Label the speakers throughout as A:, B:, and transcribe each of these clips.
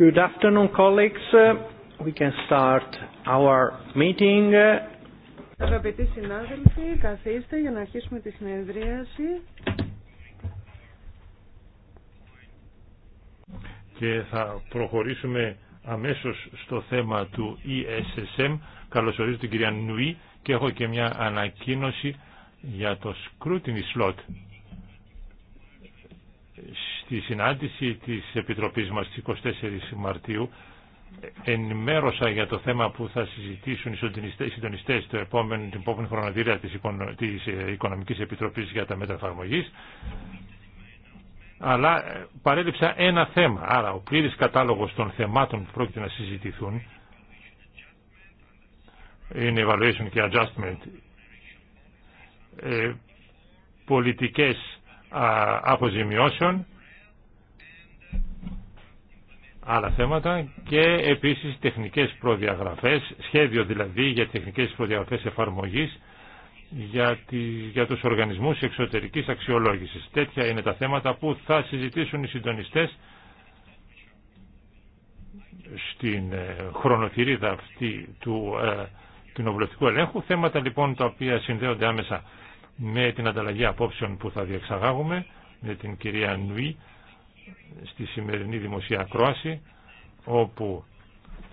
A: Good afternoon, colleagues. Uh, we can start our meeting.
B: Αγαπητοί συνάδελφοι, καθίστε για να αρχίσουμε τη συνεδρίαση.
C: Και θα προχωρήσουμε αμέσως στο θέμα του ESSM. Καλωσορίζω την κυρία Νουή και έχω και μια ανακοίνωση για το scrutiny slot στη συνάντηση της Επιτροπής μας στις 24 Μαρτίου ενημέρωσα για το θέμα που θα συζητήσουν οι συντονιστές το επόμενο, την επόμενη χρονοδίρια της, της ε, Οικονομικής Επιτροπής για τα μέτρα εφαρμογής αλλά ε, παρέλειψα ένα θέμα άρα ο πλήρης κατάλογος των θεμάτων που πρόκειται να συζητηθούν είναι evaluation και adjustment ε, πολιτικές αποζημιώσεων άλλα θέματα και επίσης τεχνικές προδιαγραφές, σχέδιο δηλαδή για τεχνικές προδιαγραφές εφαρμογής για, για τους οργανισμούς εξωτερικής αξιολόγησης. Τέτοια είναι τα θέματα που θα συζητήσουν οι συντονιστές στην ε, χρονοθυρίδα αυτή του ε, κοινοβουλευτικού ελέγχου. Θέματα λοιπόν τα οποία συνδέονται άμεσα με την ανταλλαγή απόψεων που θα διεξαγάγουμε με την κυρία Νουή στη σημερινή δημοσία ακρόαση όπου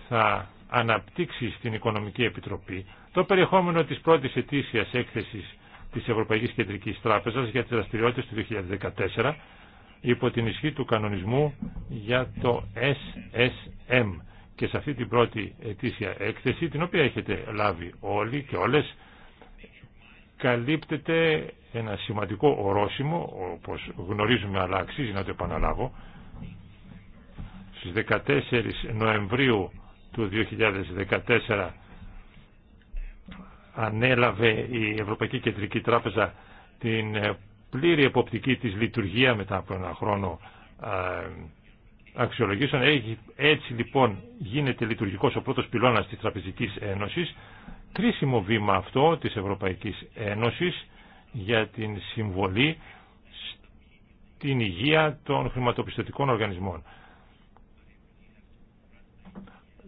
C: θα αναπτύξει στην Οικονομική Επιτροπή το περιεχόμενο της πρώτης ετήσιας έκθεσης της Ευρωπαϊκής Κεντρικής Τράπεζας για τις δραστηριότητες του 2014 υπό την ισχύ του κανονισμού για το SSM και σε αυτή την πρώτη ετήσια έκθεση την οποία έχετε λάβει όλοι και όλες καλύπτεται ένα σημαντικό ορόσημο, όπως γνωρίζουμε αλλά αξίζει να το επαναλάβω, στις 14 Νοεμβρίου του 2014 ανέλαβε η Ευρωπαϊκή Κεντρική Τράπεζα την πλήρη εποπτική της λειτουργία μετά από ένα χρόνο αξιολογήσεων. Έτσι λοιπόν γίνεται λειτουργικός ο πρώτος πυλώνας της Τραπεζικής Ένωσης κρίσιμο βήμα αυτό της Ευρωπαϊκής Ένωσης για την συμβολή στην υγεία των χρηματοπιστωτικών οργανισμών.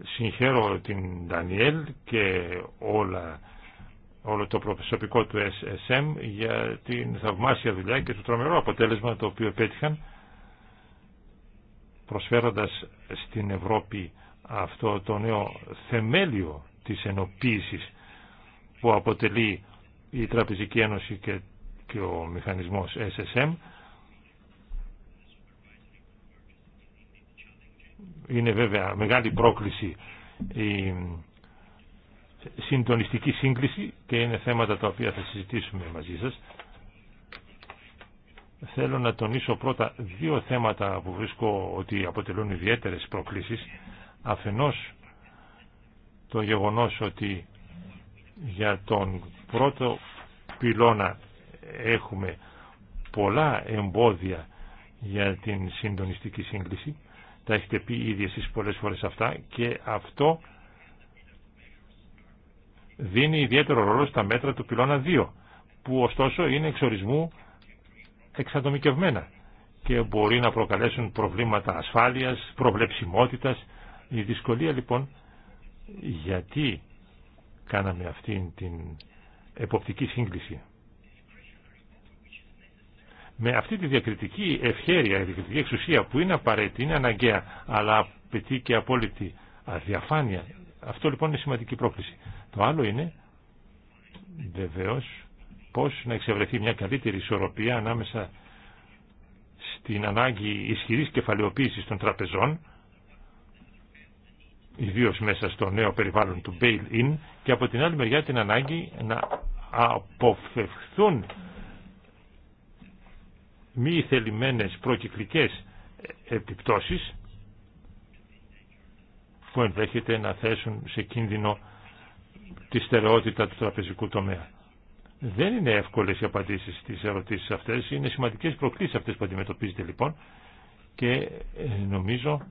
C: Συγχαίρω την Ντανιέλ και όλα, όλο το προσωπικό του SSM για την θαυμάσια δουλειά και το τρομερό αποτέλεσμα το οποίο πέτυχαν προσφέροντας στην Ευρώπη αυτό το νέο θεμέλιο της ενοποίησης που αποτελεί η Τραπεζική Ένωση και, και ο μηχανισμός SSM είναι βέβαια μεγάλη πρόκληση η συντονιστική σύγκληση και είναι θέματα τα οποία θα συζητήσουμε μαζί σας. Θέλω να τονίσω πρώτα δύο θέματα που βρίσκω ότι αποτελούν ιδιαίτερες προκλήσεις. Αφενός το γεγονός ότι για τον πρώτο πυλώνα έχουμε πολλά εμπόδια για την συντονιστική σύγκληση. Τα έχετε πει ήδη εσείς πολλές φορές αυτά και αυτό δίνει ιδιαίτερο ρόλο στα μέτρα του πυλώνα 2 που ωστόσο είναι εξορισμού εξατομικευμένα και μπορεί να προκαλέσουν προβλήματα ασφάλειας, προβλεψιμότητας. Η δυσκολία λοιπόν γιατί κάναμε αυτή την εποπτική σύγκληση. Με αυτή τη διακριτική ευχέρεια, η διακριτική εξουσία που είναι απαραίτητη, είναι αναγκαία, αλλά απαιτεί και απόλυτη αδιαφάνεια. Αυτό λοιπόν είναι σημαντική πρόκληση. Το άλλο είναι βεβαίω πώς να εξευρεθεί μια καλύτερη ισορροπία ανάμεσα στην ανάγκη ισχυρής κεφαλαιοποίησης των τραπεζών ιδίως μέσα στο νέο περιβάλλον του bail-in και από την άλλη μεριά την ανάγκη να αποφευχθούν μη θελημένες προκυκλικές επιπτώσεις που ενδέχεται να θέσουν σε κίνδυνο τη στερεότητα του τραπεζικού τομέα. Δεν είναι εύκολες οι απαντήσεις στις ερωτήσεις αυτές, είναι σημαντικές προκλήσεις αυτές που αντιμετωπίζετε λοιπόν και ε, νομίζω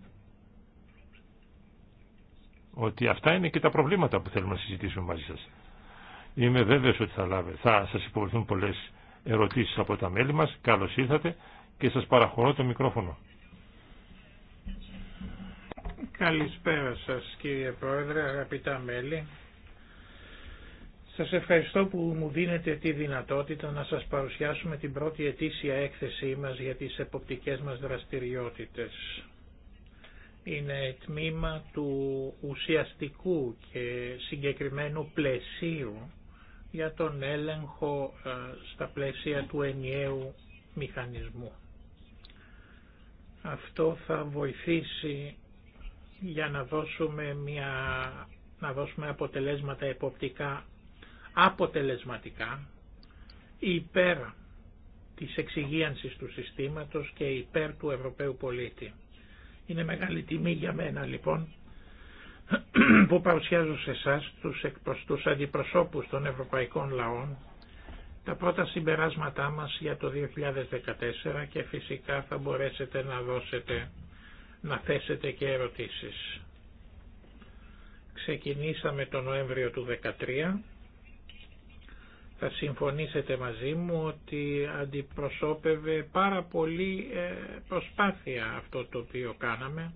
C: ότι αυτά είναι και τα προβλήματα που θέλουμε να συζητήσουμε μαζί σας. Είμαι βέβαιος ότι θα, λάβε, θα σας υποβληθούν πολλές ερωτήσεις από τα μέλη μας. Καλώς ήρθατε και σας παραχωρώ το μικρόφωνο.
A: Καλησπέρα σας κύριε Πρόεδρε, αγαπητά μέλη. Σας ευχαριστώ που μου δίνετε τη δυνατότητα να σας παρουσιάσουμε την πρώτη ετήσια έκθεσή μας για τις εποπτικές μας δραστηριότητες είναι τμήμα του ουσιαστικού και συγκεκριμένου πλαισίου για τον έλεγχο ε, στα πλαίσια του ενιαίου μηχανισμού. Αυτό θα βοηθήσει για να δώσουμε, μια, να δώσουμε αποτελέσματα εποπτικά αποτελεσματικά υπέρ της εξυγίανσης του συστήματος και υπέρ του Ευρωπαίου πολίτη. Είναι μεγάλη τιμή για μένα λοιπόν που παρουσιάζω σε εσά τους, τους αντιπροσώπους των ευρωπαϊκών λαών τα πρώτα συμπεράσματά μας για το 2014 και φυσικά θα μπορέσετε να δώσετε, να θέσετε και ερωτήσεις. Ξεκινήσαμε τον Νοέμβριο του 2013 θα συμφωνήσετε μαζί μου ότι αντιπροσώπευε πάρα πολύ ε, προσπάθεια αυτό το οποίο κάναμε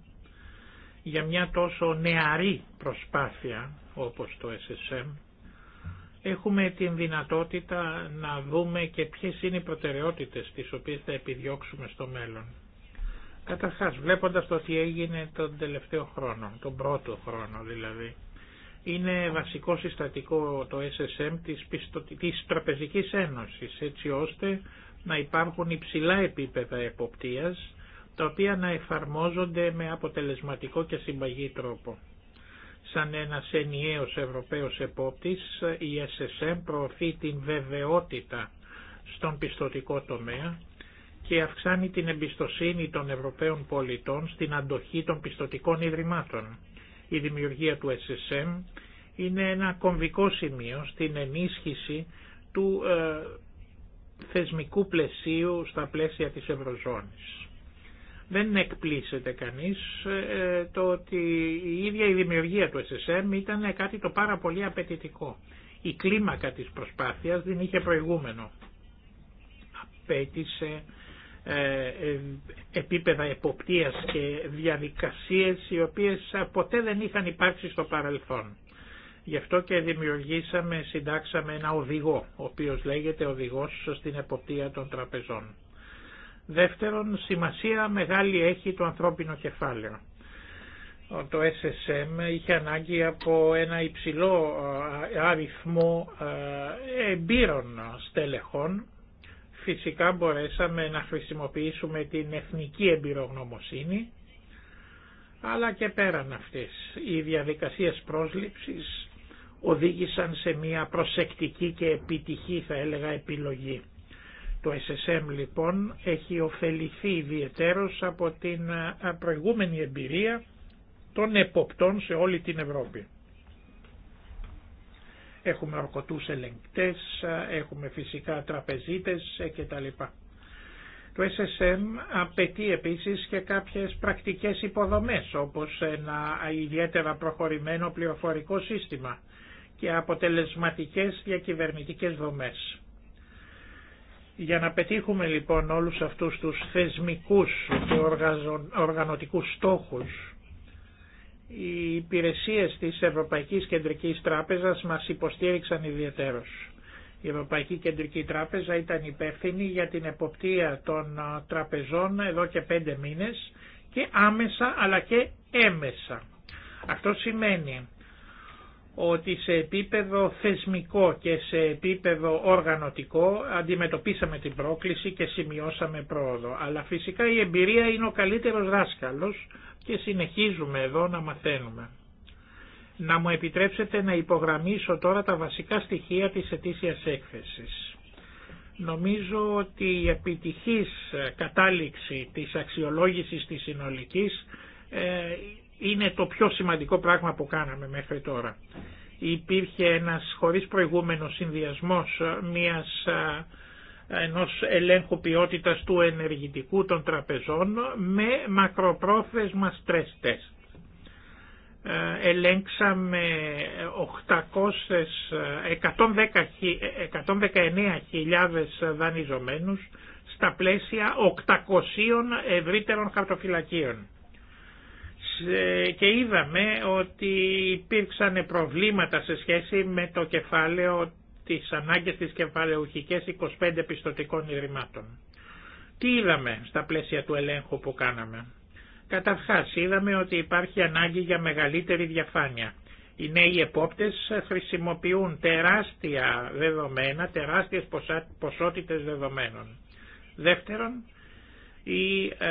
A: για μια τόσο νεαρή προσπάθεια όπως το SSM έχουμε την δυνατότητα να δούμε και ποιες είναι οι προτεραιότητες τις οποίες θα επιδιώξουμε στο μέλλον. Καταρχάς βλέποντας το τι έγινε τον τελευταίο χρόνο, τον πρώτο χρόνο δηλαδή, είναι βασικό συστατικό το SSM της, της Τραπεζικής Ένωσης, έτσι ώστε να υπάρχουν υψηλά επίπεδα εποπτείας, τα οποία να εφαρμόζονται με αποτελεσματικό και συμπαγή τρόπο. Σαν ένας ενιαίος Ευρωπαίος επόπτης, η SSM προωθεί την βεβαιότητα στον πιστοτικό τομέα και αυξάνει την εμπιστοσύνη των Ευρωπαίων πολιτών στην αντοχή των πιστοτικών ιδρυμάτων. Η δημιουργία του SSM είναι ένα κομβικό σημείο στην ενίσχυση του ε, θεσμικού πλαισίου στα πλαίσια της Ευρωζώνης. Δεν εκπλήσεται κανείς ε, το ότι η ίδια η δημιουργία του SSM ήταν κάτι το πάρα πολύ απαιτητικό. Η κλίμακα της προσπάθειας δεν είχε προηγούμενο. Απέτησε ε, ε, επίπεδα εποπτείας και διαδικασίες οι οποίες ποτέ δεν είχαν υπάρξει στο παρελθόν. Γι' αυτό και δημιουργήσαμε, συντάξαμε ένα οδηγό, ο οποίος λέγεται οδηγός στην εποπτεία των τραπεζών. Δεύτερον, σημασία μεγάλη έχει το ανθρώπινο κεφάλαιο. Το SSM είχε ανάγκη από ένα υψηλό ε, αριθμό εμπειρών στελεχών Φυσικά μπορέσαμε να χρησιμοποιήσουμε την εθνική εμπειρογνωμοσύνη, αλλά και πέραν αυτές. Οι διαδικασίες πρόσληψης οδήγησαν σε μια προσεκτική και επιτυχή θα έλεγα επιλογή. Το SSM λοιπόν έχει ωφεληθεί ιδιαιτέρως από την προηγούμενη εμπειρία των εποπτών σε όλη την Ευρώπη έχουμε ορκωτούς ελεγκτές, έχουμε φυσικά τραπεζίτες ε, κτλ. Το SSM απαιτεί επίσης και κάποιες πρακτικές υποδομές όπως ένα ιδιαίτερα προχωρημένο πληροφορικό σύστημα και αποτελεσματικές διακυβερνητικές δομές. Για να πετύχουμε λοιπόν όλους αυτούς τους θεσμικούς και οργανωτικούς στόχους οι υπηρεσίες της Ευρωπαϊκής Κεντρικής Τράπεζας μας υποστήριξαν ιδιαίτερως. Η Ευρωπαϊκή Κεντρική Τράπεζα ήταν υπεύθυνη για την εποπτεία των τραπεζών εδώ και πέντε μήνες και άμεσα αλλά και έμεσα. Αυτό σημαίνει ότι σε επίπεδο θεσμικό και σε επίπεδο οργανωτικό αντιμετωπίσαμε την πρόκληση και σημειώσαμε πρόοδο. Αλλά φυσικά η εμπειρία είναι ο καλύτερος δάσκαλος και συνεχίζουμε εδώ να μαθαίνουμε. Να μου επιτρέψετε να υπογραμμίσω τώρα τα βασικά στοιχεία της ετήσιας έκθεσης. Νομίζω ότι η επιτυχής κατάληξη της αξιολόγησης της συνολικής ε, είναι το πιο σημαντικό πράγμα που κάναμε μέχρι τώρα. Υπήρχε ένας χωρίς προηγούμενο συνδυασμός ε, μιας ε, ενός ελέγχου ποιότητας του ενεργητικού των τραπεζών με μακροπρόθεσμα stress test. Ε, ελέγξαμε 800, 119.000 δανειζομένους στα πλαίσια 800 ευρύτερων χαρτοφυλακίων. Ε, και είδαμε ότι υπήρξαν προβλήματα σε σχέση με το κεφάλαιο τις ανάγκες της κεφαλαιουχικές 25 πιστοτικών ιδρυμάτων. Τι είδαμε στα πλαίσια του ελέγχου που κάναμε. Καταρχάς είδαμε ότι υπάρχει ανάγκη για μεγαλύτερη διαφάνεια. Οι νέοι επόπτες χρησιμοποιούν τεράστια δεδομένα, τεράστιες ποσότητες δεδομένων. Δεύτερον, η ε,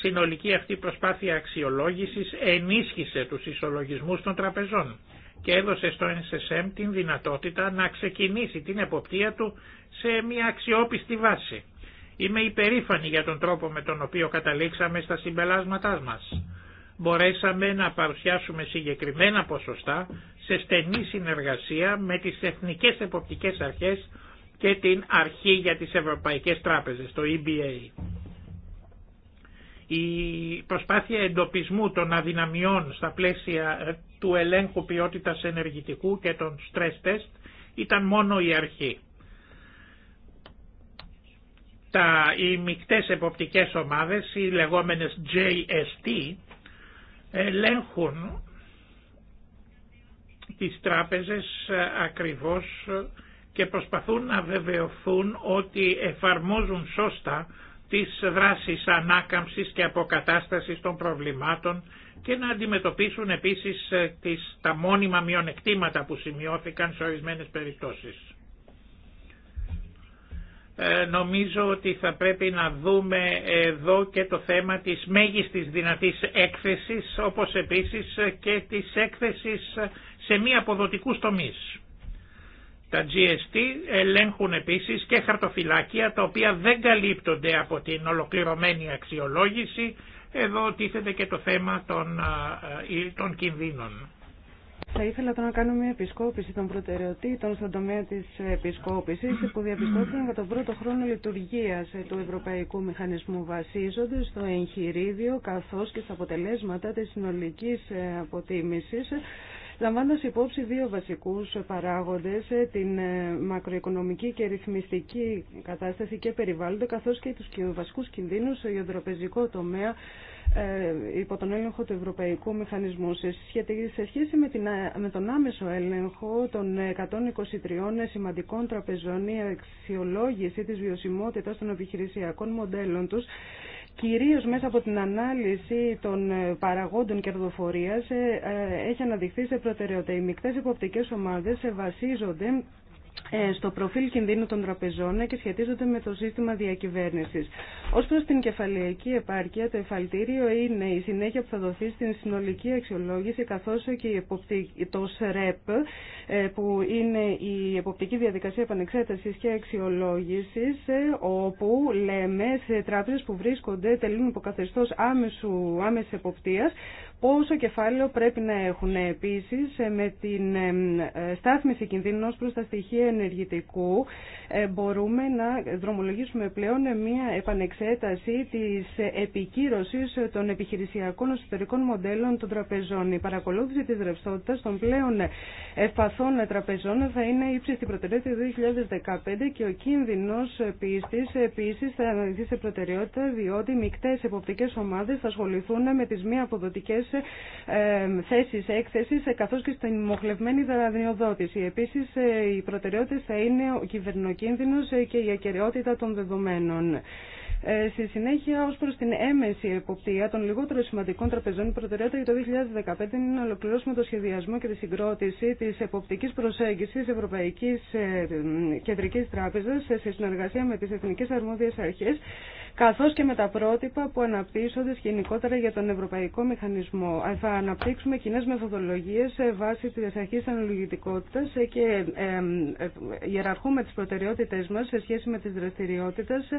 A: συνολική αυτή προσπάθεια αξιολόγησης ενίσχυσε τους ισολογισμούς των τραπεζών και έδωσε στο NSSM την δυνατότητα να ξεκινήσει την εποπτεία του σε μια αξιόπιστη βάση. Είμαι υπερήφανη για τον τρόπο με τον οποίο καταλήξαμε στα συμπελάσματά μας. Μπορέσαμε να παρουσιάσουμε συγκεκριμένα ποσοστά σε στενή συνεργασία με τις Εθνικές Εποπτικές Αρχές και την Αρχή για τις Ευρωπαϊκές Τράπεζες, το EBA η προσπάθεια εντοπισμού των αδυναμιών στα πλαίσια ε, του ελέγχου ποιότητας ενεργητικού και των stress test ήταν μόνο η αρχή. Τα, οι μικτές εποπτικές ομάδες, οι λεγόμενες JST, ελέγχουν τις τράπεζες ε, ακριβώς ε, και προσπαθούν να βεβαιωθούν ότι εφαρμόζουν σώστα τις δράσεις ανάκαμψης και αποκατάστασης των προβλημάτων και να αντιμετωπίσουν επίσης ε, τις, τα μόνιμα μειονεκτήματα που σημειώθηκαν σε ορισμένες περιπτώσεις. Ε, νομίζω ότι θα πρέπει να δούμε εδώ και το θέμα της μέγιστης δυνατής έκθεσης, όπως επίσης και της έκθεσης σε μη αποδοτικούς τομείς. Τα GST ελέγχουν επίσης και χαρτοφυλάκια τα οποία δεν καλύπτονται από την ολοκληρωμένη αξιολόγηση. Εδώ τίθεται και το θέμα των, ε, ε, των κινδύνων.
B: Θα ήθελα τώρα να κάνω μια επισκόπηση των προτεραιοτήτων στον τομέα της επισκόπηση, που διαπιστώθηκαν για τον πρώτο χρόνο λειτουργίας του Ευρωπαϊκού Μηχανισμού βασίζονται στο εγχειρίδιο καθώς και στα αποτελέσματα της συνολικής ε, αποτίμηση λαμβάνοντα υπόψη δύο βασικού παράγοντε, ε, την ε, μακροοικονομική και ρυθμιστική κατάσταση και περιβάλλοντα, καθώ και του βασικού κινδύνου στο υδροπεζικό τομέα ε, υπό τον έλεγχο του Ευρωπαϊκού Μηχανισμού. Σε σχέση με, την, με τον άμεσο έλεγχο των 123 σημαντικών τραπεζών, η αξιολόγηση της βιωσιμότητας των επιχειρησιακών μοντέλων τους κυρίως μέσα από την ανάλυση των ε, παραγόντων κερδοφορίας ε, ε, έχει αναδειχθεί σε προτεραιότητα. Οι μεικτές υποπτικές ομάδες βασίζονται ε, στο προφίλ κινδύνου των τραπεζών και σχετίζονται με το σύστημα διακυβέρνηση. Ω προ την κεφαλαιακή επάρκεια, το εφαλτήριο είναι η συνέχεια που θα δοθεί στην συνολική αξιολόγηση, καθώ και το ΣΡΕΠ, ε, που είναι η εποπτική διαδικασία επανεξέταση και αξιολόγηση, ε, όπου λέμε σε τράπεζε που βρίσκονται, τελούν υποκαθεστώ άμεση εποπτεία, πόσο κεφάλαιο πρέπει να έχουν. Επίσης, ε, με την ε, ε, στάθμιση κινδύνου ως προς τα στοιχεία ενεργητικού, μπορούμε να δρομολογήσουμε πλέον μια επανεξέταση της επικύρωσης των επιχειρησιακών εσωτερικών μοντέλων των τραπεζών. Η παρακολούθηση της ρευστότητας των πλέον ευπαθών τραπεζών θα είναι στην προτεραιότητα του 2015 και ο κίνδυνος πίστης επίσης θα αναδειχθεί σε προτεραιότητα διότι μεικτέ μεικτές εποπτικές ομάδες θα ασχοληθούν με τις μη αποδοτικές ε, Θέσει έκθεση, ε, καθώ και στην μοχλευμένη Επίση, Επίσης, ε, οι προτεραιότητε θα είναι ο κυβερνοκίνδυνος και η ακαιρεότητα των δεδομένων. Στη συνέχεια, ω προ την έμεση εποπτεία των λιγότερο σημαντικών τραπεζών, η προτεραιότητα για το 2015 είναι να ολοκληρώσουμε το σχεδιασμό και τη συγκρότηση τη εποπτική προσέγγιση Ευρωπαϊκή Κεντρική Τράπεζα σε συνεργασία με τι Εθνικέ Αρμόδιε Αρχέ καθώς και με τα πρότυπα που αναπτύσσονται γενικότερα για τον Ευρωπαϊκό Μηχανισμό. Θα αναπτύξουμε κοινέ μεθοδολογίες σε βάση της αρχής αναλογητικότητας και ιεραρχούμε τις προτεραιότητες μας σε σχέση με τις δραστηριότητες,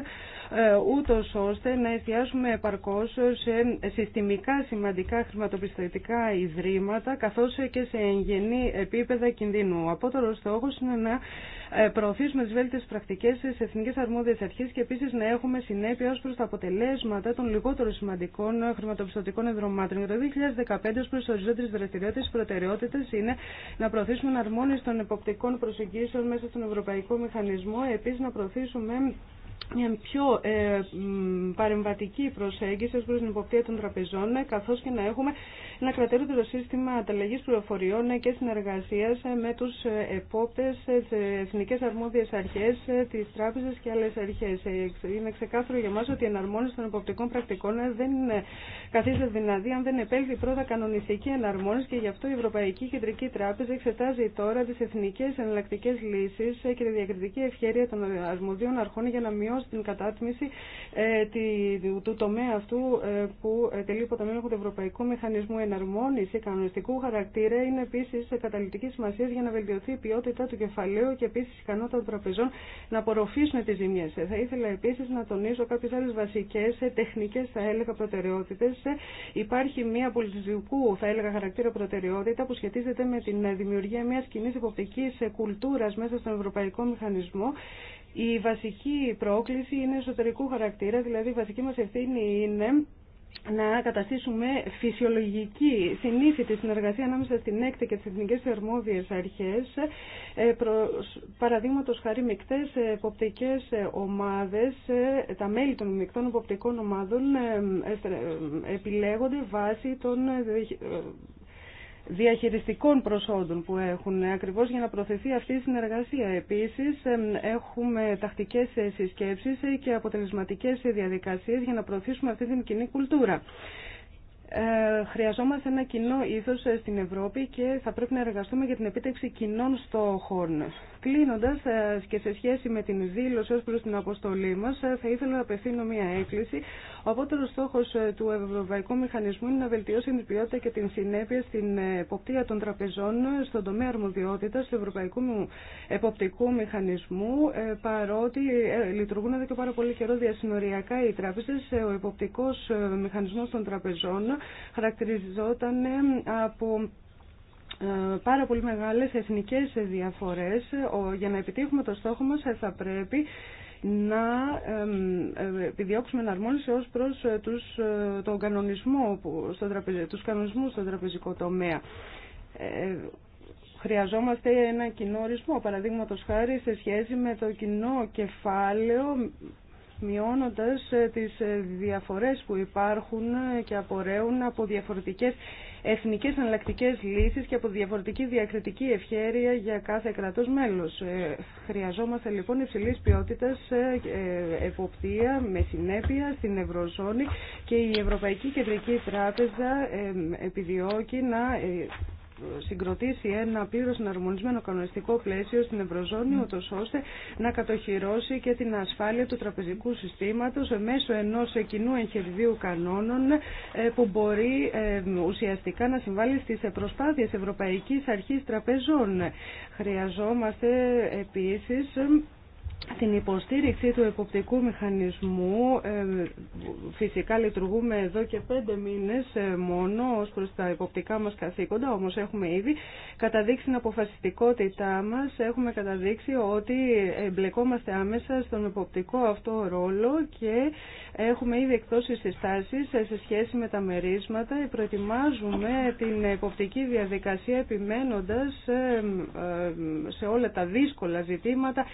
B: ε, ούτως ώστε να εστιάσουμε επαρκώς σε συστημικά σημαντικά χρηματοπιστωτικά ιδρύματα, καθώς και σε εγγενή επίπεδα κινδύνου. Απότερο στόχο είναι να ε, προωθήσουμε τις βέλτιες πρακτικέ σε εθνικές αρμόδιες αρχές και επίσης να έχουμε συνέπεια ω προ τα αποτελέσματα των λιγότερο σημαντικών χρηματοπιστωτικών ενδρομάτων. Για το 2015, ω προ οριζόντιε δραστηριότητε, οι προτεραιότητε είναι να προωθήσουμε αρμόνιες των εποπτικών προσεγγίσεων μέσα στον Ευρωπαϊκό Μηχανισμό, επίση να προωθήσουμε μια πιο ε, παρεμβατική προσέγγιση προς την υποπτία των τραπεζών, ε, καθώς και να έχουμε ένα το σύστημα ανταλλαγής πληροφοριών ε, και συνεργασίας ε, με τους επόπτες, τις εθνικές αρμόδιες αρχές, τις τράπεζες και άλλες αρχές. Είναι ξεκάθαρο για μας ότι η εναρμόνιση των υποπτικών πρακτικών δεν καθίζεται δυνατή αν δεν επέλθει πρώτα κανονιστική εναρμόνιση και γι' αυτό η Ευρωπαϊκή Κεντρική Τράπεζα εξετάζει τώρα τις εθνικές εναλλακτικές λύσεις και τη διακριτική ευχέρεια των αρμοδίων αρχών για να μειώσει την κατάτμιση ε, του τομέα αυτού ε, που τελεί υπό τον του Ευρωπαϊκού Μηχανισμού Εναρμόνιση κανονιστικού χαρακτήρα είναι επίση καταλητική σημασία για να βελτιωθεί η ποιότητα του κεφαλαίου και επίση η ικανότητα των τραπεζών να απορροφήσουν τι ζημιέ. Θα ήθελα επίση να τονίσω κάποιε άλλε βασικέ ε, τεχνικέ, θα έλεγα, προτεραιότητε. Υπάρχει μια πολιτιστικού, θα έλεγα, χαρακτήρα προτεραιότητα που σχετίζεται με την δημιουργία μια κοινή υποπτική κουλτούρα μέσα στον Ευρωπαϊκό Μηχανισμό η βασική πρόκληση είναι εσωτερικού χαρακτήρα, δηλαδή η βασική μας ευθύνη είναι να καταστήσουμε φυσιολογική, συνήθιτη συνεργασία ανάμεσα στην έκτη και τις Εθνικές Αρμόδιες Αρχές, ε, προς, παραδείγματος χάρη μεικτές ομάδες, ε, τα μέλη των μεικτών εποπτικών ομάδων ε, επιλέγονται βάσει των διαχειριστικών προσόντων που έχουν ακριβώς για να προωθηθεί αυτή η συνεργασία. Επίσης έχουμε τακτικές συσκέψεις και αποτελεσματικές διαδικασίες για να προωθήσουμε αυτή την κοινή κουλτούρα. Ε, χρειαζόμαστε ένα κοινό ήθος ε, στην Ευρώπη και θα πρέπει να εργαστούμε για την επίτευξη κοινών στόχων. Κλείνοντας ε, και σε σχέση με την δήλωση ως προς την αποστολή μας, θα ήθελα να απευθύνω μια έκκληση. Ο απότερος στόχος του Ευρωπαϊκού Μηχανισμού είναι να βελτιώσει την ποιότητα και την συνέπεια στην εποπτεία των τραπεζών στον τομέα αρμοδιότητα, του Ευρωπαϊκού Εποπτικού Μηχανισμού, παρότι λειτουργούν εδώ και πάρα πολύ καιρό διασυνοριακά οι τράπεζες, ο εποπτικός μηχανισμός των τραπεζών χαρακτηριζόταν από ε, πάρα πολύ μεγάλες εθνικές διαφορές. Για να επιτύχουμε το στόχο μας ε, θα πρέπει να ε, επιδιώξουμε εναρμόνιση ως προς τους, τον κανονισμό, στο τους κανονισμούς στον τραπεζικό τομέα. χρειαζόμαστε ένα κοινό ορισμό, παραδείγματος χάρη σε σχέση με το κοινό κεφάλαιο μειώνοντας ε, τις ε, διαφορές που υπάρχουν ε, και απορρέουν από διαφορετικές εθνικές εναλλακτικέ λύσεις και από διαφορετική διακριτική ευχέρεια για κάθε κρατός μέλος. Χρειαζόμαστε λοιπόν υψηλή ποιότητα εποπτεία με συνέπεια στην Ευρωζώνη και η Ευρωπαϊκή Κεντρική Τράπεζα επιδιώκει να συγκροτήσει ένα πλήρω συναρμονισμένο κανονιστικό πλαίσιο στην Ευρωζώνη, ούτω ώστε να κατοχυρώσει και την ασφάλεια του τραπεζικού συστήματο μέσω ενό κοινού εγχειριδίου κανόνων ε, που μπορεί ε, ουσιαστικά να συμβάλλει στι προσπάθειε Ευρωπαϊκή Αρχή Τραπεζών. Χρειαζόμαστε ε, επίση την υποστήριξη του εποπτικού μηχανισμού ε, φυσικά λειτουργούμε εδώ και πέντε μήνες ε, μόνο ως προς τα υποπτικά μας καθήκοντα όμως έχουμε ήδη καταδείξει την αποφασιστικότητά μας έχουμε καταδείξει ότι εμπλεκόμαστε άμεσα στον εποπτικό αυτό ρόλο και έχουμε ήδη εκδώσει συστάσεις σε σχέση με τα μερίσματα προετοιμάζουμε την εποπτική διαδικασία επιμένοντας ε, σε όλα τα δύσκολα ζητήματα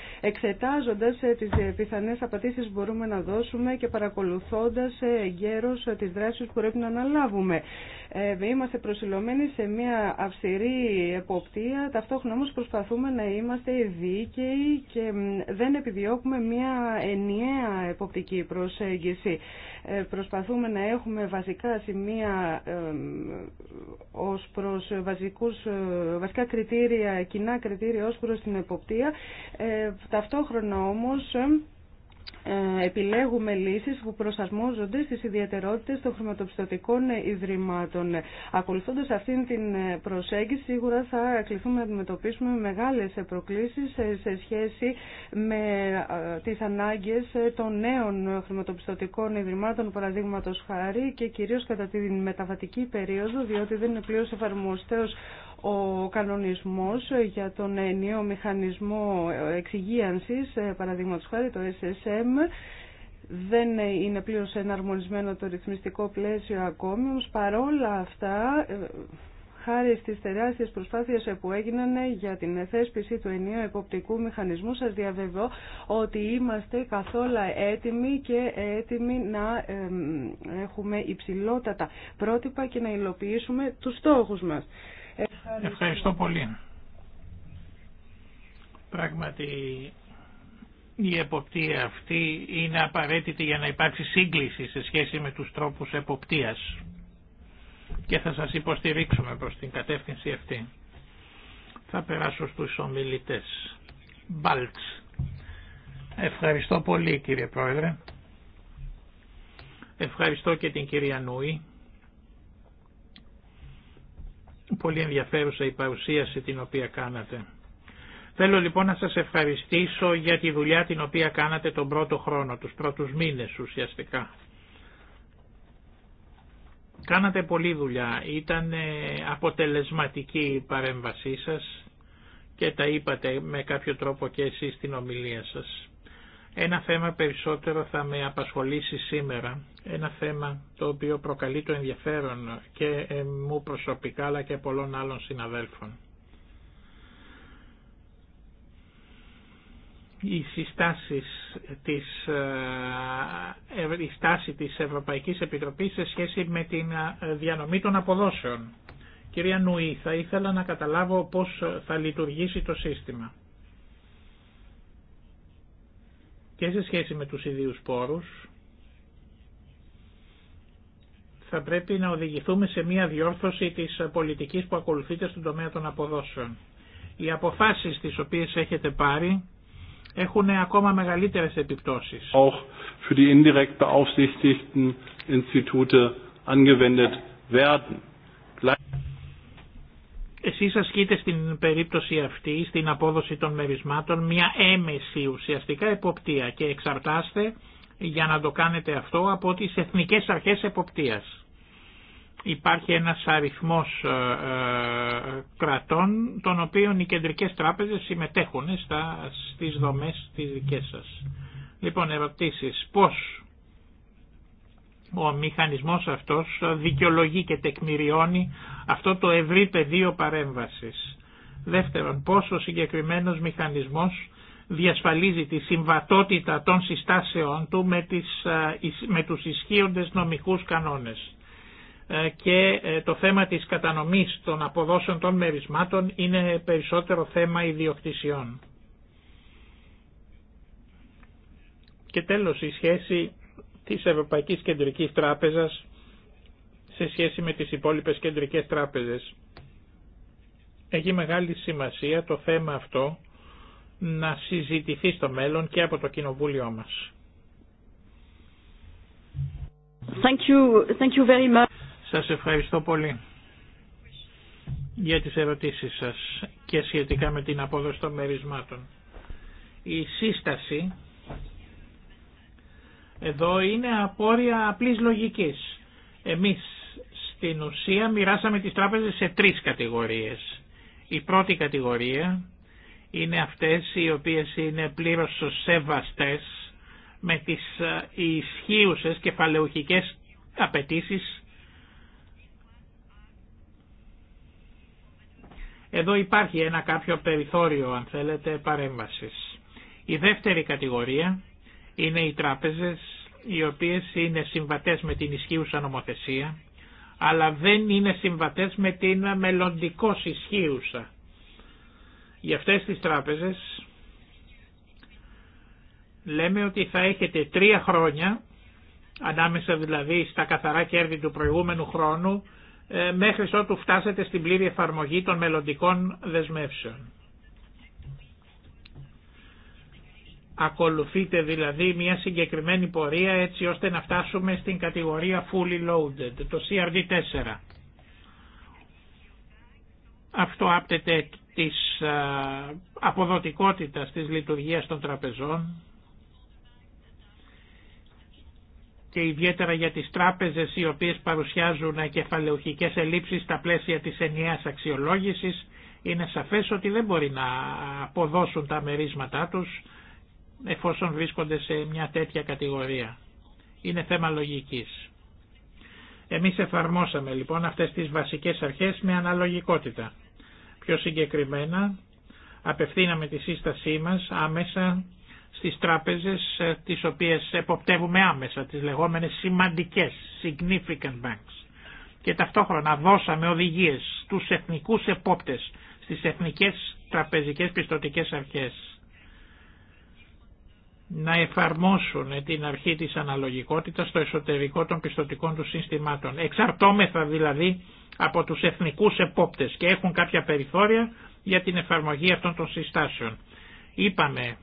B: εξετάζοντας ε, τις ε, πιθανές απαντήσεις που μπορούμε να δώσουμε και παρακολουθώντας ε, γέρος τις δράσεις που πρέπει να αναλάβουμε. Είμαστε προσιλωμένοι σε μια αυστηρή εποπτεία, ταυτόχρονα όμως προσπαθούμε να είμαστε δίκαιοι και δεν επιδιώκουμε μια ενιαία εποπτική προσέγγιση. Προσπαθούμε να έχουμε βασικά σημεία ως προς βασικά κριτήρια, κοινά κριτήρια ως προς την εποπτεία. Ταυτόχρονα ταυτόχρονα όμως ε, επιλέγουμε λύσεις που προσαρμόζονται στις ιδιαιτερότητες των χρηματοπιστωτικών ιδρυμάτων. Ακολουθώντας αυτήν την προσέγγιση, σίγουρα θα κληθούμε να αντιμετωπίσουμε μεγάλες προκλήσεις σε σχέση με ε, τις ανάγκες των νέων χρηματοπιστωτικών ιδρυμάτων, παραδείγματο χάρη, και κυρίως κατά τη μεταβατική περίοδο, διότι δεν είναι πλήρως εφαρμοστέως ο κανονισμός για τον ενίο μηχανισμό εξυγίανσης, ε, παραδείγματος χάρη το SSM, δεν είναι πλήρως εναρμονισμένο το ρυθμιστικό πλαίσιο ακόμη, όμως παρόλα αυτά ε, χάρη στις τεράστιες προσπάθειες που έγιναν για την θέσπιση του ενίου εποπτικού μηχανισμού σας διαβεβαιώ ότι είμαστε καθόλου έτοιμοι και έτοιμοι να έχουμε υψηλότατα πρότυπα και να υλοποιήσουμε τους στόχους μας. Ευχαριστώ, πολύ.
A: Πράγματι η εποπτεία αυτή είναι απαραίτητη για να υπάρξει σύγκληση σε σχέση με τους τρόπους εποπτείας και θα σας υποστηρίξουμε προς την κατεύθυνση αυτή. Θα περάσω στους ομιλητές. Μπάλτς. Ευχαριστώ πολύ κύριε Πρόεδρε. Ευχαριστώ και την κυρία Νούη Πολύ ενδιαφέρουσα η παρουσίαση την οποία κάνατε. Θέλω λοιπόν να σας ευχαριστήσω για τη δουλειά την οποία κάνατε τον πρώτο χρόνο, τους πρώτους μήνες ουσιαστικά. Κάνατε πολλή δουλειά, ήταν ε, αποτελεσματική η παρέμβασή σας και τα είπατε με κάποιο τρόπο και εσείς στην ομιλία σας. Ένα θέμα περισσότερο θα με απασχολήσει σήμερα ένα θέμα το οποίο προκαλεί το ενδιαφέρον και ε, μου προσωπικά αλλά και πολλών άλλων συναδέλφων. Η συστάσεις της, ε, ε, η στάση της Ευρωπαϊκής Επιτροπής σε σχέση με την διανομή των αποδόσεων. Κυρία Νουή, θα ήθελα να καταλάβω πώς θα λειτουργήσει το σύστημα. Και σε σχέση με τους ιδίους πόρους, θα πρέπει να οδηγηθούμε σε μια διόρθωση της πολιτικής που ακολουθείται στον τομέα των αποδόσεων. Οι αποφάσεις τις οποίες έχετε πάρει έχουν ακόμα μεγαλύτερες επιπτώσεις.
B: Auch für die indirekt beaufsichtigten angewendet werden.
A: Εσείς ασκείτε στην περίπτωση αυτή, στην απόδοση των μερισμάτων, μια έμεση ουσιαστικά εποπτεία και εξαρτάστε για να το κάνετε αυτό από τις εθνικές αρχές εποπτείας. Υπάρχει ένας αριθμός ε, ε, κρατών των οποίων οι κεντρικές τράπεζες συμμετέχουν στα, στις δομές της δικές σας. Λοιπόν, ερωτήσεις. Πώς ο μηχανισμός αυτός δικαιολογεί και τεκμηριώνει αυτό το ευρύ πεδίο παρέμβασης. Δεύτερον, ο συγκεκριμένος μηχανισμός διασφαλίζει τη συμβατότητα των συστάσεων του με, τις, ε, με τους ισχύοντες νομικούς κανόνες. Ε, και ε, το θέμα της κατανομής των αποδόσεων των μερισμάτων είναι περισσότερο θέμα ιδιοκτησιών. Και τέλος η σχέση της Ευρωπαϊκής Κεντρικής Τράπεζας σε σχέση με τις υπόλοιπες κεντρικές τράπεζες. Έχει μεγάλη σημασία το θέμα αυτό να συζητηθεί στο μέλλον και από το Κοινοβούλιο μας.
B: Thank you. Thank you very
A: much. Σας ευχαριστώ πολύ για τις ερωτήσεις σας και σχετικά με την απόδοση των μερισμάτων. Η σύσταση εδώ είναι απόρρια απλής λογικής. Εμείς στην ουσία μοιράσαμε τις τράπεζες σε τρεις κατηγορίες. Η πρώτη κατηγορία είναι αυτές οι οποίες είναι πλήρως σεβαστές με τις ε, ισχύουσες κεφαλαιοχικές απαιτήσεις. Εδώ υπάρχει ένα κάποιο περιθώριο, αν θέλετε, παρέμβασης. Η δεύτερη κατηγορία είναι οι τράπεζες οι οποίες είναι συμβατές με την ισχύουσα νομοθεσία αλλά δεν είναι συμβατές με την μελλοντικώς ισχύουσα για αυτές τις τράπεζες λέμε ότι θα έχετε τρία χρόνια, ανάμεσα δηλαδή στα καθαρά κέρδη του προηγούμενου χρόνου, ε, μέχρι ότου φτάσετε στην πλήρη εφαρμογή των μελλοντικών δεσμεύσεων. Ακολουθείτε δηλαδή μια συγκεκριμένη πορεία έτσι ώστε να φτάσουμε στην κατηγορία fully loaded, το CRD4. Αυτό άπτεται της ε, αποδοτικότητας της λειτουργίας των τραπεζών και ιδιαίτερα για τις τράπεζες οι οποίες παρουσιάζουν κεφαλαιοχικές ελλείψεις στα πλαίσια της ενιαίας αξιολόγησης είναι σαφές ότι δεν μπορεί να αποδώσουν τα μερίσματά τους εφόσον βρίσκονται σε μια τέτοια κατηγορία. Είναι θέμα λογικής. Εμείς εφαρμόσαμε λοιπόν αυτές τις βασικές αρχές με αναλογικότητα. Πιο συγκεκριμένα, απευθύναμε τη σύστασή μας άμεσα στις τράπεζες ε, τις οποίες εποπτεύουμε άμεσα, τις λεγόμενες σημαντικές, significant banks. Και ταυτόχρονα δώσαμε οδηγίες στους εθνικούς επόπτες, στις εθνικές τραπεζικές πιστοτικές αρχές να εφαρμόσουν την αρχή της αναλογικότητας στο εσωτερικό των πιστοτικών του συστημάτων. Εξαρτώμεθα δηλαδή από τους εθνικούς επόπτες και έχουν κάποια περιθώρια για την εφαρμογή αυτών των συστάσεων. Είπαμε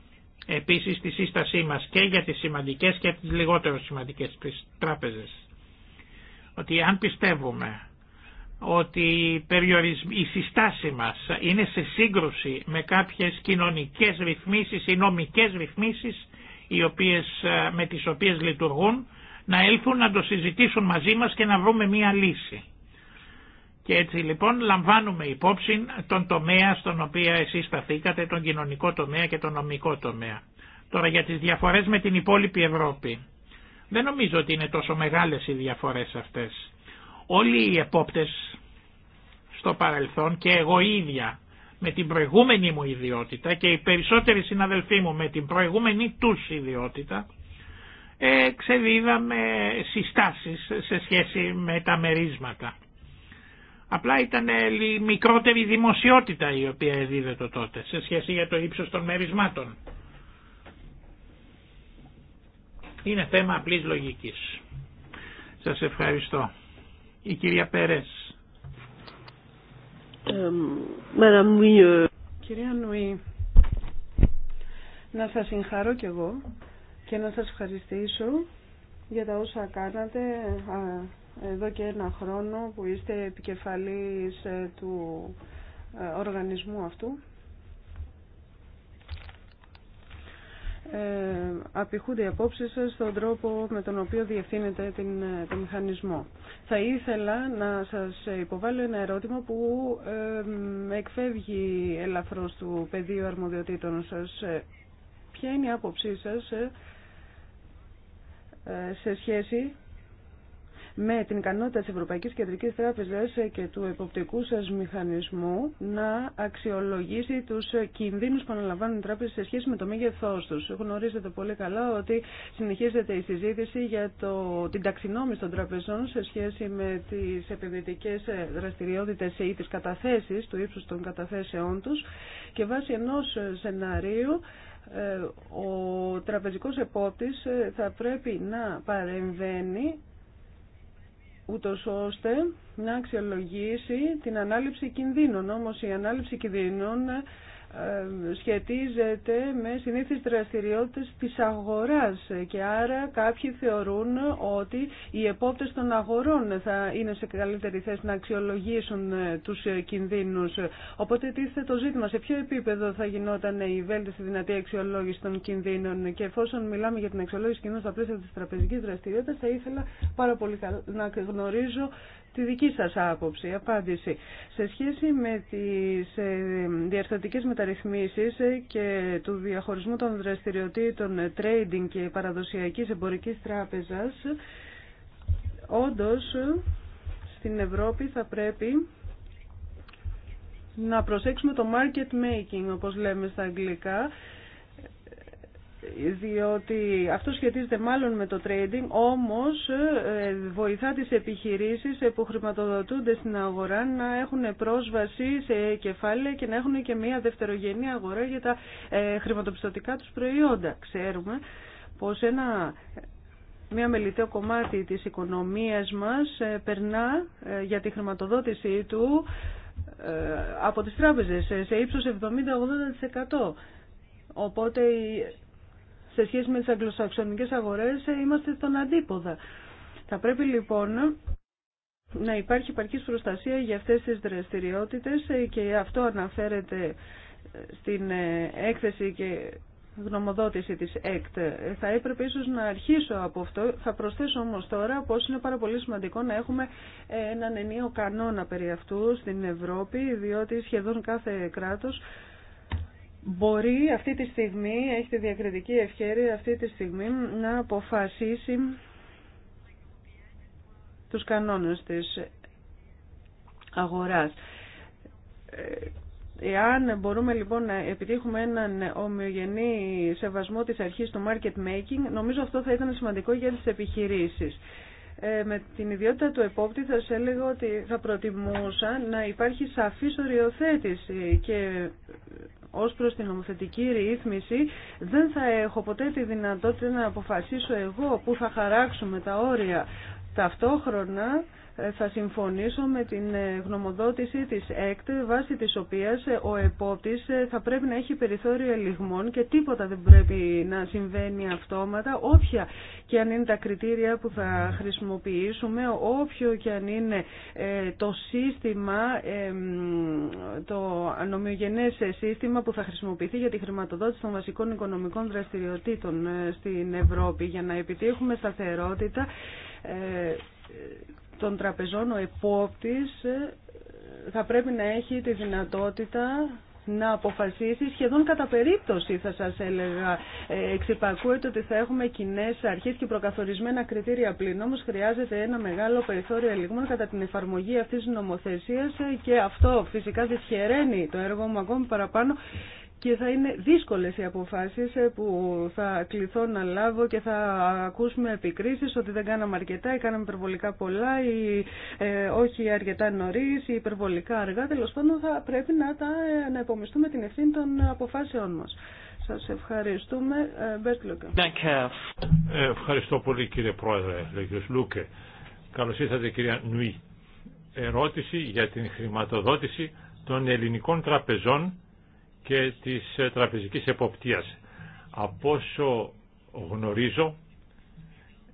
A: επίσης στη σύστασή μας και για τις σημαντικές και τις λιγότερο σημαντικές τράπεζες ότι αν πιστεύουμε ότι η συστάση μας είναι σε σύγκρουση με κάποιες κοινωνικές ρυθμίσεις ή νομικές ρυθμίσεις, οι οποίες, ε, με τις οποίες λειτουργούν να έλθουν να το συζητήσουν μαζί μας και να βρούμε μία λύση. Και έτσι λοιπόν λαμβάνουμε υπόψη τον τομέα στον οποίο εσείς σταθήκατε, τον κοινωνικό τομέα και τον νομικό τομέα. Τώρα για τις διαφορές με την υπόλοιπη Ευρώπη. Δεν νομίζω ότι είναι τόσο μεγάλες οι διαφορές αυτές. Όλοι οι επόπτες στο παρελθόν και εγώ ίδια με την προηγούμενη μου ιδιότητα και οι περισσότεροι συναδελφοί μου με την προηγούμενη τους ιδιότητα εξεδίδαμε συστάσεις σε σχέση με τα μερίσματα. Απλά ήταν η ε, μικρότερη δημοσιότητα η οποία το τότε σε σχέση για το ύψος των μερισμάτων. Είναι θέμα απλής λογικής. Σας ευχαριστώ. Η κυρία Περές.
B: Ε, ε. Κυρία Νουή, να σας συγχαρώ κι εγώ και να σας ευχαριστήσω για τα όσα κάνατε εδώ και ένα χρόνο που είστε επικεφαλής ε, του οργανισμού αυτού. Ε, απηχούνται οι απόψεις σας στον τρόπο με τον οποίο διευθύνεται την, το μηχανισμό. Θα ήθελα να σας υποβάλω ένα ερώτημα που εκφεύγει ελαφρώς του πεδίου αρμοδιοτήτων σας. Ποια είναι η άποψή σας ε, σε σχέση με την ικανότητα της Ευρωπαϊκής Κεντρικής Τράπεζας και του εποπτικού σας μηχανισμού να αξιολογήσει τους κινδύνους που αναλαμβάνουν οι τράπεζες σε σχέση με το μέγεθός τους. Γνωρίζετε πολύ καλά ότι συνεχίζεται η συζήτηση για το, την ταξινόμηση των τραπεζών σε σχέση με τις επενδυτικές δραστηριότητες ή τις καταθέσεις, του ύψους των καταθέσεών τους και βάσει ενός σενάριου ε, ο τραπεζικός επόπτης θα πρέπει να παρεμβαίνει ούτως ώστε να αξιολογήσει την ανάληψη κινδύνων. Όμως η ανάληψη κινδύνων ε, σχετίζεται με συνήθεις δραστηριότητες της αγοράς και άρα κάποιοι θεωρούν ότι οι επόπτες των αγορών θα είναι σε καλύτερη θέση να αξιολογήσουν ε, τους ε, κινδύνους. Οπότε τίθεται το ζήτημα σε ποιο επίπεδο θα γινόταν η βέλτιστη δυνατή αξιολόγηση των κινδύνων και εφόσον μιλάμε για την αξιολόγηση κινδύνων στα πλαίσια της τραπεζικής δραστηριότητας θα ήθελα πάρα πολύ να γνωρίζω τη δική σας άποψη, απάντηση. Σε σχέση με τις ε, διαστατικές μεταρρυθμίσεις ε, και του διαχωρισμού των δραστηριοτήτων ε, trading και παραδοσιακής εμπορικής τράπεζας, όντως στην Ευρώπη θα πρέπει να προσέξουμε το market making, όπως λέμε στα αγγλικά, διότι αυτό σχετίζεται μάλλον με το trading, όμως ε, βοηθά τις επιχειρήσεις που χρηματοδοτούνται στην αγορά να έχουν πρόσβαση σε κεφάλαια και να έχουν και μια δευτερογενή αγορά για τα ε, χρηματοπιστωτικά τους προϊόντα. Ξέρουμε πως ένα μια μελιτέο κομμάτι της οικονομίας μας ε, περνά για τη χρηματοδότησή του από τις τράπεζες σε ύψος 70-80%. Οπότε σε σχέση με τις αγγλοσαξονικές αγορές ε, είμαστε στον αντίποδα. Θα πρέπει λοιπόν να υπάρχει υπαρκής προστασία για αυτές τις δραστηριότητες ε, και αυτό αναφέρεται ε, στην έκθεση και γνωμοδότηση της ΕΚΤ. Θα έπρεπε ίσως να αρχίσω από αυτό. Θα προσθέσω όμως τώρα πως είναι πάρα πολύ σημαντικό να έχουμε έναν ενίο κανόνα περί αυτού στην Ευρώπη, διότι σχεδόν κάθε κράτος μπορεί αυτή τη στιγμή, έχει τη διακριτική ευχαίρεια αυτή τη στιγμή να αποφασίσει τους κανόνες της αγοράς. Ε, εάν μπορούμε λοιπόν να επιτύχουμε έναν ομοιογενή σεβασμό της αρχής του market making, νομίζω αυτό θα ήταν σημαντικό για τις επιχειρήσεις. Ε, με την ιδιότητα του επόπτη θα σε έλεγα ότι θα προτιμούσα να υπάρχει σαφής οριοθέτηση και ως προς την νομοθετική ρύθμιση δεν θα έχω ποτέ τη δυνατότητα να αποφασίσω εγώ που θα χαράξουμε τα όρια Ταυτόχρονα ε, θα συμφωνήσω με την ε, γνωμοδότηση της ΕΚΤ βάσει της οποίας ε, ο επόπτης θα πρέπει να έχει περιθώριο ελιγμών και τίποτα δεν πρέπει να συμβαίνει αυτόματα όποια και αν είναι τα κριτήρια που θα χρησιμοποιήσουμε όποιο και αν είναι το σύστημα το ανομοιογενές σύστημα που θα χρησιμοποιηθεί για τη χρηματοδότηση των βασικών οικονομικών δραστηριοτήτων στην Ευρώπη για να επιτύχουμε σταθερότητα ε, των τραπεζών ο επόπτης ε, θα πρέπει να έχει τη δυνατότητα να αποφασίσει σχεδόν κατά περίπτωση θα σας έλεγα ε, εξυπακούεται ότι θα έχουμε κοινέ αρχές και προκαθορισμένα κριτήρια πλήν όμως χρειάζεται ένα μεγάλο περιθώριο ελιγμών κατά την εφαρμογή αυτής της νομοθεσίας και αυτό φυσικά δυσχεραίνει το έργο μου ακόμη παραπάνω και θα είναι δύσκολες οι αποφάσεις ε, που θα κληθώ να λάβω και θα ακούσουμε επικρίσεις ότι δεν κάναμε αρκετά ή κάναμε υπερβολικά πολλά ή ε, όχι αρκετά νωρίς ή υπερβολικά αργά. Τέλο πάντων θα πρέπει να, τα, ε, να επομιστούμε την ευθύνη των αποφάσεών μας. Σας ευχαριστούμε.
C: ευχαριστώ πολύ κύριε Πρόεδρε, λέγιος Λούκε. Καλώς ήρθατε κυρία Νουή. Ερώτηση για την χρηματοδότηση των ελληνικών τραπεζών και της ε, τραπεζικής εποπτείας. Από όσο γνωρίζω,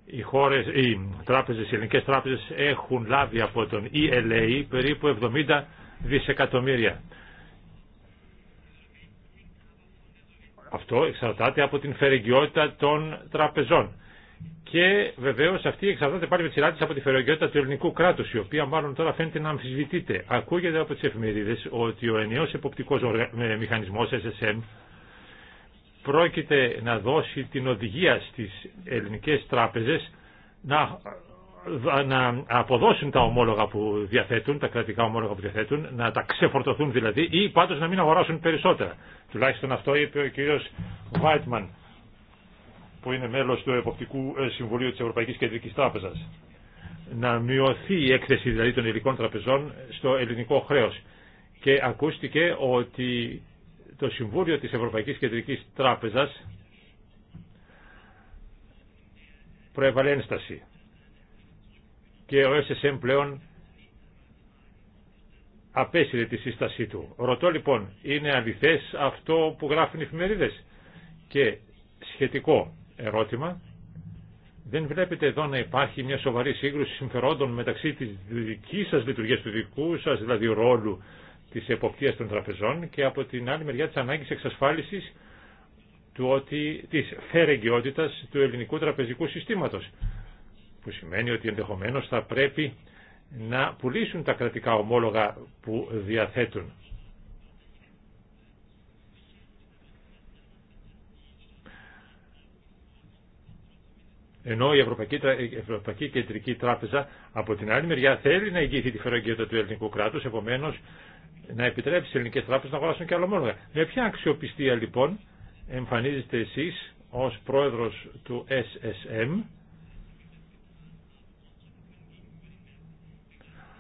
C: οι, χώρες, οι, τράπεζες, ελληνικές τράπεζες έχουν λάβει από τον ELA περίπου 70 δισεκατομμύρια. Αυτό εξαρτάται από την φερεγγιότητα των τραπεζών. Και βεβαίω αυτή εξαρτάται πάλι με τη σειρά τη από τη φερογιότητα του ελληνικού κράτου, η οποία μάλλον τώρα φαίνεται να αμφισβητείται. Ακούγεται από τι εφημερίδε ότι ο ενιαίο εποπτικό μηχανισμό SSM πρόκειται να δώσει την οδηγία στι ελληνικέ τράπεζε να, να αποδώσουν τα ομόλογα που διαθέτουν, τα κρατικά ομόλογα που διαθέτουν, να τα ξεφορτωθούν δηλαδή ή πάντω να μην αγοράσουν περισσότερα. Τουλάχιστον αυτό είπε ο κ. Βάιτμαν που είναι μέλος του Εποπτικού ε, Συμβουλίου της Ευρωπαϊκής Κεντρικής Τράπεζας. Να μειωθεί η έκθεση δηλαδή των ελληνικών τραπεζών στο ελληνικό χρέος. Και ακούστηκε ότι το Συμβούλιο της Ευρωπαϊκής Κεντρικής Τράπεζας προέβαλε ένσταση. Και ο SSM πλέον απέσυρε τη σύστασή του. Ρωτώ λοιπόν, είναι αληθές αυτό που γράφουν οι εφημερίδες και σχετικό ερώτημα. Δεν βλέπετε εδώ να υπάρχει μια σοβαρή σύγκρουση συμφερόντων μεταξύ της δικής σας λειτουργίας, του δικού σας δηλαδή ρόλου της εποπτείας των τραπεζών και από την άλλη μεριά της ανάγκης εξασφάλισης του ότι, της φερεγγιότητας του ελληνικού τραπεζικού συστήματος που σημαίνει ότι ενδεχομένως θα πρέπει να πουλήσουν τα κρατικά ομόλογα που διαθέτουν Ενώ η Ευρωπαϊκή, Ευρωπαϊκή Κεντρική Τράπεζα από την άλλη μεριά θέλει να εγγύθει τη φερεγγυότητα του ελληνικού κράτου, επομένω να επιτρέψει στι ελληνικέ τράπεζε να αγοράσουν και άλλα Με ποια αξιοπιστία λοιπόν εμφανίζεστε εσεί ω πρόεδρο του SSM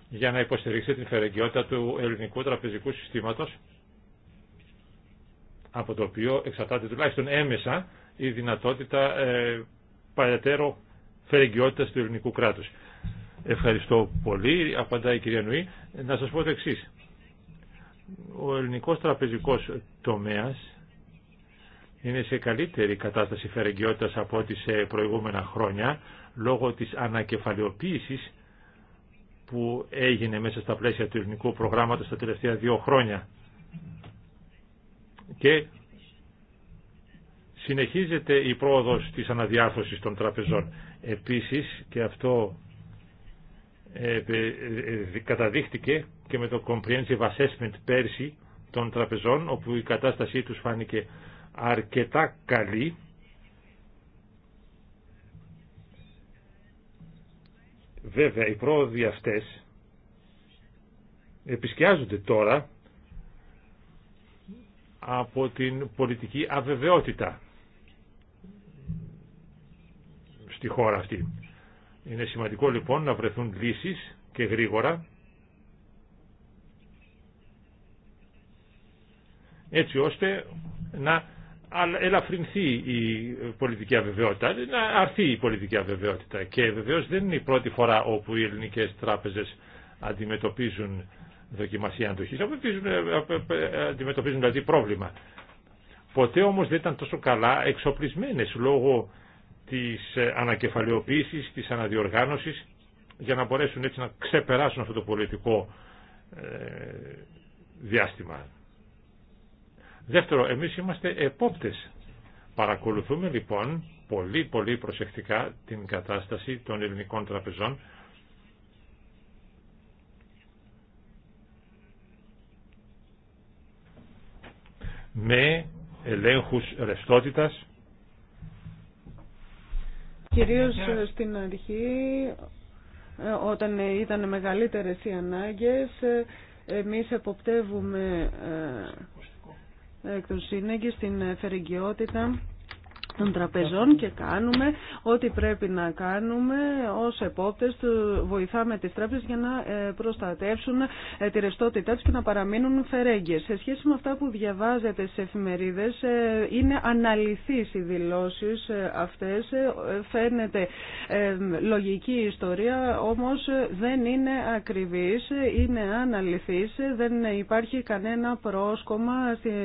C: για να υποστηρίξετε την φερεγγυότητα του ελληνικού τραπεζικού συστήματος από το οποίο εξαρτάται τουλάχιστον έμεσα η δυνατότητα ε, παρατέρω φερεγγιότητας του ελληνικού κράτους. Ευχαριστώ πολύ, απαντάει η κυρία Νουή. Να σας πω το εξής. Ο ελληνικός τραπεζικός τομέας είναι σε καλύτερη κατάσταση φερεγγιότητας από ό,τι σε προηγούμενα χρόνια, λόγω της ανακεφαλαιοποίησης που έγινε μέσα στα πλαίσια του ελληνικού προγράμματος τα τελευταία δύο χρόνια. Και Συνεχίζεται η πρόοδος της αναδιάρθρωσης των τραπεζών. Επίσης, και αυτό ε, ε, ε, καταδείχτηκε και με το Comprehensive Assessment πέρσι των τραπεζών, όπου η κατάστασή τους φάνηκε αρκετά καλή. Βέβαια, οι πρόοδοι αυτές επισκιάζονται τώρα από την πολιτική αβεβαιότητα στη χώρα αυτή. Είναι σημαντικό λοιπόν να βρεθούν λύσεις και γρήγορα έτσι ώστε να ελαφρυνθεί η πολιτική αβεβαιότητα, να αρθεί η πολιτική αβεβαιότητα. Και βεβαίω δεν είναι η πρώτη φορά όπου οι ελληνικές τράπεζες αντιμετωπίζουν δοκιμασία αντοχής, αντιμετωπίζουν ε, ε, ε, δηλαδή πρόβλημα. Ποτέ όμως δεν ήταν τόσο καλά εξοπλισμένες λόγω της ε, ανακεφαλαιοποίησης, της αναδιοργάνωσης για να μπορέσουν έτσι να ξεπεράσουν αυτό το πολιτικό ε, διάστημα. Δεύτερο, εμείς είμαστε επόπτες. Παρακολουθούμε λοιπόν πολύ πολύ προσεκτικά την κατάσταση των ελληνικών τραπεζών με ελέγχους ρευστότητας
B: κυρίως ε, στην αρχή ε, όταν ήταν μεγαλύτερες οι ανάγκες ε, εμείς εποπτεύουμε εκ των σύνεγγυ την φερεγγιότητα των τραπεζών και κάνουμε ό,τι πρέπει να κάνουμε ως επόπτες. Βοηθάμε τις τράπεζες για να ε, προστατεύσουν ε, τη ρευστότητά τους και να παραμείνουν φερέγγες. Σε σχέση με αυτά που διαβάζετε στις εφημερίδες, ε, είναι αναλυθείς οι δηλώσεις αυτές. Φαίνεται λογική ιστορία, όμως δεν είναι ακριβής, είναι αναλυθείς, δεν υπάρχει κανένα πρόσκομα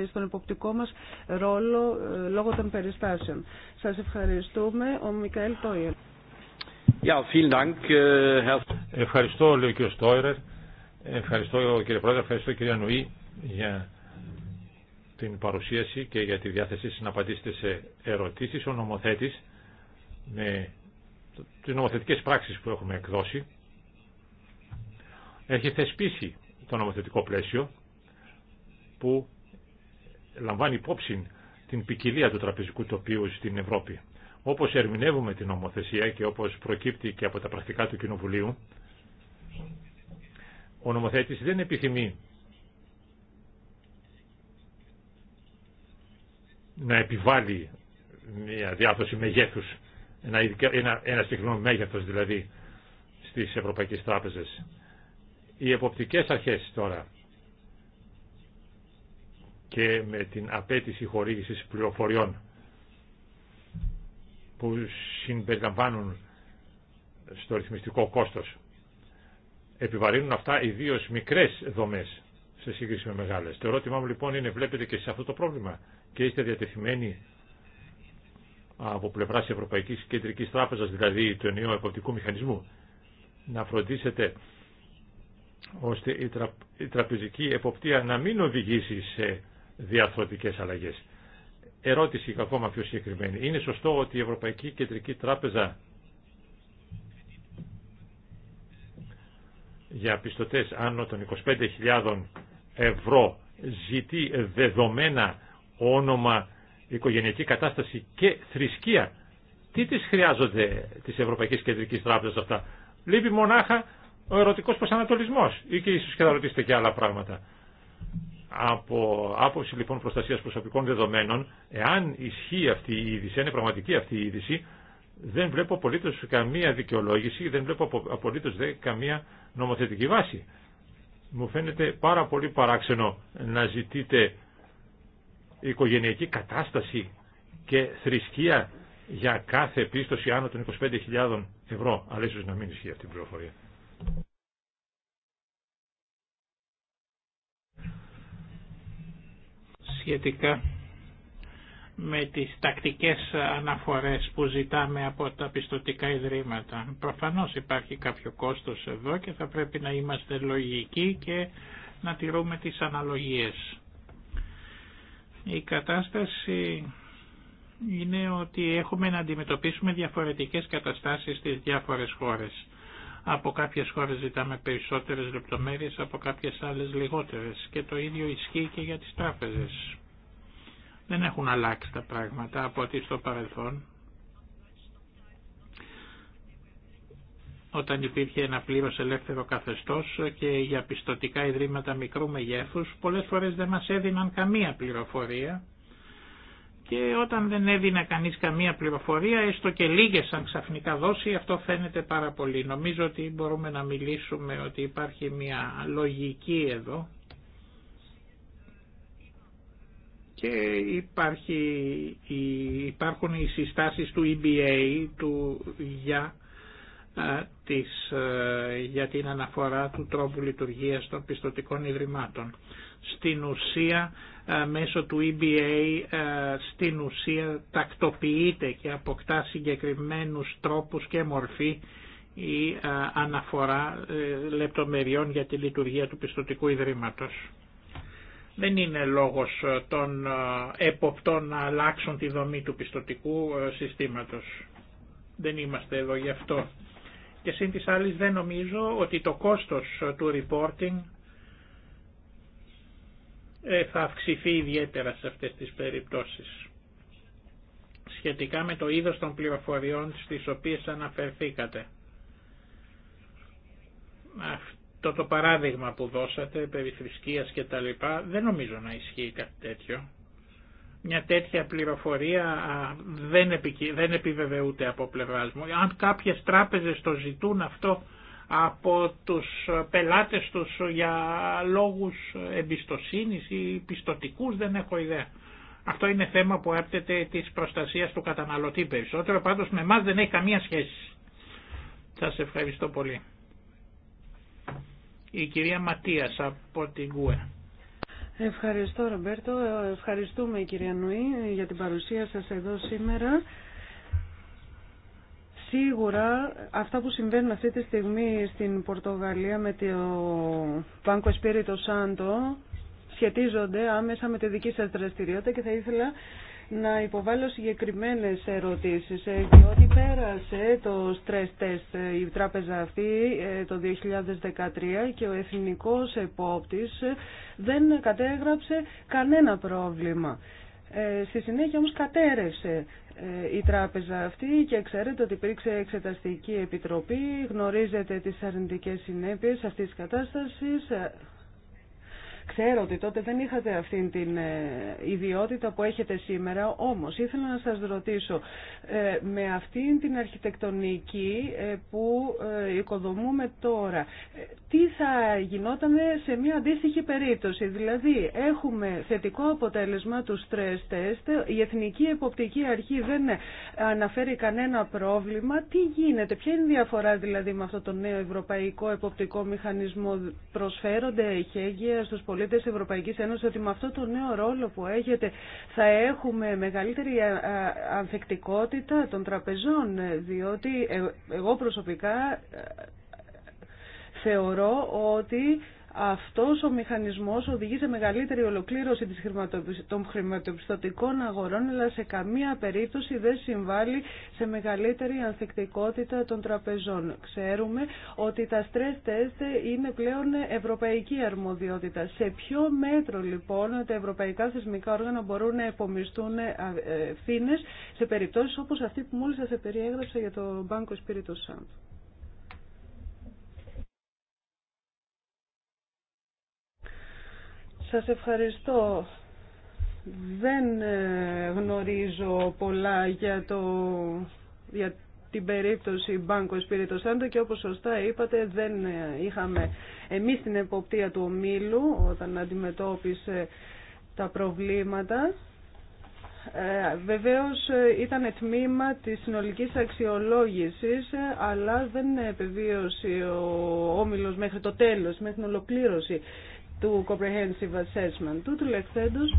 B: στον εποπτικό μας ρόλο λόγω των περιστάσεων. Σα Σας ευχαριστούμε. Ο Μικαέλ Τόιερ.
A: Äh,
C: Ευχαριστώ, λέει ο κ. Στόιρερ. Ευχαριστώ, κύριε Πρόεδρε. Ευχαριστώ, κυρία Νουή, για την παρουσίαση και για τη διάθεσή σας να απαντήσετε σε ερωτήσεις. Ο νομοθέτης, με τις νομοθετικές πράξεις που έχουμε εκδώσει, έχει θεσπίσει το νομοθετικό πλαίσιο που λαμβάνει υπόψη την ποικιλία του τραπεζικού τοπίου στην Ευρώπη. Όπως ερμηνεύουμε την νομοθεσία και όπως προκύπτει και από τα πρακτικά του Κοινοβουλίου, ο νομοθέτη δεν επιθυμεί να επιβάλλει μια διάθεση μεγέθου, ένα, ένα, συγκεκριμένο μέγεθο δηλαδή στις Ευρωπαϊκές Τράπεζες. Οι εποπτικές αρχές τώρα και με την απέτηση χορήγησης πληροφοριών που συμπεριλαμβάνουν στο ρυθμιστικό κόστος. Επιβαρύνουν αυτά ιδίω μικρές δομές σε σύγκριση με μεγάλες. Το ερώτημά μου λοιπόν είναι βλέπετε και σε αυτό το πρόβλημα και είστε διατεθειμένοι από πλευράς Ευρωπαϊκής Κεντρικής Τράπεζας, δηλαδή του ενιαίου εποπτικού μηχανισμού, να φροντίσετε ώστε η, τραπεζική εποπτεία να μην οδηγήσει σε διαρθρωτικές αλλαγές. Ερώτηση ακόμα πιο συγκεκριμένη. Είναι σωστό ότι η Ευρωπαϊκή Κεντρική Τράπεζα για πιστωτές άνω των 25.000 ευρώ ζητεί δεδομένα όνομα, οικογενειακή κατάσταση και θρησκεία. Τι τις χρειάζονται της Ευρωπαϊκής Κεντρικής Τράπεζας αυτά. Λείπει μονάχα ο ερωτικός προσανατολισμός ή και ίσως και θα ρωτήσετε και άλλα πράγματα. Από άποψη λοιπόν προστασίας προσωπικών δεδομένων, εάν ισχύει αυτή η είδηση, αν είναι πραγματική αυτή η είδηση, δεν βλέπω απολύτω καμία δικαιολόγηση, δεν βλέπω απολύτω καμία νομοθετική βάση. Μου φαίνεται πάρα πολύ παράξενο να ζητείτε οικογενειακή κατάσταση και θρησκεία για κάθε πίστοση άνω των 25.000 ευρώ, αλλά ίσως να μην ισχύει αυτή η πληροφορία.
A: σχετικά με τις τακτικές αναφορές που ζητάμε από τα πιστοτικά ιδρύματα. Προφανώς υπάρχει κάποιο κόστος εδώ και θα πρέπει να είμαστε λογικοί και να τηρούμε τις αναλογίες. Η κατάσταση είναι ότι έχουμε να αντιμετωπίσουμε διαφορετικές καταστάσεις στις διάφορες χώρες. Από κάποιες χώρες ζητάμε περισσότερες λεπτομέρειες, από κάποιες άλλες λιγότερες και το ίδιο ισχύει και για τις τράπεζες. Δεν έχουν αλλάξει τα πράγματα από ό,τι στο παρελθόν. όταν υπήρχε ένα πλήρως ελεύθερο καθεστώς και για πιστοτικά ιδρύματα μικρού μεγέθους, πολλές φορές δεν μας έδιναν καμία πληροφορία και όταν δεν έδινε κανείς καμία πληροφορία, έστω και λίγες αν ξαφνικά δώσει, αυτό φαίνεται πάρα πολύ. Νομίζω ότι μπορούμε να μιλήσουμε ότι υπάρχει μια λογική εδώ και υπάρχει, υπάρχουν οι συστάσεις του EBA του, για, ε, για την αναφορά του τρόπου λειτουργίας των πιστοτικών ιδρυμάτων στην ουσία ε, μέσω του EBA ε, στην ουσία τακτοποιείται και αποκτά συγκεκριμένους τρόπους και μορφή η ε, αναφορά λεπτομεριών για τη λειτουργία του πιστοτικού ιδρύματος. Δεν είναι λόγος των εποπτών να αλλάξουν τη δομή του πιστοτικού συστήματος. Δεν είμαστε εδώ γι' αυτό. Και σύν της άλλης δεν νομίζω ότι το κόστος του reporting ε, θα αυξηθεί ιδιαίτερα σε αυτές τις περιπτώσεις. Σχετικά με το είδος των πληροφοριών στις οποίες αναφερθήκατε. Αυτό το παράδειγμα που δώσατε, περί θρησκείας και τα λοιπά, δεν νομίζω να ισχύει κάτι τέτοιο. Μια τέτοια πληροφορία δεν επιβεβαιούται από πλευράς μου. Αν κάποιες τράπεζες το ζητούν αυτό, από τους πελάτες τους για λόγους εμπιστοσύνης ή πιστοτικούς δεν έχω ιδέα. Αυτό είναι θέμα που έπτεται της προστασίας του καταναλωτή περισσότερο, πάντως με εμάς δεν έχει καμία σχέση. Σας ευχαριστώ πολύ. Η κυρία Ματίας από την ΚΟΕ.
B: Ευχαριστώ Ρομπέρτο, ευχαριστούμε κυρία Νουή για την παρουσία σας εδώ σήμερα. Σίγουρα αυτά που συμβαίνουν αυτή τη στιγμή στην Πορτογαλία με το Banco Espírito Santo σχετίζονται άμεσα με τη δική σας δραστηριότητα και θα ήθελα να υποβάλω συγκεκριμένες ερωτήσεις ε, διότι πέρασε το stress test ε, η τράπεζα αυτή ε, το 2013 και ο εθνικός επόπτης δεν κατέγραψε κανένα πρόβλημα. Ε, στη συνέχεια όμως κατέρευσε ε, η τράπεζα αυτή και ξέρετε ότι υπήρξε εξεταστική επιτροπή, γνωρίζετε τις αρνητικές συνέπειες αυτής της κατάστασης, Ξέρω ότι τότε δεν είχατε αυτήν την ε, ιδιότητα που έχετε σήμερα, όμως ήθελα να σας ρωτήσω, ε, με αυτήν την αρχιτεκτονική ε, που οικοδομούμε τώρα, τι θα γινόταν σε μια αντίστοιχη περίπτωση. Δηλαδή, έχουμε θετικό αποτέλεσμα του stress test, η Εθνική Εποπτική Αρχή δεν αναφέρει κανένα πρόβλημα. Τι γίνεται, ποια είναι η διαφορά δηλαδή με αυτό το νέο Ευρωπαϊκό Εποπτικό Μηχανισμό, προσφέρονται εχέγγυα στους πολιτικούς τη Ευρωπαϊκής Ένωσης ότι με αυτό το νέο ρόλο που έχετε θα έχουμε μεγαλύτερη ε, ε, ανθεκτικότητα των τραπεζών ε, διότι εγώ προσωπικά θεωρώ ότι αυτός ο μηχανισμός οδηγεί σε μεγαλύτερη ολοκλήρωση των χρηματοπιστωτικών αγορών, αλλά σε καμία περίπτωση δεν συμβάλλει σε μεγαλύτερη ανθεκτικότητα των τραπεζών. Ξέρουμε ότι τα stress test είναι πλέον ευρωπαϊκή αρμοδιότητα. Σε ποιο μέτρο λοιπόν τα ευρωπαϊκά θεσμικά όργανα μπορούν να επομιστούν ευθύνε ε, σε περιπτώσεις όπως αυτή που μόλις σας περιέγραψα για το Banco Espírito Santo. Σας ευχαριστώ. Δεν ε, γνωρίζω πολλά για, το, για την περίπτωση Banco Espírito Santo και όπως σωστά είπατε δεν ε, είχαμε εμείς την εποπτεία του ομίλου όταν αντιμετώπισε τα προβλήματα. Ε, βεβαίως ε, ήταν τμήμα της συνολικής αξιολόγησης αλλά δεν επιβίωσε ο Όμιλος μέχρι το τέλος, μέχρι την ολοκλήρωση του Comprehensive Assessment. Του τουλεχθέντος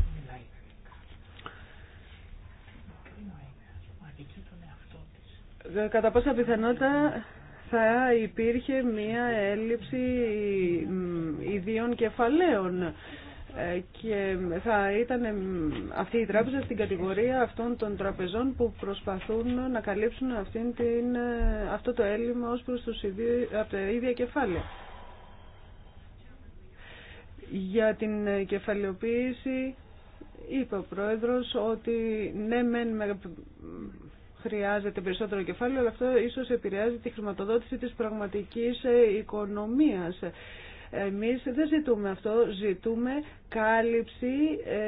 B: κατά πόσα πιθανότητα θα υπήρχε μία έλλειψη ιδίων κεφαλαίων ε, και θα ήταν αυτή η τράπεζα στην κατηγορία αυτών των τραπεζών που προσπαθούν να καλύψουν αυτήν την, ε, αυτό το έλλειμμα ως προς τους από τα ίδια κεφάλαια. Για την κεφαλαιοποίηση είπε ο Πρόεδρος ότι ναι μεν χρειάζεται περισσότερο κεφάλαιο αλλά αυτό ίσως επηρεάζει τη χρηματοδότηση της πραγματικής οικονομίας. Εμείς δεν ζητούμε αυτό, ζητούμε κάλυψη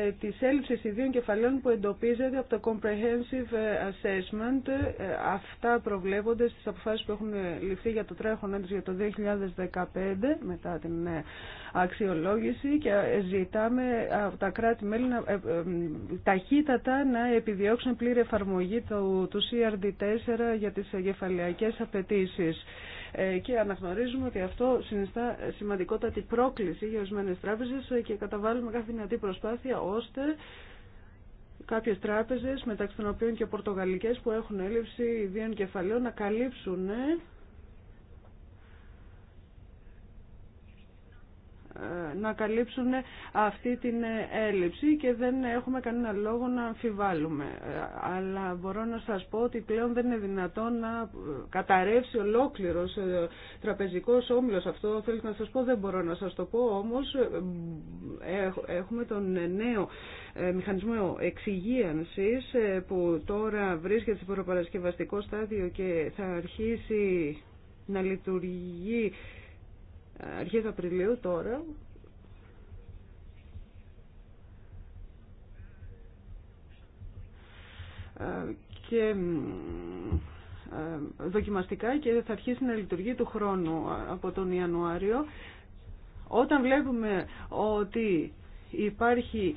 B: ε, της έλλειψης ιδίων κεφαλαίων που εντοπίζεται από το Comprehensive ε, Assessment. Ε, αυτά προβλέπονται στις αποφάσεις που έχουν ληφθεί για το τρέχον έτος για το 2015 μετά την αξιολόγηση και ζητάμε από τα κράτη-μέλη να, ταχύτατα να επιδιώξουν πλήρη εφαρμογή του, του CRD4 για τις κεφαλαιακές απαιτήσεις. Ε, και αναγνωρίζουμε ότι αυτό συνιστά σημαντικότατη πρόκληση για ορισμένε τράπεζε και καταβάλουμε κάθε δυνατή προσπάθεια ώστε κάποιες τράπεζες μεταξύ των οποίων και πορτογαλικές που έχουν έλλειψη ιδίων κεφαλαίων να καλύψουν να καλύψουν αυτή την έλλειψη και δεν έχουμε κανένα λόγο να αμφιβάλλουμε. Αλλά μπορώ να σας πω ότι πλέον δεν είναι δυνατόν να καταρρεύσει ολόκληρος ε, τραπεζικός όμιλος. Αυτό θέλω να σας πω, δεν μπορώ να σας το πω, όμως ε, έχουμε τον νέο ε, μηχανισμό εξυγίανσης που τώρα βρίσκεται σε προπαρασκευαστικό στάδιο και θα αρχίσει να λειτουργεί αρχές Απριλίου τώρα ε, και ε, δοκιμαστικά και θα αρχίσει να λειτουργεί του χρόνου ε, από τον Ιανουάριο. Όταν βλέπουμε ότι υπάρχει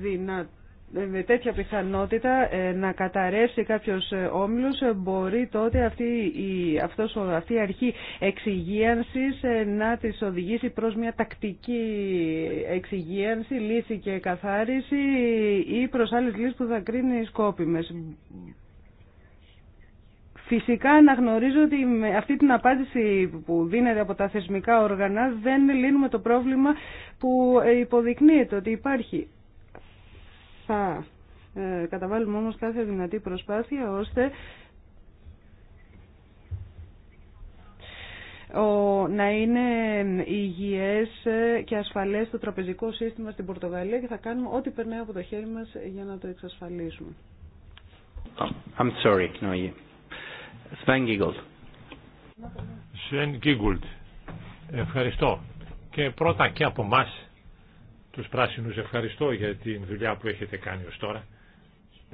B: δυνατότητα ε, με τέτοια πιθανότητα ε, να καταρρεύσει κάποιος ε, όμιλος μπορεί τότε αυτή η, αυτός, αρχή εξυγίανσης να τις οδηγήσει προς μια τακτική εξυγίανση, λύση και καθάριση ή προς άλλες λύσεις που θα κρίνει σκόπιμες. Φυσικά αναγνωρίζω ότι με αυτή την απάντηση που δίνεται από τα θεσμικά όργανα δεν λύνουμε το πρόβλημα που υποδεικνύεται ότι υπάρχει. Θα ε, καταβάλουμε όμως κάθε δυνατή προσπάθεια ώστε να είναι υγιές και ασφαλές το τραπεζικό σύστημα στην Πορτογαλία και θα κάνουμε ό,τι περνάει από το χέρι μας για να το εξασφαλίσουμε.
A: I'm sorry. No, you. Sven Sven
C: Ευχαριστώ. Και πρώτα και από μας τους πράσινους ευχαριστώ για την δουλειά που έχετε κάνει ως τώρα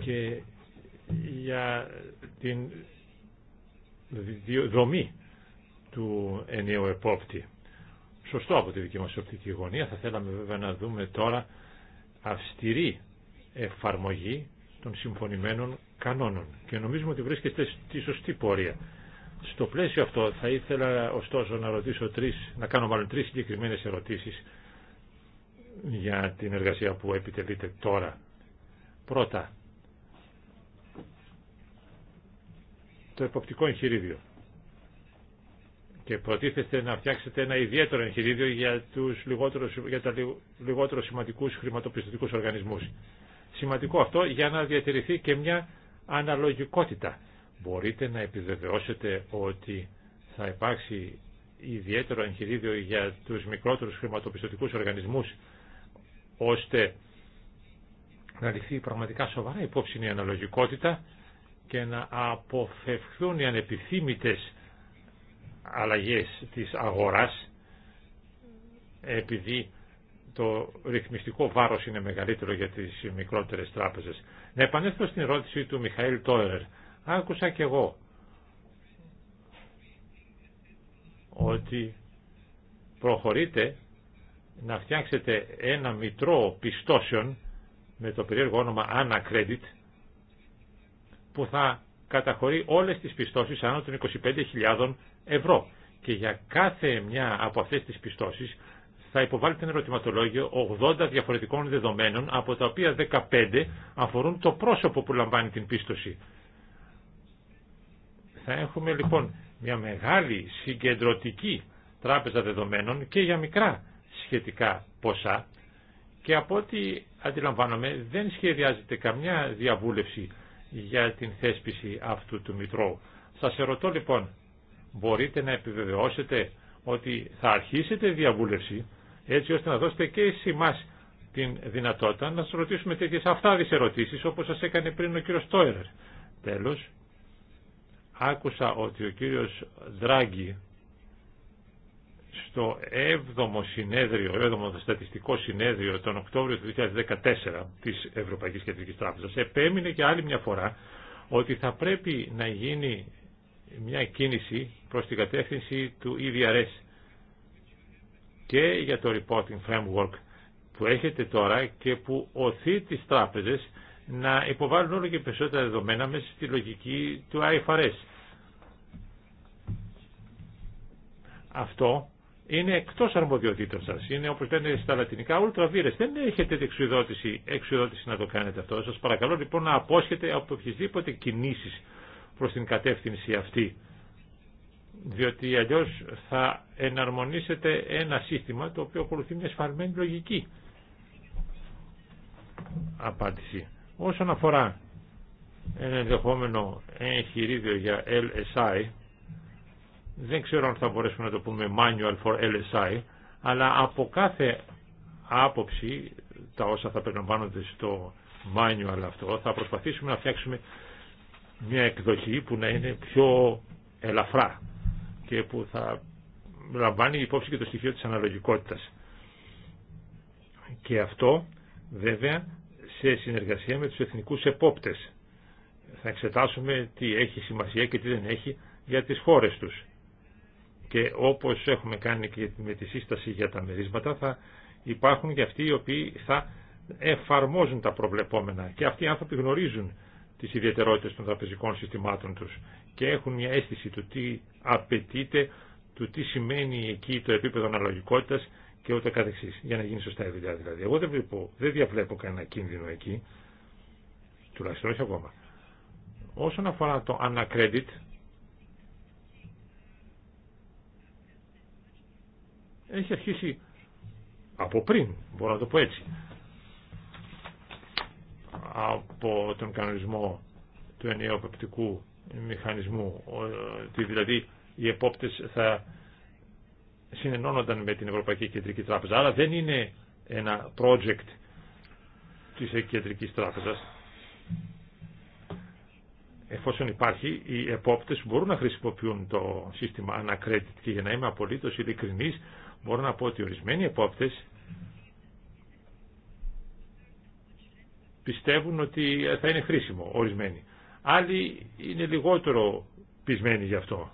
C: και για την δομή του ενιαίου επόπτη. Σωστό από τη δική μας οπτική γωνία. Θα θέλαμε βέβαια να δούμε τώρα αυστηρή εφαρμογή των συμφωνημένων κανόνων και νομίζουμε ότι βρίσκεστε στη σωστή πορεία. Στο πλαίσιο αυτό θα ήθελα ωστόσο να ρωτήσω τρεις, να κάνω μάλλον τρεις συγκεκριμένες ερωτήσεις για την εργασία που επιτελείται τώρα. Πρώτα, το εποπτικό εγχειρίδιο. Και προτίθεστε να φτιάξετε ένα ιδιαίτερο εγχειρίδιο για, τους για τα λιγότερο σημαντικούς χρηματοπιστωτικούς οργανισμούς. Σημαντικό αυτό για να διατηρηθεί και μια αναλογικότητα. Μπορείτε να επιβεβαιώσετε ότι θα υπάρξει ιδιαίτερο εγχειρίδιο για τους μικρότερους χρηματοπιστωτικούς οργανισμούς ώστε να ληφθεί πραγματικά σοβαρά υπόψη η αναλογικότητα και να αποφευχθούν οι ανεπιθύμητες αλλαγές της αγοράς επειδή το ρυθμιστικό βάρος είναι μεγαλύτερο για τις μικρότερες τράπεζες. Να επανέλθω στην ερώτηση του Μιχαήλ Τόερ. Άκουσα και εγώ ότι προχωρείτε να φτιάξετε ένα μητρό πιστώσεων με το περίεργο όνομα Anna Credit που θα καταχωρεί όλες τις πιστώσεις άνω των 25.000 ευρώ και για κάθε μια από αυτές τις πιστώσεις θα υποβάλλεται ένα ερωτηματολόγιο 80 διαφορετικών δεδομένων από τα οποία 15 αφορούν το πρόσωπο που λαμβάνει την πίστοση. Θα έχουμε λοιπόν μια μεγάλη συγκεντρωτική τράπεζα δεδομένων και για μικρά σχετικά ποσά και από ό,τι αντιλαμβάνομαι δεν σχεδιάζεται καμιά διαβούλευση για την θέσπιση αυτού του Μητρώου. Σας ερωτώ λοιπόν, μπορείτε να επιβεβαιώσετε ότι θα αρχίσετε διαβούλευση έτσι ώστε να δώσετε και σε μας την δυνατότητα να σας ρωτήσουμε τέτοιες αυτάδεις ερωτήσεις όπως σας έκανε πριν ο κύριος Τόιρερ. Τέλος, άκουσα ότι ο κύριος Δράγκη στο 7ο συνέδριο, 7ο στατιστικό συνέδριο τον Οκτώβριο του 2014 της Ευρωπαϊκής Κεντρικής Τράπεζας επέμεινε και άλλη μια φορά ότι θα πρέπει να γίνει μια κίνηση προς την κατεύθυνση του EDRS και για το reporting framework που έχετε τώρα και που οθεί τις τράπεζες να υποβάλουν όλο και περισσότερα δεδομένα μέσα στη λογική του IFRS. Αυτό είναι εκτός αρμοδιοτήτων σα. Είναι όπως λένε στα λατινικά ultra Δεν έχετε εξουδότηση, εξουδότηση να το κάνετε αυτό. Σας παρακαλώ λοιπόν να απόσχετε από οποιασδήποτε κινήσεις προς την κατεύθυνση αυτή. Διότι αλλιώ θα εναρμονίσετε ένα σύστημα το οποίο ακολουθεί μια σφαλμένη λογική. Απάντηση. Όσον αφορά ένα ενδεχόμενο εγχειρίδιο για LSI, δεν ξέρω αν θα μπορέσουμε να το πούμε manual for LSI, αλλά από κάθε άποψη, τα όσα θα περιλαμβάνονται στο manual αυτό, θα προσπαθήσουμε να φτιάξουμε μια εκδοχή που να είναι πιο ελαφρά και που θα λαμβάνει υπόψη και το στοιχείο της αναλογικότητας. Και αυτό βέβαια σε συνεργασία με τους εθνικούς επόπτες. Θα εξετάσουμε τι έχει σημασία και τι δεν έχει για τις χώρες τους και όπως έχουμε κάνει και με τη σύσταση για τα μερίσματα θα υπάρχουν και αυτοί οι οποίοι θα εφαρμόζουν τα προβλεπόμενα και αυτοί οι άνθρωποι γνωρίζουν τις ιδιαιτερότητες των τραπεζικών συστημάτων τους και έχουν μια αίσθηση του τι απαιτείται, του τι σημαίνει εκεί το επίπεδο αναλογικότητας και ούτε καθεξής, για να γίνει σωστά η δουλειά δηλαδή. Εγώ δεν, βλέπω, δεν διαβλέπω κανένα κίνδυνο εκεί, τουλάχιστον όχι ακόμα. Όσον αφορά το ανακρέντιτ, έχει αρχίσει από πριν, μπορώ να το πω έτσι, από τον κανονισμό του ενιαίου μηχανισμού, ότι δηλαδή οι επόπτες θα συνενώνονταν με την Ευρωπαϊκή Κεντρική Τράπεζα, αλλά δεν είναι ένα project της Κεντρικής Τράπεζας. Εφόσον υπάρχει, οι επόπτες μπορούν να χρησιμοποιούν το σύστημα ανακρέτη και για να είμαι απολύτως ειλικρινής, μπορώ να πω ότι ορισμένοι από αυτές πιστεύουν ότι θα είναι χρήσιμο, ορισμένοι. Άλλοι είναι λιγότερο πεισμένοι γι' αυτό.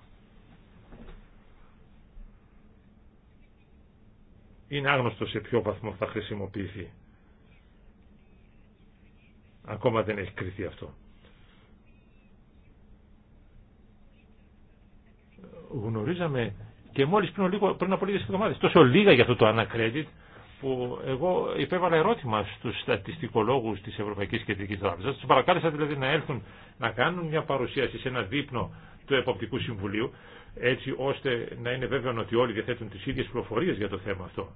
C: Είναι άγνωστο σε ποιο βαθμό θα χρησιμοποιηθεί. Ακόμα δεν έχει κρυθεί αυτό. Γνωρίζαμε και μόλι πριν, πριν από λίγε εβδομάδε. Τόσο λίγα για αυτό το ανακρέντιτ που εγώ υπέβαλα ερώτημα στους στατιστικολόγους τη Ευρωπαϊκή Κεντρική Τράπεζα. Του παρακάλεσα δηλαδή να έρθουν να κάνουν μια παρουσίαση σε ένα δείπνο του Εποπτικού Συμβουλίου έτσι ώστε να είναι βέβαιο ότι όλοι διαθέτουν τι ίδιε πληροφορίε για το θέμα αυτό.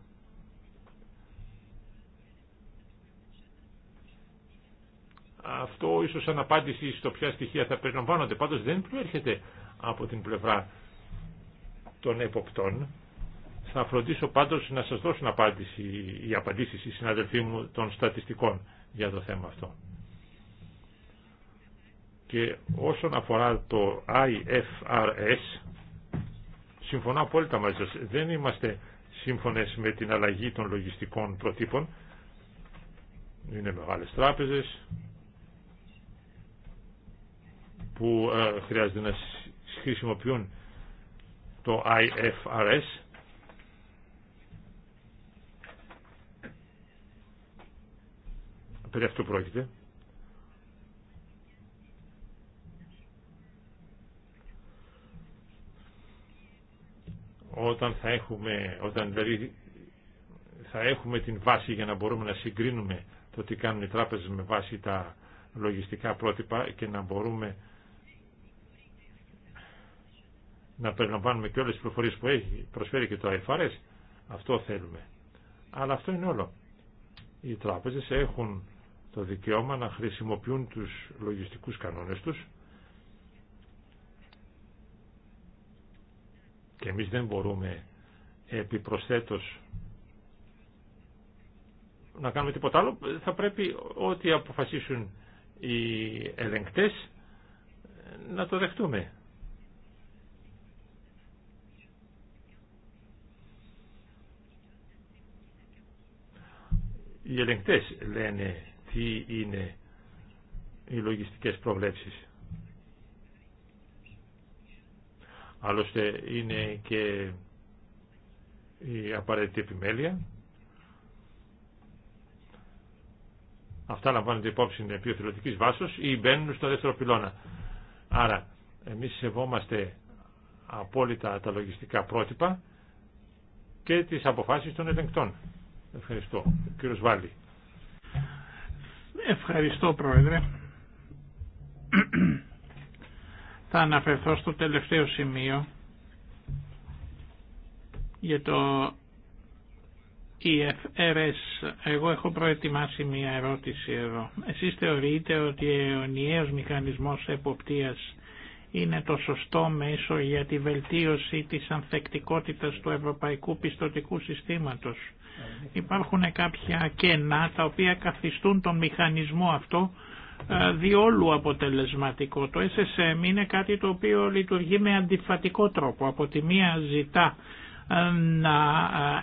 C: Αυτό ίσω αναπάντηση στο ποια στοιχεία θα περιλαμβάνονται. Πάντω δεν προέρχεται από την πλευρά των εποπτών. Θα φροντίσω πάντως να σας δώσουν απάντηση, οι απαντήσεις οι συναδελφοί μου των στατιστικών για το θέμα αυτό. Και όσον αφορά το IFRS, συμφωνώ απόλυτα μαζί σας. Δεν είμαστε σύμφωνες με την αλλαγή των λογιστικών προτύπων. Είναι μεγάλες τράπεζες που ε, χρειάζεται να χρησιμοποιούν το IFRS περί αυτού πρόκειται όταν θα έχουμε όταν δηλαδή θα έχουμε την βάση για να μπορούμε να συγκρίνουμε το τι κάνουν οι τράπεζες με βάση τα λογιστικά πρότυπα και να μπορούμε να περιλαμβάνουμε και όλες τις προφορίες που έχει προσφέρει και το IFRS. Αυτό θέλουμε. Αλλά αυτό είναι όλο. Οι τράπεζες έχουν το δικαίωμα να χρησιμοποιούν τους λογιστικούς κανόνες τους και εμείς δεν μπορούμε επιπροσθέτως να κάνουμε τίποτα άλλο. Θα πρέπει ό,τι αποφασίσουν οι ελεγκτές να το δεχτούμε. οι ελεγκτές λένε τι είναι οι λογιστικές προβλέψεις. Άλλωστε είναι και η απαραίτητη επιμέλεια. Αυτά λαμβάνονται υπόψη είναι επιοθελωτικής βάσος ή μπαίνουν στο δεύτερο πυλώνα. Άρα εμείς σεβόμαστε απόλυτα τα λογιστικά πρότυπα και τις αποφάσεις των ελεγκτών. Ευχαριστώ. Κύριος Βάλλη.
A: Ευχαριστώ Πρόεδρε. Θα αναφερθώ στο τελευταίο σημείο για το EFRS. Εγώ έχω προετοιμάσει μία ερώτηση εδώ. Εσείς θεωρείτε ότι ο νέος μηχανισμός εποπτείας είναι το σωστό μέσο για τη βελτίωση της ανθεκτικότητας του ευρωπαϊκού πιστοτικού συστήματος. Υπάρχουν κάποια κενά τα οποία καθιστούν τον μηχανισμό αυτό ε, διόλου αποτελεσματικό. Το SSM είναι κάτι το οποίο λειτουργεί με αντιφατικό τρόπο. Από τη μία ζητά ε, να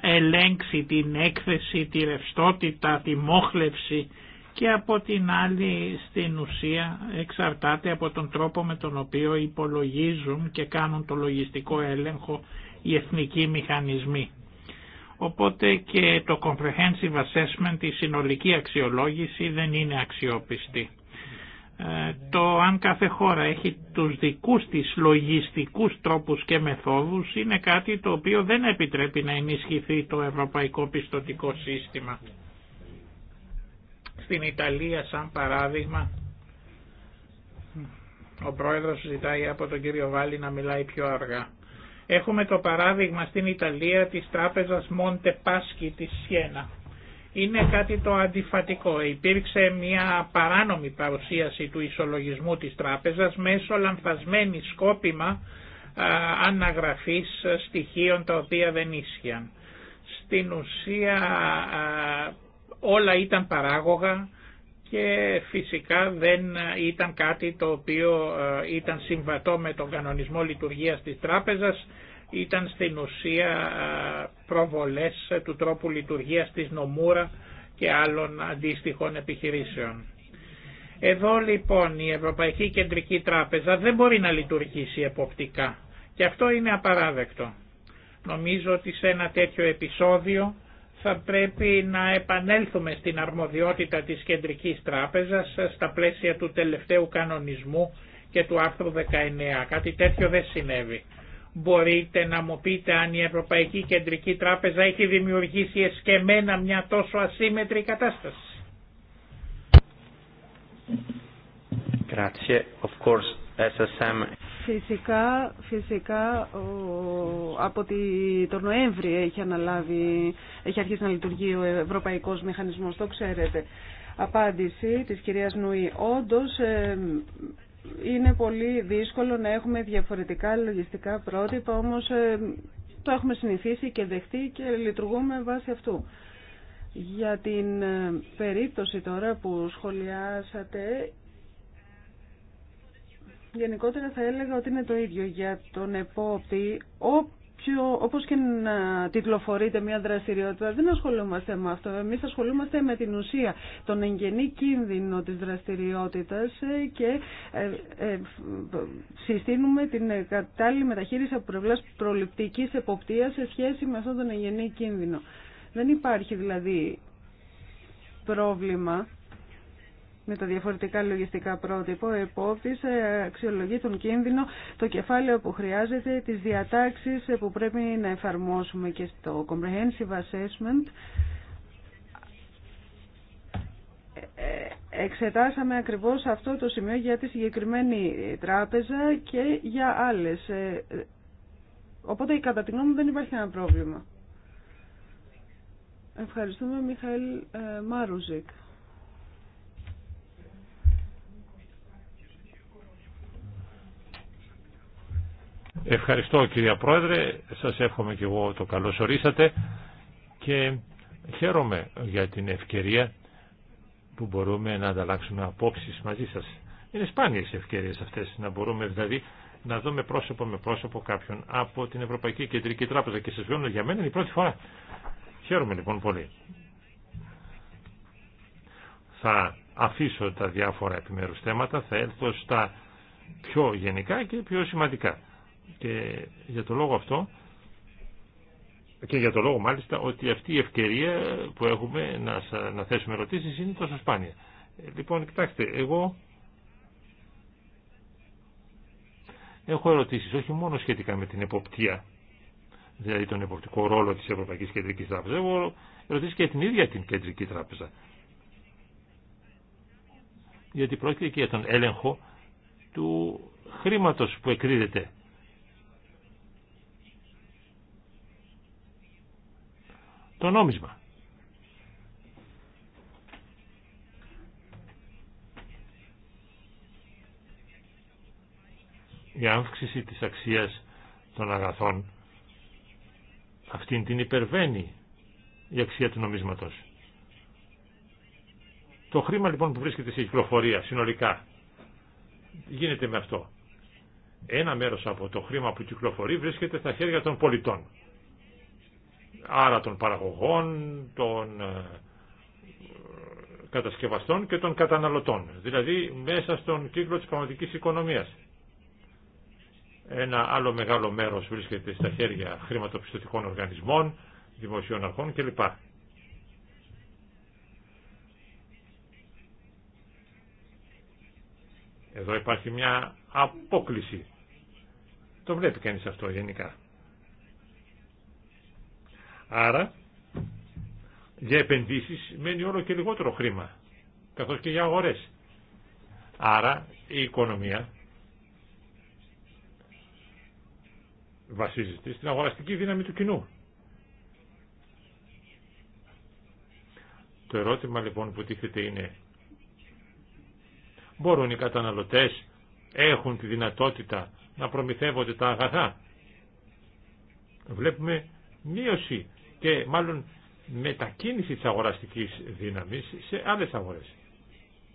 A: ε, ελέγξει την έκθεση, τη ρευστότητα, τη μόχλευση και από την άλλη στην ουσία εξαρτάται από τον τρόπο με τον οποίο υπολογίζουν και κάνουν το λογιστικό έλεγχο οι εθνικοί μηχανισμοί. Οπότε και το comprehensive assessment, η συνολική αξιολόγηση δεν είναι αξιόπιστη. Ε, το αν κάθε χώρα έχει τους δικούς της λογιστικούς τρόπους και μεθόδους είναι κάτι το οποίο δεν επιτρέπει να ενισχυθεί το ευρωπαϊκό πιστοτικό σύστημα. Στην Ιταλία σαν παράδειγμα ο πρόεδρος ζητάει από τον κύριο Βάλι να μιλάει πιο αργά. Έχουμε το παράδειγμα στην Ιταλία της τράπεζας Μοντε Πάσκι της Σιένα. Είναι κάτι το αντιφατικό. Υπήρξε μια παράνομη παρουσίαση του ισολογισμού της τράπεζας μέσω λανθασμένη σκόπιμα αναγραφής στοιχείων τα οποία δεν ίσχυαν. Στην ουσία όλα ήταν παράγωγα και φυσικά δεν ήταν κάτι το οποίο ε, ήταν συμβατό με τον κανονισμό λειτουργίας της τράπεζας, ήταν στην ουσία ε, προβολές του τρόπου λειτουργίας της νομούρα και άλλων αντίστοιχων επιχειρήσεων. Εδώ λοιπόν η Ευρωπαϊκή Κεντρική Τράπεζα δεν μπορεί να λειτουργήσει εποπτικά και αυτό είναι απαράδεκτο. Νομίζω ότι σε ένα τέτοιο επεισόδιο θα πρέπει να επανέλθουμε στην αρμοδιότητα της Κεντρικής Τράπεζας στα πλαίσια του τελευταίου κανονισμού και του άρθρου 19. Κάτι τέτοιο δεν συνέβη. Μπορείτε να μου πείτε αν η Ευρωπαϊκή Κεντρική Τράπεζα έχει δημιουργήσει εσκεμένα μια τόσο ασύμετρη κατάσταση. Grazie. Of course, SSM.
B: Φυσικά, φυσικά ο, από το τον Νοέμβρη έχει, αναλάβει, έχει αρχίσει να λειτουργεί ο Ευρωπαϊκός Μηχανισμός, το ξέρετε. Απάντηση της κυρίας Νουή. Όντως, ε, είναι πολύ δύσκολο να έχουμε διαφορετικά λογιστικά πρότυπα, όμως ε, το έχουμε συνηθίσει και δεχτεί και λειτουργούμε βάσει αυτού. Για την ε, περίπτωση τώρα που σχολιάσατε, Γενικότερα θα έλεγα ότι είναι το ίδιο για τον επόπτη. Όποιο, όπως και να τυκλοφορείται μια δραστηριότητα, δεν ασχολούμαστε με αυτό. Εμείς ασχολούμαστε με την ουσία, τον εγγενή κίνδυνο της δραστηριότητας ε, και ε, ε, συστήνουμε την κατάλληλη μεταχείριση από πλευρά προληπτικής εποπτείας σε σχέση με αυτόν τον εγγενή κίνδυνο. Δεν υπάρχει δηλαδή πρόβλημα με τα διαφορετικά λογιστικά πρότυπο, επόπτης ε, αξιολογεί τον κίνδυνο, το κεφάλαιο που χρειάζεται, τις διατάξεις ε, που πρέπει να εφαρμόσουμε και στο Comprehensive Assessment. Ε, εξετάσαμε ακριβώς αυτό το σημείο για τη συγκεκριμένη τράπεζα και για άλλες. Οπότε κατά τη γνώμη δεν υπάρχει ένα πρόβλημα. Ευχαριστούμε Μιχαήλ Μάρουζικ.
C: Ευχαριστώ κυρία Πρόεδρε, σας εύχομαι και εγώ το καλό, ορίσατε και χαίρομαι για την ευκαιρία που μπορούμε να ανταλλάξουμε απόψεις μαζί σας. Είναι σπάνιες ευκαιρίες αυτές να μπορούμε δηλαδή να δούμε πρόσωπο με πρόσωπο κάποιον από την Ευρωπαϊκή Κεντρική Τράπεζα και σας βιώνω για μένα είναι η πρώτη φορά. Χαίρομαι λοιπόν πολύ. Θα αφήσω τα διάφορα επιμέρους θέματα, θα έλθω στα πιο γενικά και πιο σημαντικά. Και για το λόγο αυτό και για το λόγο μάλιστα ότι αυτή η ευκαιρία που έχουμε να, θέσουμε ερωτήσεις είναι τόσο σπάνια. Λοιπόν, κοιτάξτε, εγώ έχω ερωτήσεις όχι μόνο σχετικά με την εποπτεία, δηλαδή τον εποπτικό ρόλο της Ευρωπαϊκής Κεντρικής Τράπεζας, έχω ερωτήσεις και την ίδια την Κεντρική Τράπεζα. Γιατί πρόκειται και για τον έλεγχο του χρήματο που εκδίδεται το νόμισμα. Η αύξηση της αξίας των αγαθών αυτήν την υπερβαίνει η αξία του νομίσματος. Το χρήμα λοιπόν που βρίσκεται σε κυκλοφορία συνολικά γίνεται με αυτό. Ένα μέρος από το χρήμα που κυκλοφορεί βρίσκεται στα χέρια των πολιτών άρα των παραγωγών, των ε, κατασκευαστών και των καταναλωτών, δηλαδή μέσα στον κύκλο της πραγματικής οικονομίας. Ένα άλλο μεγάλο μέρος βρίσκεται στα χέρια χρηματοπιστωτικών οργανισμών, δημοσίων αρχών κλπ. Εδώ υπάρχει μια απόκληση. Το βλέπει κανείς αυτό γενικά. Άρα για επενδύσεις μένει όλο και λιγότερο χρήμα, καθώς και για αγορές. Άρα η οικονομία βασίζεται στην αγοραστική δύναμη του κοινού. Το ερώτημα λοιπόν που τίθεται είναι μπορούν οι καταναλωτές έχουν τη δυνατότητα να προμηθεύονται τα αγαθά. Βλέπουμε μείωση και μάλλον μετακίνηση της αγοραστικής δύναμης σε άλλες αγορές.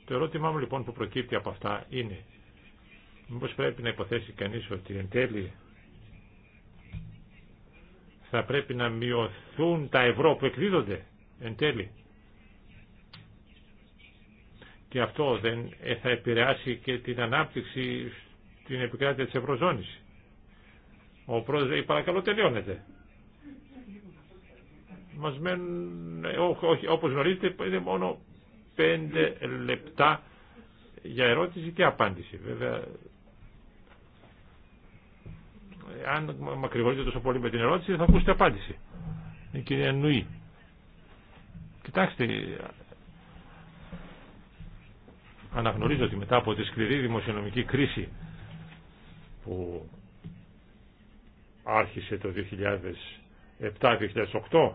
C: Το ερώτημά μου λοιπόν που προκύπτει από αυτά είναι μήπως πρέπει να υποθέσει κανείς ότι εν τέλει θα πρέπει να μειωθούν τα ευρώ που εκδίδονται εν τέλει. Και αυτό δεν ε, θα επηρεάσει και την ανάπτυξη την επικράτεια της Ευρωζώνης. Ο πρόεδρος, παρακαλώ τελειώνεται. Μας μένουν, ε, όπως γνωρίζετε, είναι μόνο πέντε λεπτά για ερώτηση και απάντηση. Βέβαια, αν μακρηγορείτε τόσο πολύ με την ερώτηση, θα ακούσετε απάντηση. Η κυρία Νουή. Κοιτάξτε, αναγνωρίζω ότι μετά από τη σκληρή δημοσιονομική κρίση που άρχισε το 2007-2008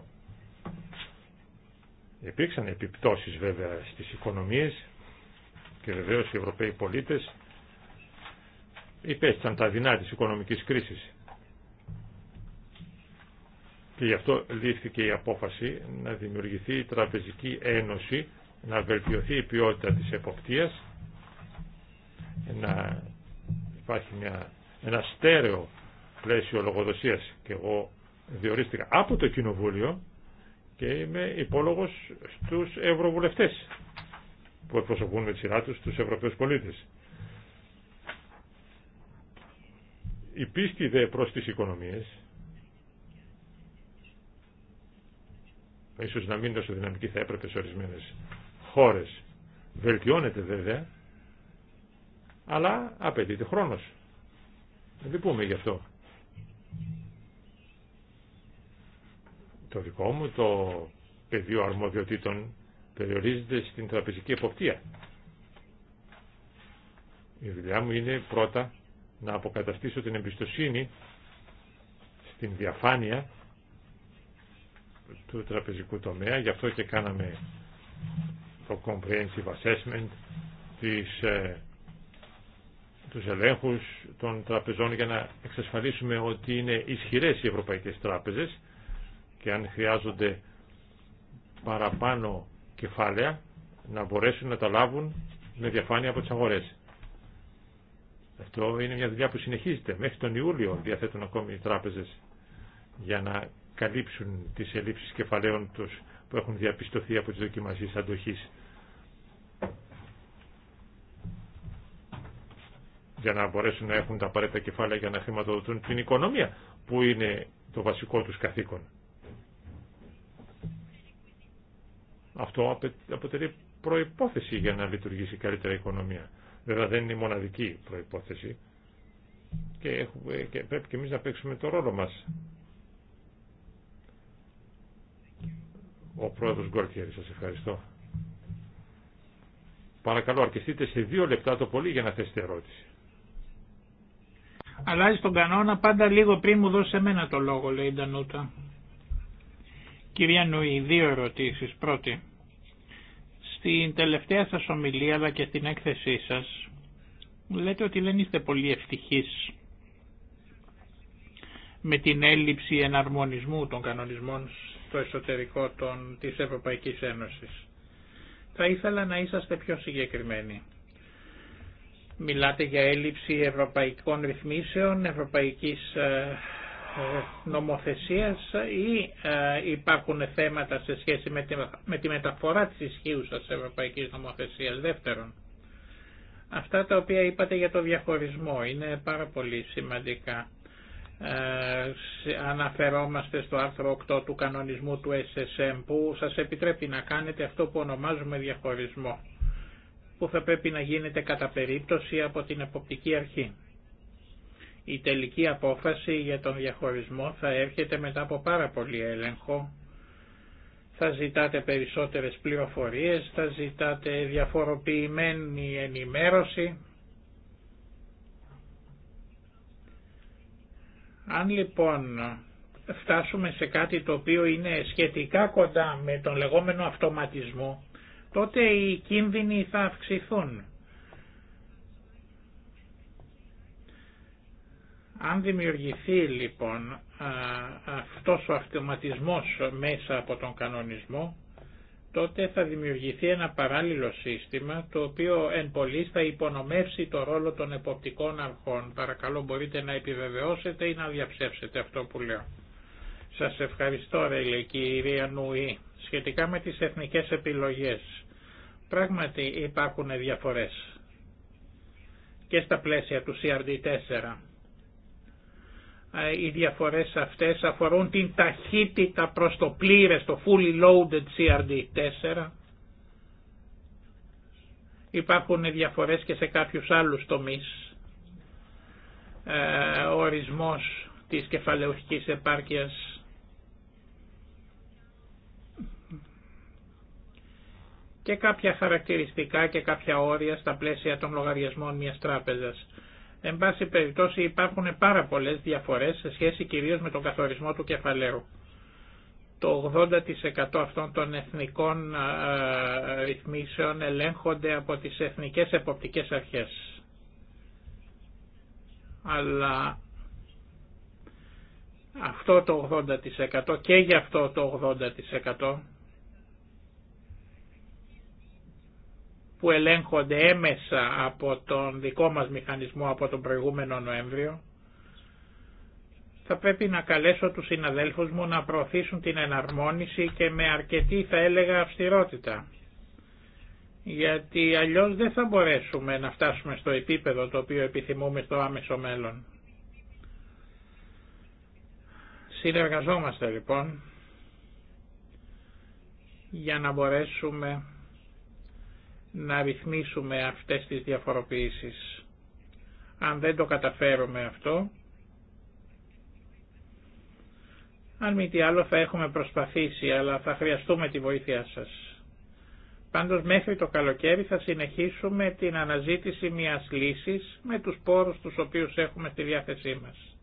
C: Υπήρξαν επιπτώσεις βέβαια στις οικονομίες και βεβαίως οι Ευρωπαίοι πολίτες υπέστησαν τα δεινά της οικονομικής κρίσης. Και γι' αυτό λήφθηκε η απόφαση να δημιουργηθεί η Τραπεζική Ένωση, να βελτιωθεί η ποιότητα της εποπτείας, να υπάρχει ένα στέρεο πλαίσιο λογοδοσίας. Και εγώ διορίστηκα από το Κοινοβούλιο και είμαι υπόλογος στους ευρωβουλευτές που εκπροσωπούν με τη σειρά τους τους Ευρωπαίους πολίτες. Η πίστη δε προς τις οικονομίες ίσως να μην είναι τόσο δυναμική θα έπρεπε σε ορισμένες χώρες βελτιώνεται βέβαια αλλά απαιτείται χρόνος. Δεν πούμε γι' αυτό. Το δικό μου το πεδίο αρμοδιοτήτων περιορίζεται στην τραπεζική εποπτεία. Η δουλειά μου είναι πρώτα να αποκαταστήσω την εμπιστοσύνη στην διαφάνεια του τραπεζικού τομέα. Γι' αυτό και κάναμε το comprehensive assessment της, ε, τους ελέγχους των τραπεζών για να εξασφαλίσουμε ότι είναι ισχυρές οι ευρωπαϊκές τράπεζες και αν χρειάζονται παραπάνω κεφάλαια να μπορέσουν να τα λάβουν με διαφάνεια από τις αγορές. Αυτό είναι μια δουλειά που συνεχίζεται. Μέχρι τον Ιούλιο διαθέτουν ακόμη οι τράπεζες για να καλύψουν τις ελλείψεις κεφαλαίων τους που έχουν διαπιστωθεί από τις δοκιμασίες αντοχής. Για να μπορέσουν να έχουν τα απαραίτητα κεφάλαια για να χρηματοδοτούν την οικονομία που είναι το βασικό τους καθήκον. Αυτό αποτελεί προϋπόθεση για να λειτουργήσει καλύτερα η οικονομία. Βέβαια δεν είναι η μοναδική προϋπόθεση και, και πρέπει και εμείς να παίξουμε το ρόλο μας. Ο πρόεδρος Γκόρτιερη, σας ευχαριστώ. Παρακαλώ, αρκεστείτε σε δύο λεπτά το πολύ για να θέσετε ερώτηση.
A: Αλλάζει τον κανόνα πάντα λίγο πριν μου δώσει εμένα το λόγο, λέει η Ντανούτα. Κυρία Νουή, δύο ερωτήσεις. Πρώτη, στην τελευταία σας ομιλία αλλά και στην έκθεσή σας λέτε ότι δεν είστε πολύ ευτυχείς με την έλλειψη εναρμονισμού των κανονισμών στο εσωτερικό των, της Ευρωπαϊκής Ένωσης. Θα ήθελα να είσαστε πιο συγκεκριμένοι. Μιλάτε για έλλειψη ευρωπαϊκών ρυθμίσεων, ευρωπαϊκής ε, ε, νομοθεσίας ή ε, υπάρχουν θέματα σε σχέση με τη μεταφορά της σα ευρωπαϊκής νομοθεσίας. Δεύτερον, αυτά τα οποία είπατε για το διαχωρισμό είναι πάρα πολύ σημαντικά. Ε, αναφερόμαστε στο άρθρο 8 του κανονισμού του SSM που σας επιτρέπει να κάνετε αυτό που ονομάζουμε διαχωρισμό που θα πρέπει να γίνεται κατά περίπτωση από την εποπτική αρχή η τελική απόφαση για τον διαχωρισμό θα έρχεται μετά από πάρα πολύ έλεγχο. Θα ζητάτε περισσότερες πληροφορίες, θα ζητάτε διαφοροποιημένη ενημέρωση. Αν λοιπόν φτάσουμε σε κάτι το οποίο είναι σχετικά κοντά με τον λεγόμενο αυτοματισμό, τότε οι κίνδυνοι θα αυξηθούν. Αν δημιουργηθεί λοιπόν αυτός ο αυτοματισμός μέσα από τον κανονισμό, τότε θα δημιουργηθεί ένα παράλληλο σύστημα το οποίο εν πολλής θα υπονομεύσει το ρόλο των εποπτικών αρχών. Παρακαλώ μπορείτε να επιβεβαιώσετε ή να διαψεύσετε αυτό που λέω. Σας ευχαριστώ ρε κυρία Νουή. Σχετικά με τις εθνικές επιλογές. Πράγματι υπάρχουν διαφορές και στα πλαίσια του CRD4 ε, οι διαφορές αυτές αφορούν την ταχύτητα προς το πλήρες, το fully loaded CRD4. Υπάρχουν διαφορές και σε κάποιους άλλους τομείς. Ε, ο ορισμός της κεφαλαιοχικής επάρκειας και κάποια χαρακτηριστικά και κάποια όρια στα πλαίσια των λογαριασμών μιας τράπεζας. Εν πάση περιπτώσει υπάρχουν πάρα πολλές διαφορές σε σχέση κυρίως με τον καθορισμό του κεφαλαίου. Το 80% αυτών των εθνικών ρυθμίσεων ελέγχονται από τις εθνικές εποπτικές αρχές. Αλλά αυτό το 80% και γι' αυτό το 80% που ελέγχονται έμεσα από τον δικό μας μηχανισμό από τον προηγούμενο Νοέμβριο, θα πρέπει να καλέσω τους συναδέλφους μου να προωθήσουν την εναρμόνιση και με αρκετή θα έλεγα αυστηρότητα. Γιατί αλλιώς δεν θα μπορέσουμε να φτάσουμε στο επίπεδο το οποίο επιθυμούμε στο άμεσο μέλλον. Συνεργαζόμαστε λοιπόν για να μπορέσουμε να ρυθμίσουμε αυτές τις διαφοροποιήσεις. Αν δεν το καταφέρουμε αυτό, αν μη τι άλλο θα έχουμε προσπαθήσει, αλλά θα χρειαστούμε τη βοήθειά σας. Πάντως μέχρι το καλοκαίρι θα συνεχίσουμε την αναζήτηση μιας λύσης με τους πόρους τους οποίους έχουμε στη διάθεσή μας.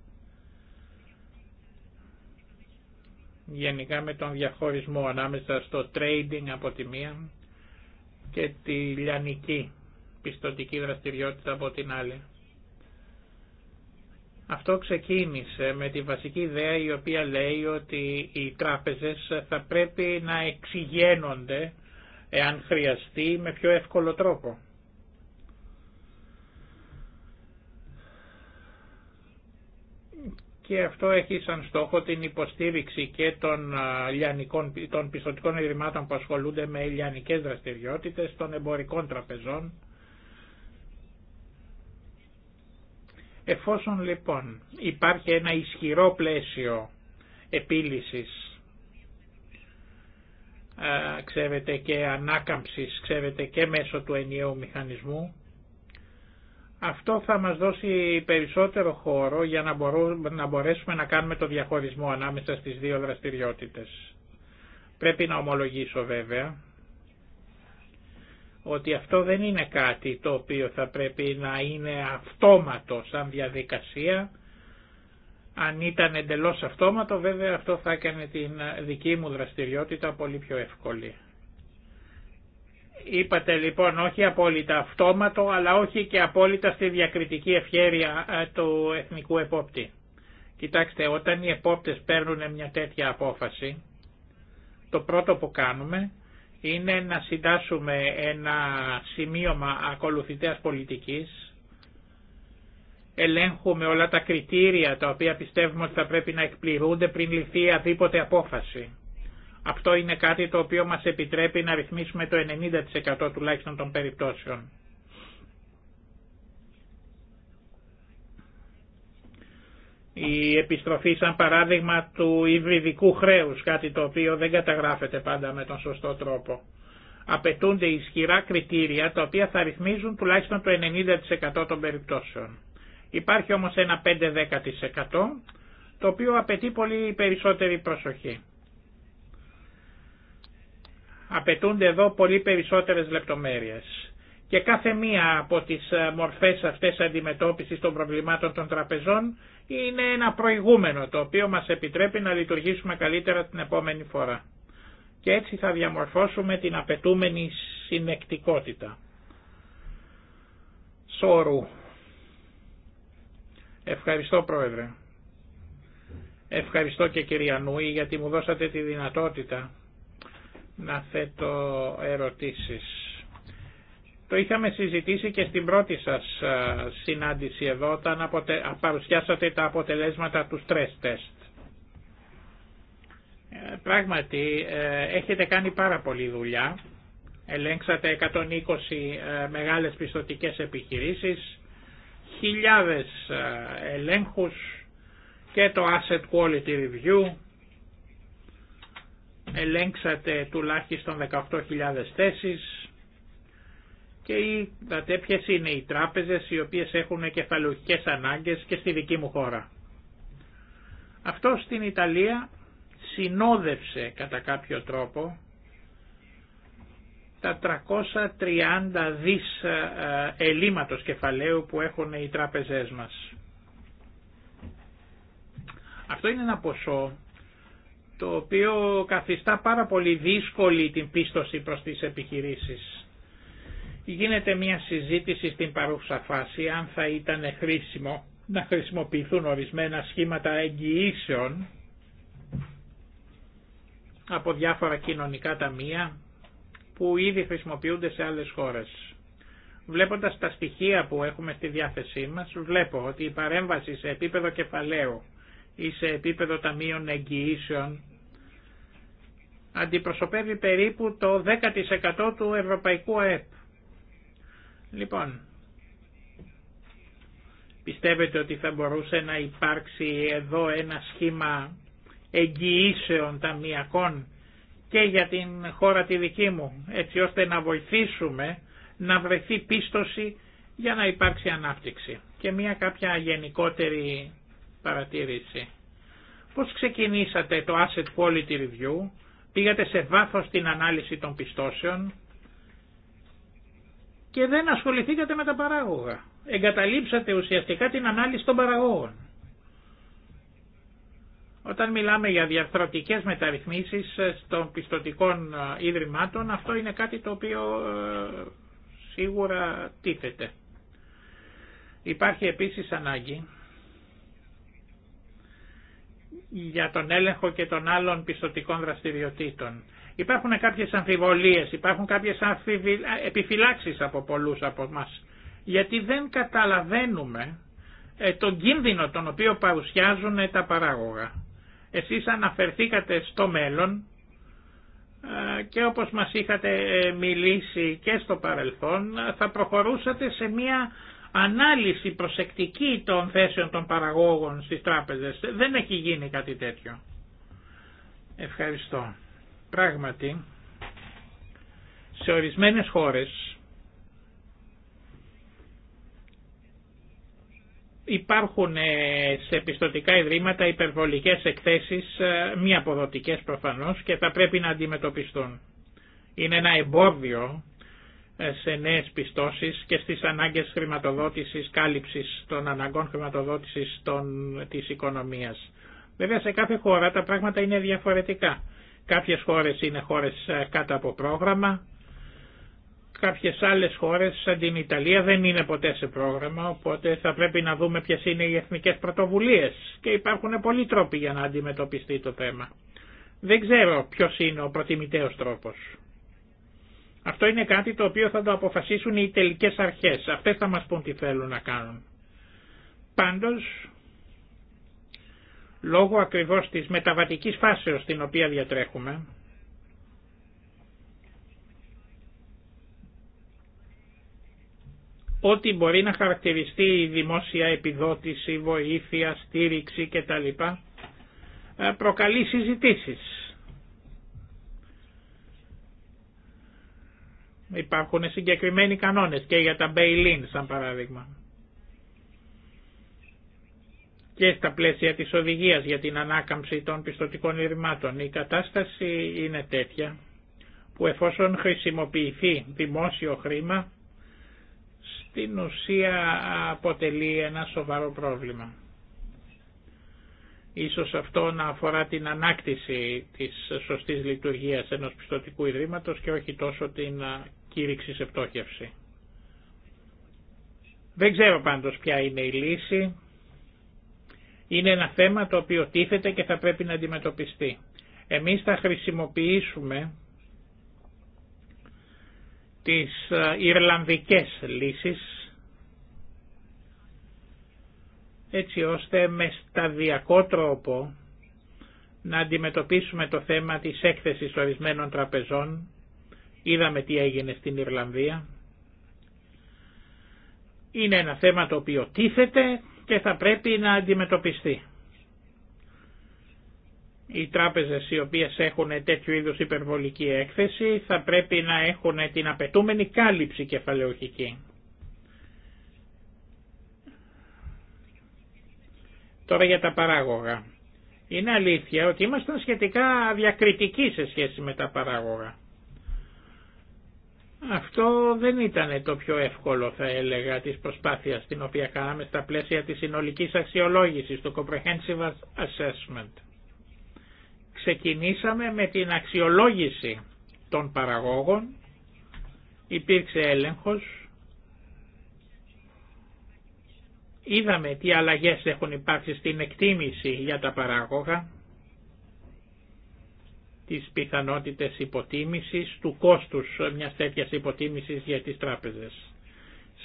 A: Γενικά με τον διαχωρισμό ανάμεσα στο trading από τη μία και τη λιανική πιστοτική δραστηριότητα από την άλλη. Αυτό ξεκίνησε με τη βασική ιδέα η οποία λέει ότι οι τράπεζες θα πρέπει να εξηγένονται εάν χρειαστεί με πιο εύκολο τρόπο. και αυτό έχει σαν στόχο την υποστήριξη και των, λιανικών, των πιστοτικών ιδρυμάτων που ασχολούνται με λιανικές δραστηριότητες, των εμπορικών τραπεζών. Εφόσον λοιπόν υπάρχει ένα ισχυρό πλαίσιο επίλυσης, ξέρετε και ανάκαμψης, ξέρετε και μέσω του ενιαίου μηχανισμού, αυτό θα μας δώσει περισσότερο χώρο για να, να μπορέσουμε να κάνουμε το διαχωρισμό ανάμεσα στις δύο δραστηριότητες. Πρέπει να ομολογήσω βέβαια ότι αυτό δεν είναι κάτι το οποίο θα πρέπει να είναι αυτόματο σαν διαδικασία. Αν ήταν εντελώς αυτόματο βέβαια αυτό θα έκανε την δική μου δραστηριότητα πολύ πιο εύκολη. Είπατε λοιπόν όχι απόλυτα αυτόματο αλλά όχι και απόλυτα στη διακριτική ευχέρεια ε, του εθνικού επόπτη. Κοιτάξτε όταν οι επόπτες παίρνουν μια τέτοια απόφαση το πρώτο που κάνουμε είναι να συντάσσουμε ένα σημείωμα ακολουθητέας πολιτικής ελέγχουμε όλα τα κριτήρια τα οποία πιστεύουμε ότι θα πρέπει να εκπληρούνται πριν ληφθεί αδίποτε απόφαση αυτό είναι κάτι το οποίο μας επιτρέπει να ρυθμίσουμε το 90% τουλάχιστον των περιπτώσεων. η επιστροφή σαν παράδειγμα του υβριδικού χρέους, κάτι το οποίο δεν καταγράφεται πάντα με τον σωστό τρόπο. Απαιτούνται ισχυρά κριτήρια τα οποία θα ρυθμίζουν τουλάχιστον το 90% των περιπτώσεων. Υπάρχει όμως ένα 5-10% το οποίο απαιτεί πολύ περισσότερη προσοχή. Απαιτούνται εδώ πολύ περισσότερες λεπτομέρειες. Και κάθε μία από τις ε, μορφές αυτές αντιμετώπισης των προβλημάτων των τραπεζών είναι ένα προηγούμενο το οποίο μας επιτρέπει να λειτουργήσουμε καλύτερα την επόμενη φορά. Και έτσι θα διαμορφώσουμε την απαιτούμενη συνεκτικότητα. Σόρου. Ευχαριστώ Πρόεδρε. Ευχαριστώ και κυρία Νούη γιατί μου δώσατε τη δυνατότητα να θέτω ερωτήσεις. Το είχαμε συζητήσει και στην πρώτη σας συνάντηση εδώ όταν αποτε... παρουσιάσατε τα αποτελέσματα του stress test. Ε, πράγματι ε, έχετε κάνει πάρα πολλή δουλειά. Ελέγξατε 120 ε, μεγάλες πιστοτικές επιχειρήσεις, χιλιάδες ελέγχους και το Asset Quality Review ελέγξατε τουλάχιστον 18.000 θέσεις και είδατε ποιες είναι οι τράπεζες οι οποίες έχουν κεφαλουχικές ανάγκες και στη δική μου χώρα. Αυτό στην Ιταλία συνόδευσε κατά κάποιο τρόπο τα 330 δις ε, ε, ελίματος κεφαλαίου που έχουν οι τράπεζές μας. Αυτό είναι ένα ποσό το οποίο καθιστά πάρα πολύ δύσκολη την πίστοση προς τις επιχειρήσεις. Γίνεται μια συζήτηση στην παρούσα φάση αν θα ήταν χρήσιμο να χρησιμοποιηθούν ορισμένα σχήματα εγγυήσεων από διάφορα κοινωνικά ταμεία που ήδη χρησιμοποιούνται σε άλλες χώρες. Βλέποντας τα στοιχεία που έχουμε στη διάθεσή μας, βλέπω ότι η παρέμβαση σε επίπεδο κεφαλαίου ή σε επίπεδο ταμείων εγγυήσεων αντιπροσωπεύει περίπου το 10% του ευρωπαϊκού ΑΕΠ. Λοιπόν, πιστεύετε ότι θα μπορούσε να υπάρξει εδώ ένα σχήμα εγγυήσεων ταμιακών και για την χώρα τη δική μου, έτσι ώστε να βοηθήσουμε να βρεθεί πίστοση για να υπάρξει ανάπτυξη. Και μια κάποια γενικότερη παρατήρηση. Πώς ξεκινήσατε το Asset Quality Review Πήγατε σε βάθος την ανάλυση των πιστώσεων και δεν ασχοληθήκατε με τα παράγωγα. Εγκαταλείψατε ουσιαστικά την ανάλυση των παραγωγών. Όταν μιλάμε για διαρθρωτικές μεταρρυθμίσεις των πιστοτικών ε, ίδρυμάτων, αυτό είναι κάτι το οποίο ε, σίγουρα τίθεται. Υπάρχει επίσης ανάγκη για τον έλεγχο και των άλλων πιστοτικών δραστηριοτήτων. Υπάρχουν κάποιες αμφιβολίες, υπάρχουν κάποιες επιφυλάξεις από πολλούς από μας, γιατί δεν καταλαβαίνουμε ε, τον κίνδυνο τον οποίο παρουσιάζουν τα παράγωγα. Εσείς αναφερθήκατε στο μέλλον ε, και όπως μας είχατε ε, μιλήσει και στο παρελθόν θα προχωρούσατε σε μια ανάλυση προσεκτική των θέσεων των παραγόγων στις τράπεζες. Δεν έχει γίνει κάτι τέτοιο. Ευχαριστώ. Πράγματι, σε ορισμένες χώρες υπάρχουν ε, σε πιστοτικά ιδρύματα υπερβολικές εκθέσεις, ε, μη αποδοτικές προφανώς και θα πρέπει να αντιμετωπιστούν. Είναι ένα εμπόδιο σε νέες πιστώσεις και στις ανάγκες χρηματοδότησης, κάλυψης των αναγκών χρηματοδότησης τη της οικονομίας. Βέβαια σε κάθε χώρα τα πράγματα είναι διαφορετικά. Κάποιες χώρες είναι χώρες ε, κάτω από πρόγραμμα, κάποιες άλλες χώρες σαν την Ιταλία δεν είναι ποτέ σε πρόγραμμα, οπότε θα πρέπει να δούμε ποιες είναι οι εθνικές πρωτοβουλίες και υπάρχουν πολλοί τρόποι για να αντιμετωπιστεί το θέμα. Δεν ξέρω ποιο είναι ο προτιμητέος τρόπος. Αυτό είναι κάτι το οποίο θα το αποφασίσουν οι τελικές αρχές. Αυτές θα μας πούν τι θέλουν να κάνουν. Πάντως, λόγω ακριβώς της μεταβατικής φάσεως την οποία διατρέχουμε, ό,τι μπορεί να χαρακτηριστεί η δημόσια επιδότηση, βοήθεια, στήριξη κτλ. Ε, προκαλεί συζητήσεις. Υπάρχουν συγκεκριμένοι κανόνες και για τα bail-in σαν παράδειγμα. Και στα πλαίσια της οδηγίας για την ανάκαμψη των πιστοτικών ειρημάτων. η κατάσταση είναι τέτοια που εφόσον χρησιμοποιηθεί δημόσιο χρήμα στην ουσία αποτελεί ένα σοβαρό πρόβλημα. Ίσως αυτό να αφορά την ανάκτηση της σωστής λειτουργίας ενός πιστοτικού ιδρύματος και όχι τόσο την κήρυξη σε Δεν ξέρω πάντως ποια είναι η λύση. Είναι ένα θέμα το οποίο τίθεται και θα πρέπει να αντιμετωπιστεί. Εμείς θα χρησιμοποιήσουμε τις ε, Ιρλανδικές λύσεις έτσι ώστε με σταδιακό τρόπο να αντιμετωπίσουμε το θέμα της έκθεσης ορισμένων τραπεζών Είδαμε τι έγινε στην Ιρλανδία. Είναι ένα θέμα το οποίο τίθεται και θα πρέπει να αντιμετωπιστεί. Οι τράπεζες οι οποίες έχουν τέτοιου είδους υπερβολική έκθεση θα πρέπει να έχουν την απαιτούμενη κάλυψη κεφαλαιοχική. Τώρα για τα παράγωγα. Είναι αλήθεια ότι ήμασταν σχετικά διακριτικοί σε σχέση με τα παράγωγα. Αυτό δεν ήταν το πιο εύκολο θα έλεγα της προσπάθειας την οποία κάναμε στα πλαίσια της συνολικής αξιολόγησης, του Comprehensive Assessment. Ξεκινήσαμε με την αξιολόγηση των παραγόγων, υπήρξε έλεγχος, είδαμε τι αλλαγές έχουν υπάρξει στην εκτίμηση για τα παράγωγα, τις πιθανότητες υποτίμησης του κόστους μιας τέτοιας υποτίμησης για τις τράπεζες.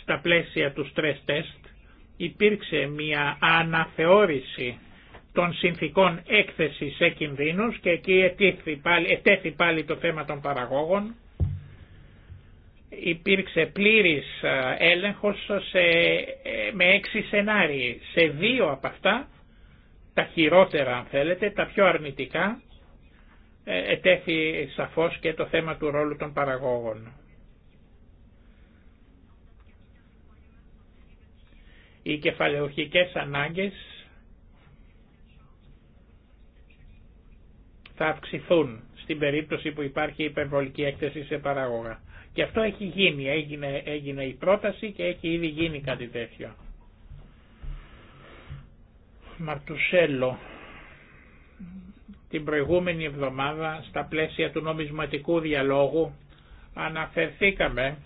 A: Στα πλαίσια του stress test υπήρξε μια αναθεώρηση των συνθήκων έκθεσης σε κινδύνους και εκεί ετέθη πάλι, πάλι το θέμα των παραγόγων. Υπήρξε πλήρης έλεγχος σε, με έξι σενάρια Σε δύο από αυτά, τα χειρότερα αν θέλετε, τα πιο αρνητικά, ε, ετέθη σαφώς και το θέμα του ρόλου των παραγόγων. Οι κεφαλαιοχικές ανάγκες θα αυξηθούν στην περίπτωση που υπάρχει υπερβολική έκθεση σε παραγόγα. Και αυτό έχει γίνει, έγινε, έγινε η πρόταση και έχει ήδη γίνει κάτι τέτοιο. Μαρτουσέλο, την προηγούμενη εβδομάδα στα πλαίσια του νομισματικού διαλόγου αναφερθήκαμε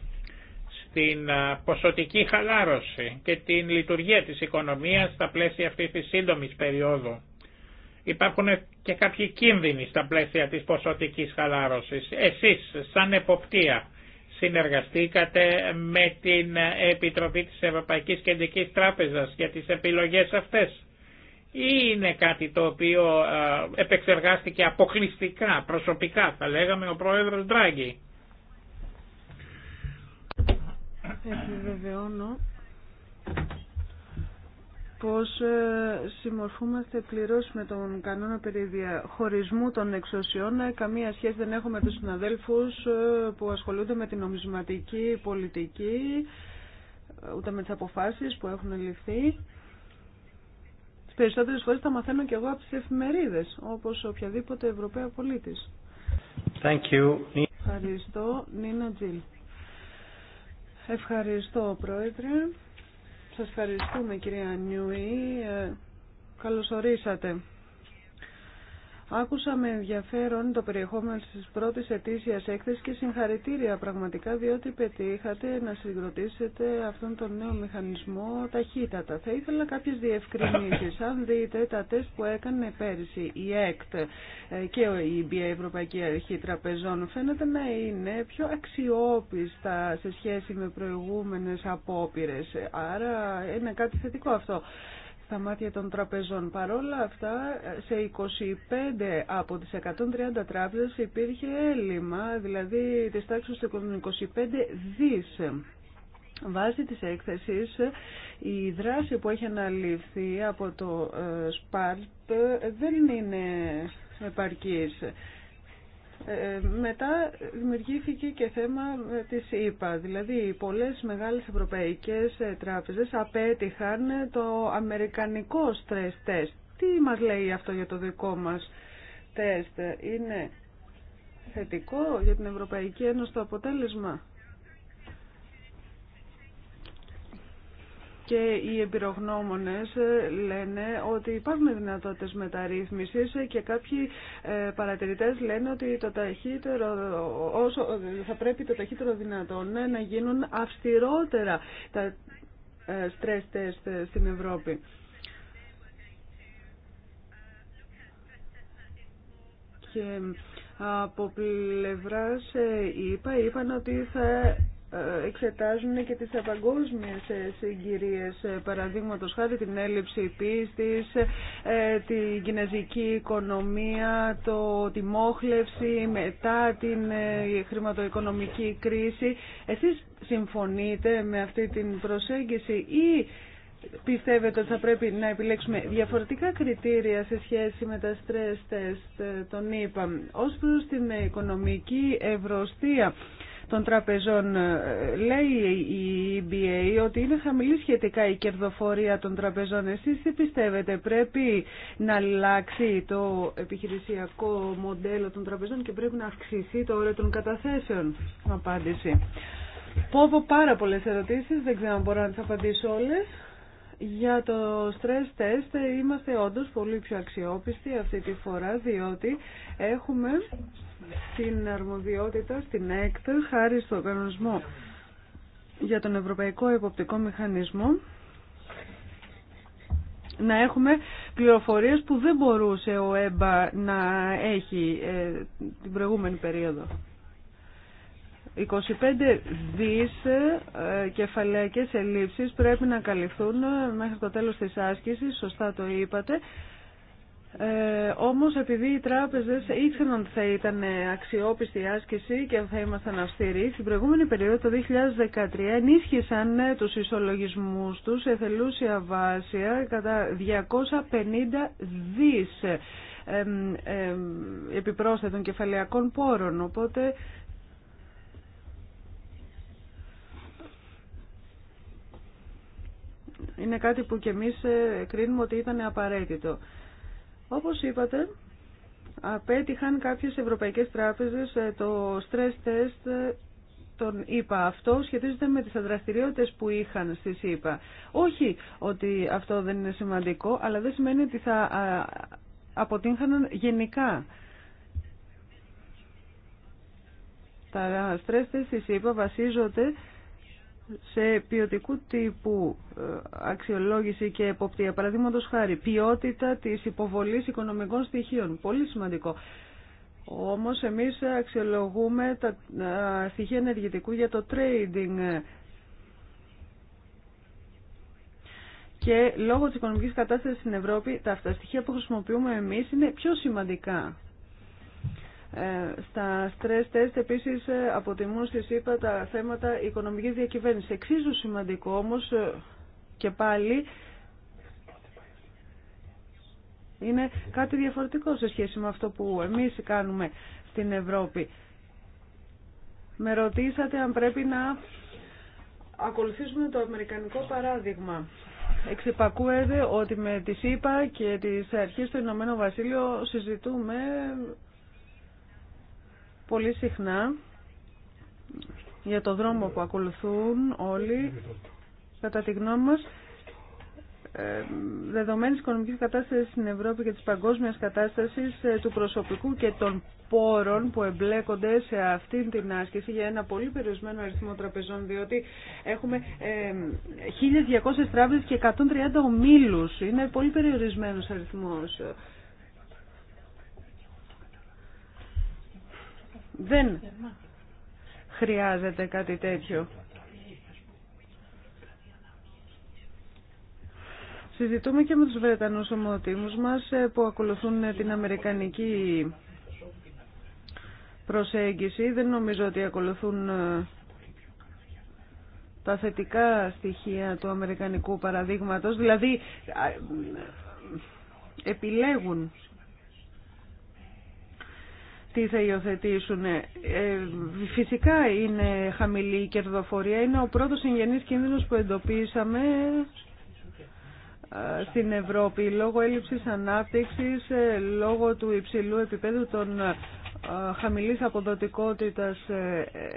A: στην ποσοτική χαλάρωση και την λειτουργία της οικονομίας στα πλαίσια αυτής της σύντομης περίοδου. Υπάρχουν και κάποιοι κίνδυνοι στα πλαίσια της ποσοτικής χαλάρωσης. Εσείς, σαν εποπτεία, συνεργαστήκατε με την Επιτροπή της Ευρωπαϊκής Κεντρικής Τράπεζας για τις επιλογές αυτές ή είναι κάτι το οποίο επεξεργάστηκε αποκλειστικά, προσωπικά θα λέγαμε ο πρόεδρος Ντράγκη.
B: Επιβεβαιώνω πως ε, συμμορφούμαστε πληρώς με τον κανόνα περί διαχωρισμού των εξωσιών. Ε, καμία σχέση δεν έχουμε με τους συναδέλφους ε, που ασχολούνται με την νομισματική πολιτική, ούτε με τις αποφάσεις που έχουν ληφθεί τις περισσότερε φορές τα μαθαίνω και εγώ από τι Εφημερίδε όπως οποιαδήποτε Ευρωπαίο πολίτης. Ευχαριστώ, Νίνα Τζιλ. Ευχαριστώ, Πρόεδρε. Σας ευχαριστούμε, κυρία Νιούι. Ε, Καλώς ορίσατε. Άκουσα με ενδιαφέρον το περιεχόμενο της πρώτης ετήσιας έκθεσης και συγχαρητήρια πραγματικά διότι πετύχατε να συγκροτήσετε αυτόν τον νέο μηχανισμό ταχύτατα. Θα ήθελα κάποιες διευκρινήσεις. Αν δείτε τα τεστ που έκανε πέρυσι η ΕΚΤ και η Ευρωπαϊκή Αρχή Τραπεζών, φαίνεται να είναι πιο αξιόπιστα σε σχέση με προηγούμενες απόπειρες. Άρα είναι κάτι θετικό αυτό στα μάτια των τραπεζών. Παρόλα αυτά, σε 25 από τις 130 τράπεζες υπήρχε έλλειμμα, δηλαδή της τάξης των 25 δις. Βάσει της έκθεσης, η δράση που έχει αναλυφθεί από το ε, ΣΠΑΡΤ ε, δεν είναι επαρκής. Ε, μετά δημιουργήθηκε και θέμα ε, της ΕΠΑ, δηλαδή πολλές μεγάλες ευρωπαϊκές ε, τράπεζες απέτυχαν το αμερικανικό stress test. Τι μας λέει αυτό για το δικό μας τεστ, είναι θετικό για την Ευρωπαϊκή Ένωση το αποτέλεσμα. και οι εμπειρογνώμονες ε, λένε ότι υπάρχουν δυνατότητες μεταρρύθμισης και κάποιοι ε, παρατηρητές λένε ότι το ταχύτερο, όσο, θα πρέπει το ταχύτερο δυνατόν ε, να γίνουν αυστηρότερα τα stress test στην Ευρώπη. Και από πλευράς είπα, είπαν ότι θα εξετάζουν και τις απαγκόσμιες ε, συγκυρίες, ε, παραδείγματος χάρη την έλλειψη πίστης, ε, την κινέζικη οικονομία, το, τη μόχλευση μετά την χρηματοοικονομική κρίση. Εσείς συμφωνείτε με αυτή την προσέγγιση ή πιστεύετε ότι θα πρέπει να επιλέξουμε διαφορετικά κριτήρια σε σχέση με τα stress test, τον είπα, ως προς την οικονομική ευρωστία των τραπεζών. Ε, λέει η EBA ότι είναι χαμηλή σχετικά η κερδοφορία των τραπεζών. Εσείς τι πιστεύετε, πρέπει να αλλάξει το επιχειρησιακό μοντέλο των τραπεζών και πρέπει να αυξηθεί το όριο των καταθέσεων. Απάντηση. Πόβω πάρα πολλές ερωτήσεις, δεν ξέρω αν μπορώ να τι απαντήσω όλες. Για το stress test είμαστε όντως πολύ πιο αξιόπιστοι αυτή τη φορά διότι έχουμε την αρμοδιότητα στην ΕΚΤ χάρη στον κανονισμό για τον Ευρωπαϊκό Εποπτικό Μηχανισμό να έχουμε πληροφορίες που δεν μπορούσε ο ΕΜΠΑ να έχει ε, την προηγούμενη περίοδο. 25 δις ε, κεφαλαίκες ελλείψεις πρέπει να καλυφθούν μέχρι το τέλος της άσκησης, σωστά το είπατε. Ε, όμως επειδή οι τράπεζες ήξεραν ότι θα ήταν αξιόπιστη άσκηση και θα ήμασταν αυστηροί, στην προηγούμενη περίοδο το 2013 ενίσχυσαν ε, τους ισολογισμούς τους σε θελούσια βάσια κατά 250 δις ε, επιπρόσθετων κεφαλαιακών πόρων. Οπότε είναι κάτι που και εμείς ε, κρίνουμε ότι ήταν απαραίτητο. Όπως είπατε, απέτυχαν κάποιες ευρωπαϊκές τράπεζες ε, το stress test ε, τον είπα αυτό σχετίζεται με τις δραστηριότητες που είχαν στις ΣΥΠΑ. Όχι ότι αυτό δεν είναι σημαντικό, αλλά δεν σημαίνει ότι θα αποτύχαναν γενικά. Τα test της ΕΠΑ βασίζονται σε ποιοτικού τύπου ε, αξιολόγηση και εποπτεία. Παραδείγματο χάρη, ποιότητα της υποβολής οικονομικών στοιχείων. Πολύ σημαντικό. Όμως εμείς αξιολογούμε τα ε, στοιχεία ενεργητικού για το trading και λόγω της οικονομικής κατάστασης στην Ευρώπη τα αυτά στοιχεία που χρησιμοποιούμε εμείς είναι πιο σημαντικά ε, στα stress test επίσης ε, αποτιμούν στις είπα τα θέματα οικονομικής διακυβέρνησης. Εξίσου σημαντικό όμως ε, και πάλι είναι κάτι διαφορετικό σε σχέση με αυτό που εμείς κάνουμε στην Ευρώπη. Με ρωτήσατε αν πρέπει να ακολουθήσουμε το αμερικανικό παράδειγμα. Εξυπακούεται ότι με τη ΣΥΠΑ και τις αρχές του Ηνωμένου Βασίλειου συζητούμε πολύ συχνά για το δρόμο που ακολουθούν όλοι, κατά τη γνώμη μας, ε, δεδομένης οικονομικής κατάστασης στην Ευρώπη και της παγκόσμιας κατάστασης ε, του προσωπικού και των πόρων που εμπλέκονται σε αυτή την άσκηση για ένα πολύ περιορισμένο αριθμό τραπεζών διότι έχουμε 1.200 ε, τράπεζες και 130 ομίλους. Είναι πολύ περιορισμένος αριθμός. Δεν χρειάζεται κάτι τέτοιο. Συζητούμε και με τους Βρετανούς ομοτήμους μας ε, που ακολουθούν ε, την Αμερικανική προσέγγιση. Δεν νομίζω ότι ακολουθούν ε, τα θετικά στοιχεία του Αμερικανικού παραδείγματος. Δηλαδή επιλέγουν τι θα υιοθετήσουν. Ε, φυσικά είναι χαμηλή η κερδοφορία. Είναι ο πρώτος συγγενής κίνδυνος που εντοπίσαμε ε, στην Ευρώπη λόγω έλλειψης ανάπτυξης, ε, λόγω του υψηλού επίπεδου των χαμηλής αποδοτικότητας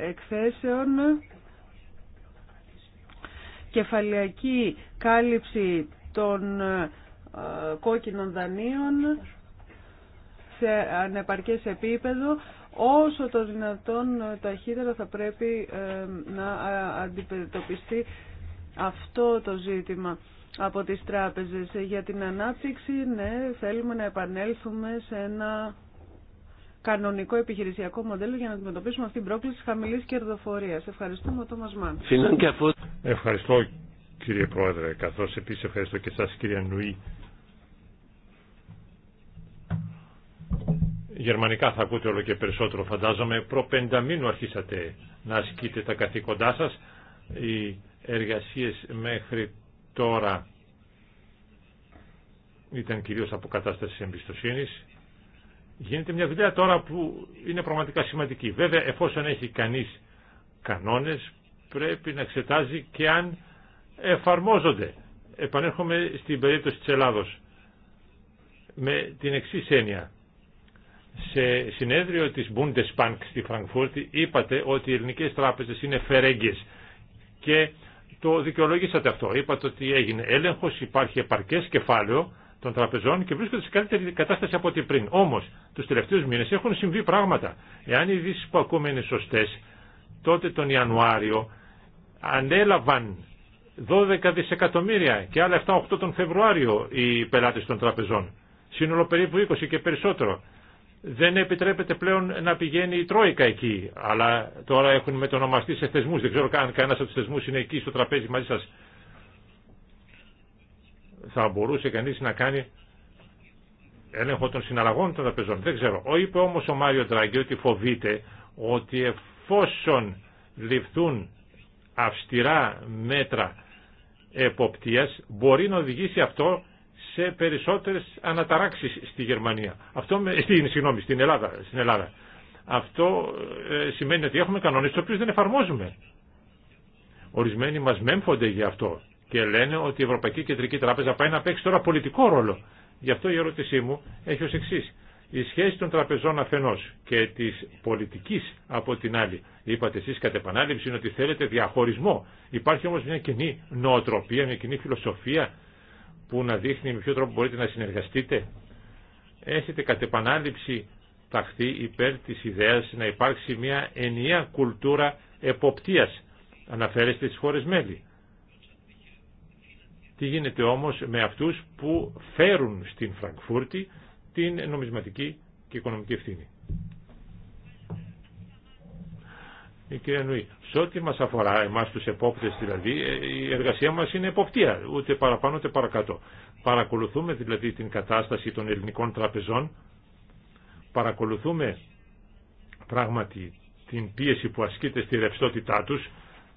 B: εκθέσεων, κεφαλιακή κάλυψη των κόκκινων δανείων, σε ανεπαρκές επίπεδο, όσο το δυνατόν ταχύτερα θα πρέπει ε, να ε, αντιμετωπιστεί αυτό το ζήτημα από τις τράπεζες. Για την ανάπτυξη, ναι, θέλουμε να επανέλθουμε σε ένα κανονικό επιχειρησιακό μοντέλο για να αντιμετωπίσουμε αυτή την πρόκληση χαμηλή κερδοφορία. Ευχαριστούμε, ο Τόμα Μάν.
C: Ευχαριστώ, κύριε Πρόεδρε, καθώ επίση ευχαριστώ και εσά, κύριε Νουή, Γερμανικά θα ακούτε όλο και περισσότερο φαντάζομαι. Προ αρχίσατε να ασκείτε τα καθήκοντά σας. Οι εργασίες μέχρι τώρα ήταν κυρίως αποκατάσταση εμπιστοσύνης. Γίνεται μια δουλειά τώρα που είναι πραγματικά σημαντική. Βέβαια εφόσον έχει κανείς κανόνες πρέπει να εξετάζει και αν εφαρμόζονται. Επανέρχομαι στην περίπτωση της Ελλάδος με την εξή έννοια σε συνέδριο της Bundesbank στη Φραγκφούρτη είπατε ότι οι ελληνικές τράπεζες είναι φερέγγες και το δικαιολογήσατε αυτό. Είπατε ότι έγινε έλεγχος, υπάρχει επαρκές κεφάλαιο των τραπεζών και βρίσκονται σε καλύτερη κατάσταση από ό,τι πριν. Όμως, τους τελευταίους μήνες έχουν συμβεί πράγματα. Εάν οι ειδήσει που ακούμε είναι σωστές, τότε τον Ιανουάριο ανέλαβαν 12 δισεκατομμύρια και άλλα 7-8 τον Φεβρουάριο οι πελάτες των τραπεζών. Σύνολο περίπου 20 και περισσότερο δεν επιτρέπεται πλέον να πηγαίνει η Τρόικα εκεί. Αλλά τώρα έχουν μετονομαστεί σε θεσμού. Δεν ξέρω αν κανένα από του θεσμού είναι εκεί στο τραπέζι μαζί σας. Θα μπορούσε κανείς να κάνει έλεγχο των συναλλαγών των τραπεζών. Δεν ξέρω. Ο είπε όμως ο Μάριο Ντράγκη ότι φοβείται ότι εφόσον ληφθούν αυστηρά μέτρα εποπτείας μπορεί να οδηγήσει αυτό σε περισσότερε αναταράξει στη Γερμανία. Αυτό με, στην, συγγνώμη, στην Ελλάδα. Στην Ελλάδα. Αυτό ε, σημαίνει ότι έχουμε κανόνε του οποίου δεν εφαρμόζουμε. Ορισμένοι μας μέμφονται για αυτό και λένε ότι η Ευρωπαϊκή Κεντρική Τράπεζα πάει να παίξει τώρα πολιτικό ρόλο. Γι' αυτό η ερώτησή μου έχει ω εξή. Η σχέση των τραπεζών αφενό και τη πολιτική από την άλλη. Είπατε εσεί κατ' επανάληψη ότι θέλετε διαχωρισμό. Υπάρχει όμω μια κοινή νοοτροπία, μια κοινή φιλοσοφία που να δείχνει με ποιο τρόπο μπορείτε να συνεργαστείτε. Έχετε κατ' επανάληψη ταχθεί υπέρ της ιδέας να υπάρξει μια ενιαία κουλτούρα εποπτείας. Αναφέρεστε στις χώρες μέλη. Τι γίνεται όμως με αυτούς που φέρουν στην Φραγκφούρτη την νομισματική και οικονομική ευθύνη. Η κυρία Νουή, σε ό,τι μας αφορά, εμάς τους επόπτες δηλαδή, ε, η εργασία μας είναι εποπτεία, ούτε παραπάνω ούτε παρακάτω. Παρακολουθούμε δηλαδή την κατάσταση των ελληνικών τραπεζών, παρακολουθούμε πράγματι την πίεση που ασκείται στη ρευστότητά τους,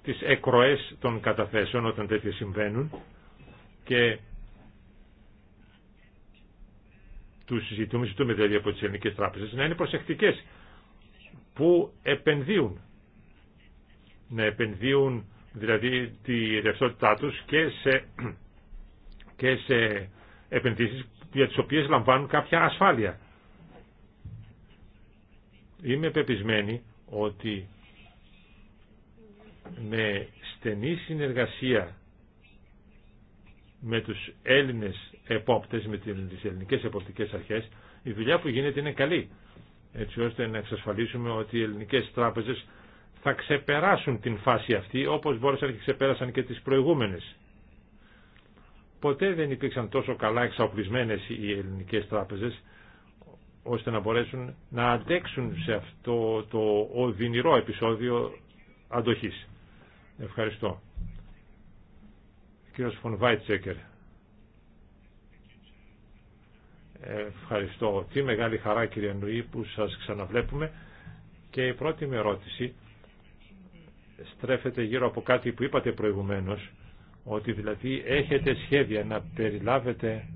C: τις εκροές των καταθέσεων όταν τέτοια συμβαίνουν και τους συζητούμε, ζητούμε δηλαδή από τις ελληνικές τράπεζες να είναι προσεκτικές που επενδύουν να επενδύουν δηλαδή τη ρευστότητά τους και σε, και σε επενδύσεις για τις οποίες λαμβάνουν κάποια ασφάλεια. Είμαι πεπισμένη ότι με στενή συνεργασία με τους Έλληνες επόπτες, με τις ελληνικές εποπτικές αρχές, η δουλειά που γίνεται είναι καλή, έτσι ώστε να εξασφαλίσουμε ότι οι ελληνικές τράπεζες θα ξεπεράσουν την φάση αυτή όπως μπόρεσαν και ξεπέρασαν και τις προηγούμενες. Ποτέ δεν υπήρξαν τόσο καλά εξαοπλισμένες οι ελληνικές τράπεζες ώστε να μπορέσουν να αντέξουν σε αυτό το οδυνηρό επεισόδιο αντοχής. Ευχαριστώ. Κύριος φων Βάιτσέκερ. Ευχαριστώ. Τι μεγάλη χαρά κύριε Νουή που σας ξαναβλέπουμε. Και η πρώτη μου ερώτηση στρέφεται γύρω από κάτι που είπατε προηγουμένως, ότι δηλαδή έχετε σχέδια να περιλάβετε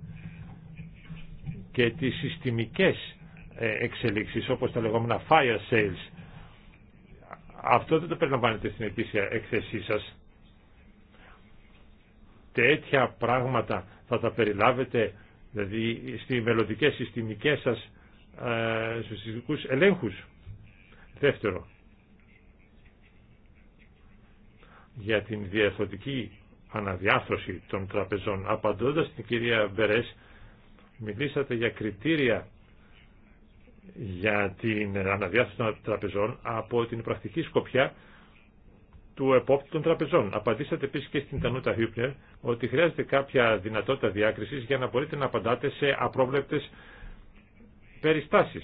C: και τις συστημικές ε, εξελίξεις, όπως τα λεγόμενα fire sales. Αυτό δεν το περιλαμβάνετε στην επίσημη έκθεσή σας. Τέτοια πράγματα θα τα περιλάβετε, δηλαδή στις μελλοντικές συστημικές σας, ε, στους ελέγχους. Δεύτερο, για την διαθωτική αναδιάθρωση των τραπεζών. Απαντώντας στην κυρία Μπερές, μιλήσατε για κριτήρια για την αναδιάθρωση των τραπεζών από την πρακτική σκοπιά του επόπτη των τραπεζών. Απαντήσατε επίση και στην Τανούτα Χιούπνερ ότι χρειάζεται κάποια δυνατότητα διάκριση για να μπορείτε να απαντάτε σε απρόβλεπτε περιστάσει.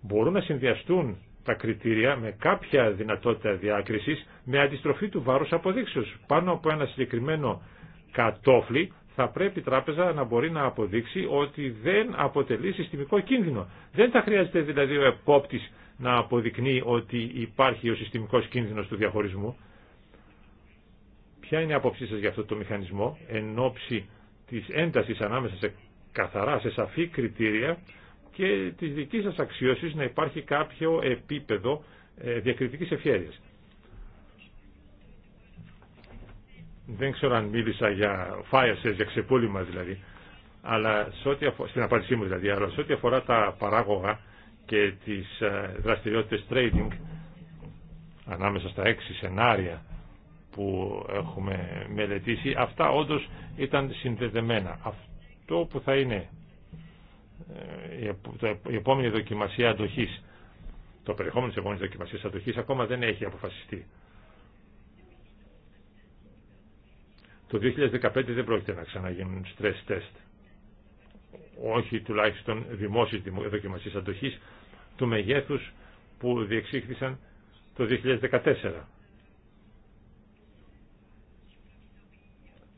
C: Μπορούν να συνδυαστούν τα κριτήρια με κάποια δυνατότητα διάκρισης με αντιστροφή του βάρους αποδείξεως. Πάνω από ένα συγκεκριμένο κατόφλι θα πρέπει η τράπεζα να μπορεί να αποδείξει ότι δεν αποτελεί συστημικό κίνδυνο. Δεν θα χρειάζεται δηλαδή ο επόπτης να αποδεικνύει ότι υπάρχει ο συστημικός κίνδυνος του διαχωρισμού. Ποια είναι η άποψή σας για αυτό το μηχανισμό εν ώψη της έντασης ανάμεσα σε καθαρά, σε σαφή κριτήρια και της δικής σας αξίωσης να υπάρχει κάποιο επίπεδο ε, διακριτικής ευχέρειας. Δεν ξέρω αν μίλησα για fire για ξεπούλημα δηλαδή, αλλά σε ό,τι στην απάντησή μου δηλαδή, αλλά σε ό,τι αφορά τα παράγωγα και τις ε, δραστηριότητες trading ανάμεσα στα έξι σενάρια που έχουμε μελετήσει, αυτά όντως ήταν συνδεδεμένα. Αυτό που θα είναι ε, η επόμενη δοκιμασία αντοχής, το περιεχόμενο της επόμενη δοκιμασία αντοχής ακόμα δεν έχει αποφασιστεί. Το 2015 δεν πρόκειται να ξαναγίνουν stress test. Όχι τουλάχιστον δημόσιες δοκιμασίες αντοχής του μεγέθους που διεξήχθησαν το 2014.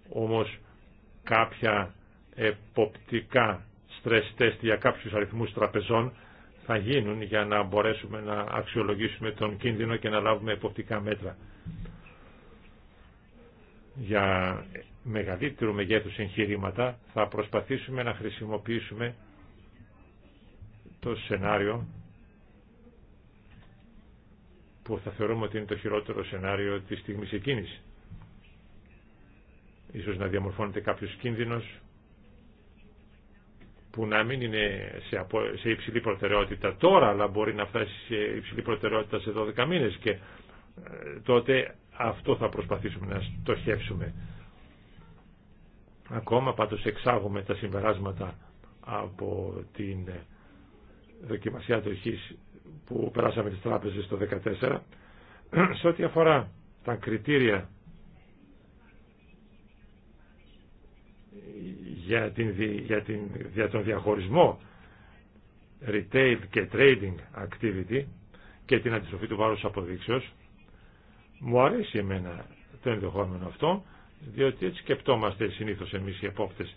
C: Όμως κάποια εποπτικά τρεστές τεστ για κάποιους αριθμούς τραπεζών θα γίνουν για να μπορέσουμε να αξιολογήσουμε τον κίνδυνο και να λάβουμε εποπτικά μέτρα. Για μεγαλύτερου μεγέθους εγχειρήματα θα προσπαθήσουμε να χρησιμοποιήσουμε το σενάριο που θα θεωρούμε ότι είναι το χειρότερο σενάριο της στιγμής εκείνης. Ίσως να διαμορφώνεται κάποιος κίνδυνος που να μην είναι σε υψηλή προτεραιότητα τώρα, αλλά μπορεί να φτάσει σε υψηλή προτεραιότητα σε 12 μήνες και ε, τότε αυτό θα προσπαθήσουμε να στοχεύσουμε. Ακόμα πάντως εξάγουμε τα συμπεράσματα από την δοκιμασία αντοχής που περάσαμε τις τράπεζες το 2014. Σε ό,τι αφορά τα κριτήρια για, την, για, την, τον διαχωρισμό retail και trading activity και την αντιστροφή του βάρους αποδείξεως μου αρέσει εμένα το ενδεχόμενο αυτό διότι έτσι σκεπτόμαστε συνήθως εμείς οι επόπτες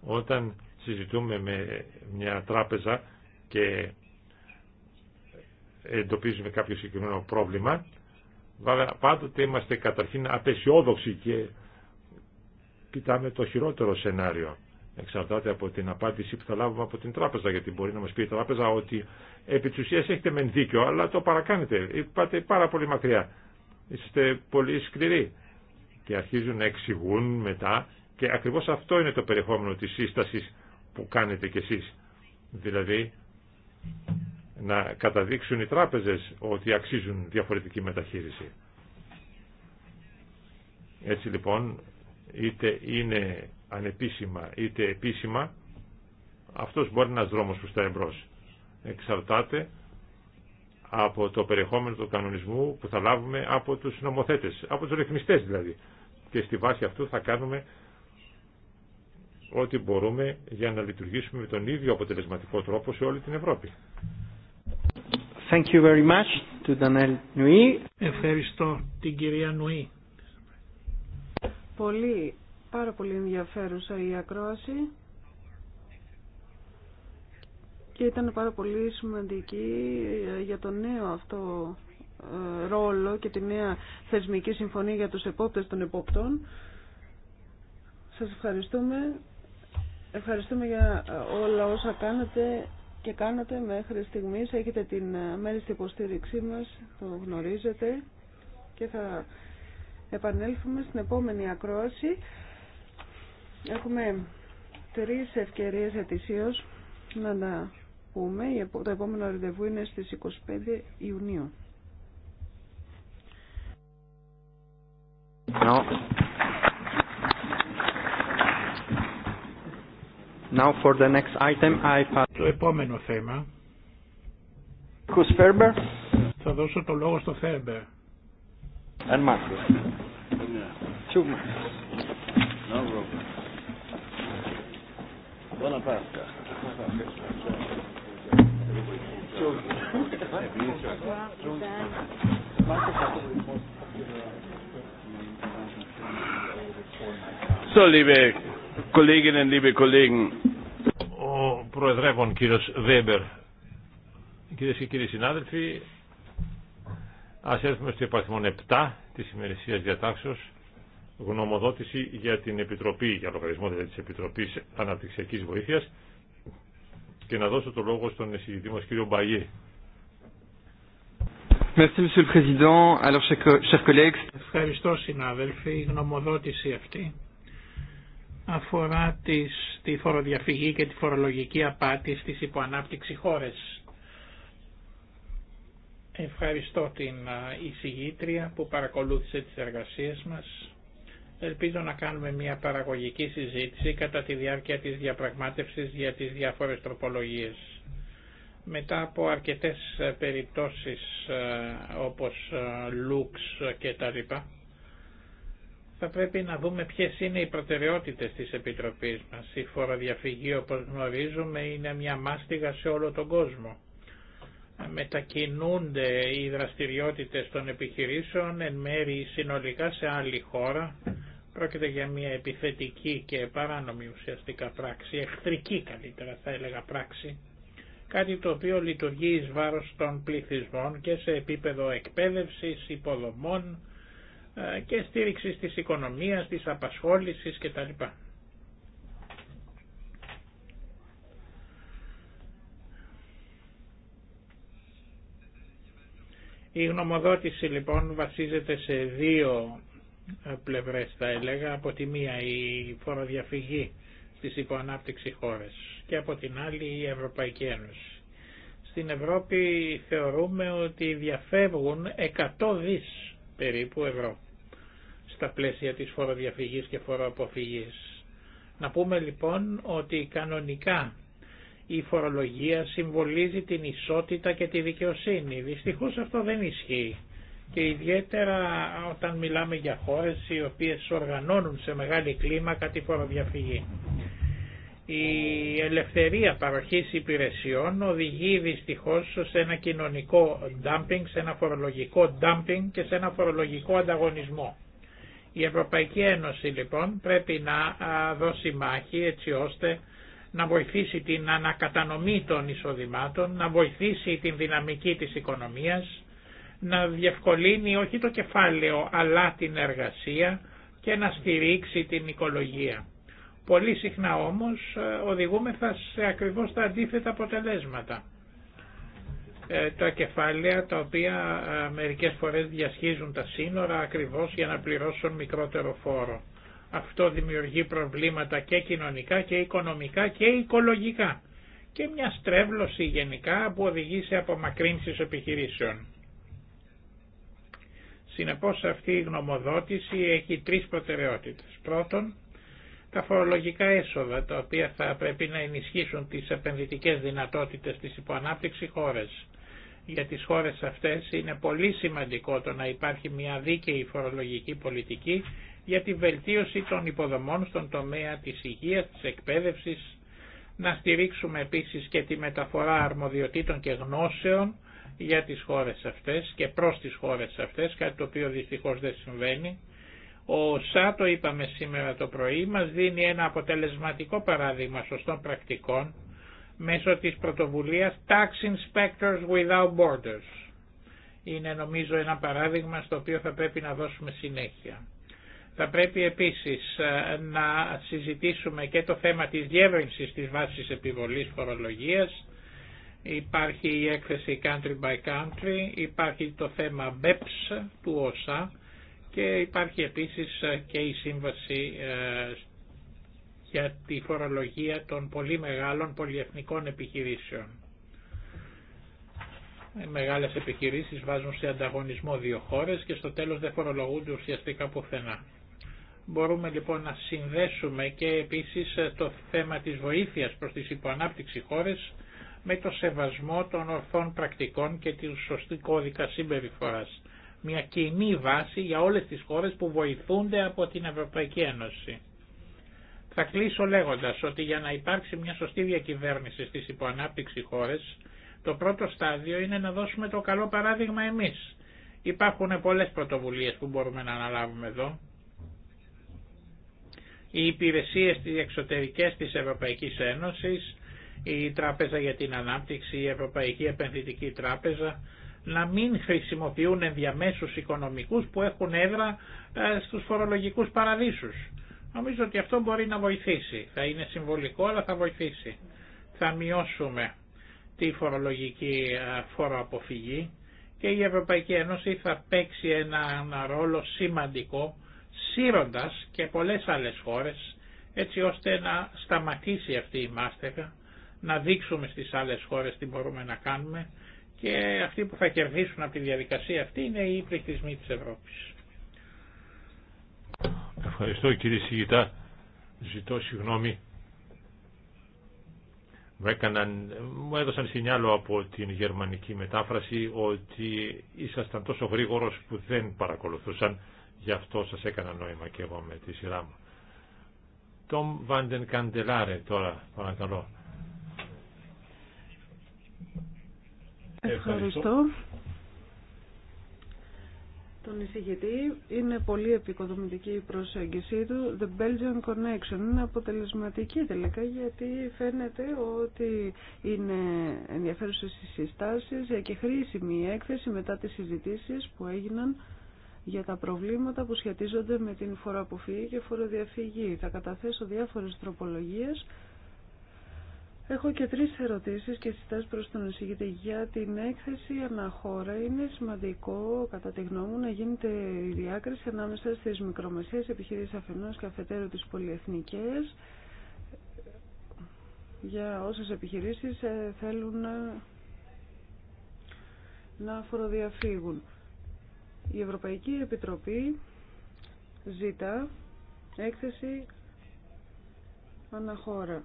C: όταν συζητούμε με μια τράπεζα και εντοπίζουμε κάποιο συγκεκριμένο πρόβλημα, πάντοτε είμαστε καταρχήν απεσιόδοξοι και κοιτάμε το χειρότερο σενάριο. Εξαρτάται από την απάντηση που θα λάβουμε από την τράπεζα, γιατί μπορεί να μας πει η τράπεζα ότι επί της έχετε μεν δίκιο, αλλά το παρακάνετε, πάτε πάρα πολύ μακριά, είστε πολύ σκληροί. Και αρχίζουν να εξηγούν μετά και ακριβώς αυτό είναι το περιεχόμενο της σύστασης που κάνετε κι εσείς. Δηλαδή να καταδείξουν οι τράπεζες ότι αξίζουν διαφορετική μεταχείριση. Έτσι λοιπόν είτε είναι ανεπίσημα είτε επίσημα, αυτός μπορεί να είναι δρόμος που τα εμπρός. Εξαρτάται από το περιεχόμενο του κανονισμού που θα λάβουμε από τους νομοθέτες, από τους ρυθμιστές δηλαδή. Και στη βάση αυτού θα κάνουμε ό,τι μπορούμε για να λειτουργήσουμε με τον ίδιο αποτελεσματικό τρόπο σε όλη την Ευρώπη.
B: Thank you very much to
A: Ευχαριστώ την κυρία Νουή.
B: Πολύ, πάρα πολύ ενδιαφέρουσα η ακρόαση και ήταν πάρα πολύ σημαντική ε, για το νέο αυτό ε, ρόλο και τη νέα θεσμική συμφωνία για τους επόπτες των επόπτων. Σας ευχαριστούμε. Ευχαριστούμε για ε, όλα όσα κάνετε και κάνατε μέχρι στιγμής. Έχετε την μέρη στην υποστήριξή μας, το γνωρίζετε και θα επανέλθουμε στην επόμενη ακρόαση. Έχουμε τρεις ευκαιρίες ετησίως να τα πούμε. Το επόμενο ραντεβού είναι στις 25 Ιουνίου.
A: for the next item, I... Το επόμενο θέμα θα δώσω το λόγο στο Φέρμπερ.
B: And Marcus. Two minutes. No problem. Buona pasta. So,
C: liebe Kolleginnen, liebe Kollegen. Ο Προεδρεύων κύριος Βέμπερ. Κυρίες και κύριοι συνάδελφοι, ας έρθουμε στο υπαρθμόν 7 της ημερησίας διατάξεως γνωμοδότηση για την Επιτροπή, για λογαριασμό δηλαδή της Επιτροπής Αναπτυξιακής Βοήθειας και να δώσω το λόγο στον εισηγητή μας κύριο Μπαγιέ.
A: Ευχαριστώ συνάδελφοι. Η γνωμοδότηση αυτή αφορά τις, τη φοροδιαφυγή και τη φορολογική απάτη στις υποανάπτυξη χώρες. Ευχαριστώ την εισηγήτρια που παρακολούθησε τις εργασίες μας Ελπίζω να κάνουμε μια παραγωγική συζήτηση κατά τη διάρκεια της διαπραγμάτευσης για τις διάφορες τροπολογίες. Μετά από αρκετές ε, περιπτώσεις ε, όπως ε, Λουξ και τα λοιπά, θα πρέπει να δούμε ποιες είναι οι προτεραιότητες της Επιτροπής μας. Η φοροδιαφυγή όπως γνωρίζουμε είναι μια μάστιγα σε όλο τον κόσμο μετακινούνται οι δραστηριότητες των επιχειρήσεων εν μέρη συνολικά σε άλλη χώρα. Πρόκειται για μια επιθετική και παράνομη ουσιαστικά πράξη, εχθρική καλύτερα θα έλεγα πράξη, κάτι το οποίο λειτουργεί εις βάρος των πληθυσμών και σε επίπεδο εκπαίδευσης, υποδομών ε, και στήριξης της οικονομίας, της απασχόλησης κτλ. Η γνωμοδότηση λοιπόν βασίζεται σε δύο ε, πλευρές θα έλεγα. Από τη μία η φοροδιαφυγή στις υποανάπτυξη χώρες και από την άλλη η Ευρωπαϊκή Ένωση. Στην Ευρώπη θεωρούμε ότι διαφεύγουν 100 δις περίπου ευρώ στα πλαίσια της φοροδιαφυγής και φοροαποφυγής. Να πούμε λοιπόν ότι κανονικά η φορολογία συμβολίζει την ισότητα και τη δικαιοσύνη. Δυστυχώς αυτό δεν ισχύει. Και ιδιαίτερα όταν μιλάμε για χώρες οι οποίες οργανώνουν σε μεγάλη κλίμακα τη φοροδιαφυγή. Η ελευθερία παροχής υπηρεσιών οδηγεί δυστυχώς σε ένα κοινωνικό dumping, σε ένα φορολογικό dumping και σε ένα φορολογικό ανταγωνισμό. Η Ευρωπαϊκή Ένωση λοιπόν πρέπει να δώσει μάχη έτσι ώστε να βοηθήσει την ανακατανομή των εισοδημάτων, να βοηθήσει την δυναμική της οικονομίας, να διευκολύνει όχι το κεφάλαιο αλλά την εργασία και να στηρίξει την οικολογία. Πολύ συχνά όμως ε, οδηγούμεθα σε ακριβώς τα αντίθετα αποτελέσματα. Ε, τα κεφάλαια τα οποία ε, μερικές φορές διασχίζουν τα σύνορα ακριβώς για να πληρώσουν μικρότερο φόρο. Αυτό δημιουργεί προβλήματα και κοινωνικά και οικονομικά και οικολογικά και μια στρέβλωση γενικά που οδηγεί σε απομακρύνσεις επιχειρήσεων. Συνεπώς αυτή η γνωμοδότηση έχει τρεις προτεραιότητες. Πρώτον, τα φορολογικά έσοδα τα οποία θα πρέπει να ενισχύσουν τις επενδυτικές δυνατότητες της υποανάπτυξης χώρες. Για τις χώρες αυτές είναι πολύ σημαντικό το να υπάρχει μια δίκαιη φορολογική πολιτική για τη βελτίωση των υποδομών στον τομέα της υγείας, της εκπαίδευσης, να στηρίξουμε επίσης και τη μεταφορά αρμοδιοτήτων και γνώσεων για τις χώρες αυτές και προς τις χώρες αυτές, κάτι το οποίο δυστυχώς δεν συμβαίνει. Ο ΣΑ, το είπαμε σήμερα το πρωί, μας δίνει ένα αποτελεσματικό παράδειγμα σωστών πρακτικών μέσω της πρωτοβουλίας Tax Inspectors Without Borders. Είναι νομίζω ένα παράδειγμα στο οποίο θα πρέπει να δώσουμε συνέχεια. Θα πρέπει επίσης ε, να συζητήσουμε και το θέμα της διεύρυνσης της βάσης επιβολής φορολογίας. Υπάρχει η έκθεση country by country, υπάρχει το θέμα BEPS του ΩΣΑ και υπάρχει επίσης ε, και η σύμβαση ε, για τη φορολογία των πολύ μεγάλων πολυεθνικών επιχειρήσεων. Οι μεγάλες επιχειρήσεις βάζουν σε ανταγωνισμό δύο χώρες και στο τέλος δεν φορολογούνται ουσιαστικά πουθενά. Μπορούμε λοιπόν να συνδέσουμε και επίσης το θέμα της βοήθειας προς τις υποανάπτυξη χώρες με το σεβασμό των ορθών πρακτικών και τη σωστή κώδικα συμπεριφοράς. Μια κοινή βάση για όλες τις χώρες που βοηθούνται από την Ευρωπαϊκή Ένωση. Θα κλείσω λέγοντας ότι για να υπάρξει μια σωστή διακυβέρνηση στις υποανάπτυξη χώρες, το πρώτο στάδιο είναι να δώσουμε το καλό παράδειγμα εμείς. Υπάρχουν πολλές πρωτοβουλίες που μπορούμε να αναλάβουμε εδώ, οι υπηρεσίες της εξωτερικές της Ευρωπαϊκής Ένωσης, η Τράπεζα για την Ανάπτυξη, η Ευρωπαϊκή Επενδυτική Τράπεζα, να μην χρησιμοποιούν ενδιαμέσους οικονομικούς που έχουν έδρα ε, στους φορολογικούς παραδείσους. Νομίζω ότι αυτό μπορεί να βοηθήσει. Θα είναι συμβολικό αλλά θα βοηθήσει. Θα μειώσουμε τη φορολογική ε, φοροαποφυγή και η Ευρωπαϊκή Ένωση θα παίξει ένα, ένα ρόλο σημαντικό σύροντας και πολλές άλλες χώρες έτσι ώστε να σταματήσει αυτή η μάστεγα, να δείξουμε στις άλλες χώρες τι μπορούμε να κάνουμε και αυτοί που θα κερδίσουν από τη διαδικασία αυτή είναι οι πληθυσμοί της Ευρώπης.
C: Ευχαριστώ κύριε Σιγητά. Ζητώ συγγνώμη. Μου, έκαναν, μου έδωσαν σινιάλο από την γερμανική μετάφραση ότι ήσασταν τόσο γρήγορος που δεν παρακολουθούσαν Γι' αυτό σας έκανα νόημα και εγώ με τη σειρά μου. Τόμ Βάντεν Καντελάρε τώρα, παρακαλώ.
B: Ευχαριστώ. Τον εισηγητή είναι πολύ επικοδομητική η προσέγγιση του. The Belgian Connection είναι αποτελεσματική τελικά γιατί φαίνεται ότι είναι ενδιαφέρουσες οι συστάσεις και χρήσιμη η έκθεση μετά τις συζητήσεις που έγιναν για τα προβλήματα που σχετίζονται με την φοροαποφυγή και φοροδιαφυγή. Θα καταθέσω διάφορες τροπολογίες. Έχω και τρεις ερωτήσεις και συστάσεις προς τον εισηγητή για την έκθεση αναχώρα. Είναι σημαντικό, κατά τη γνώμη μου, να γίνεται η διάκριση ανάμεσα στις μικρομεσαίες επιχειρήσεις αφενός και αφετέρου τις πολυεθνικές για όσες επιχειρήσεις ε, θέλουν ε, να φοροδιαφύγουν. Η Ευρωπαϊκή Επιτροπή ζητά έκθεση αναχώρα.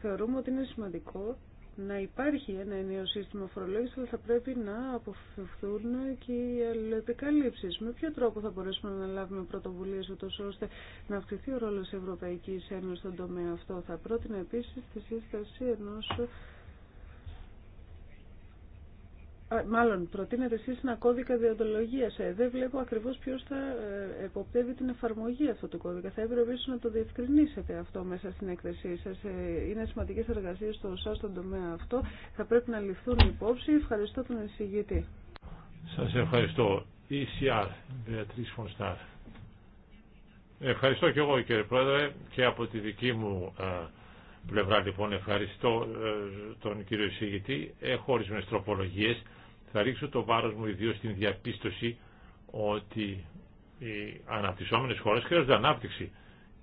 B: Θεωρούμε ότι είναι σημαντικό να υπάρχει ένα ενιαίο σύστημα φορολόγηση, αλλά θα πρέπει να αποφευθούν και οι αλληλεπικαλύψει. Με ποιο τρόπο θα μπορέσουμε να λάβουμε πρωτοβουλίε, ώστε να αυξηθεί ο ρόλο τη Ευρωπαϊκή Ένωση στον τομέα αυτό. Θα πρότεινα επίση τη σύσταση ενό μάλλον προτείνετε εσείς ένα κώδικα διοντολογίας. Ε, δεν βλέπω ακριβώς ποιος θα ε, εποπτεύει την εφαρμογή αυτού του κώδικα. Θα έπρεπε ίσως να το διευκρινίσετε αυτό μέσα στην έκθεσή σας. Ε, είναι σημαντικές εργασίες στο σας, στον τομέα αυτό. Θα πρέπει να ληφθούν υπόψη. Ευχαριστώ τον εισηγητή.
C: Σας ευχαριστώ. ECR, Beatrice Φωνστάρ. Ευχαριστώ και εγώ κύριε Πρόεδρε και από τη δική μου πλευρά λοιπόν ευχαριστώ τον κύριο εισηγητή. Έχω ορισμένε τροπολογίες θα ρίξω το βάρος μου ιδίως στην διαπίστωση ότι οι αναπτυσσόμενες χώρες χρειάζονται ανάπτυξη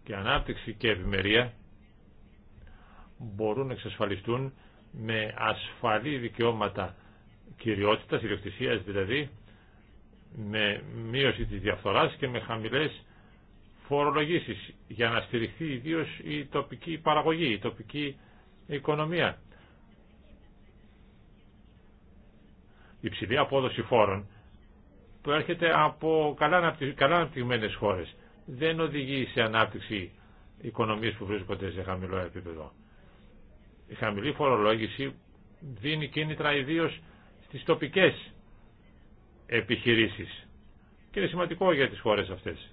C: και ανάπτυξη και ευημερία μπορούν να εξασφαλιστούν με ασφαλή δικαιώματα κυριότητας, ιδιοκτησίας δηλαδή, με μείωση της διαφθοράς και με χαμηλές φορολογήσεις για να στηριχθεί ιδίως η τοπική παραγωγή, η τοπική οικονομία. Η υψηλή απόδοση φόρων που έρχεται από καλά, καλά αναπτυγμένες χώρες. Δεν οδηγεί σε ανάπτυξη οικονομίες που βρίσκονται σε χαμηλό επίπεδο. Η χαμηλή φορολόγηση δίνει κίνητρα ιδίω στις τοπικές επιχειρήσεις και είναι σημαντικό για τις χώρες αυτές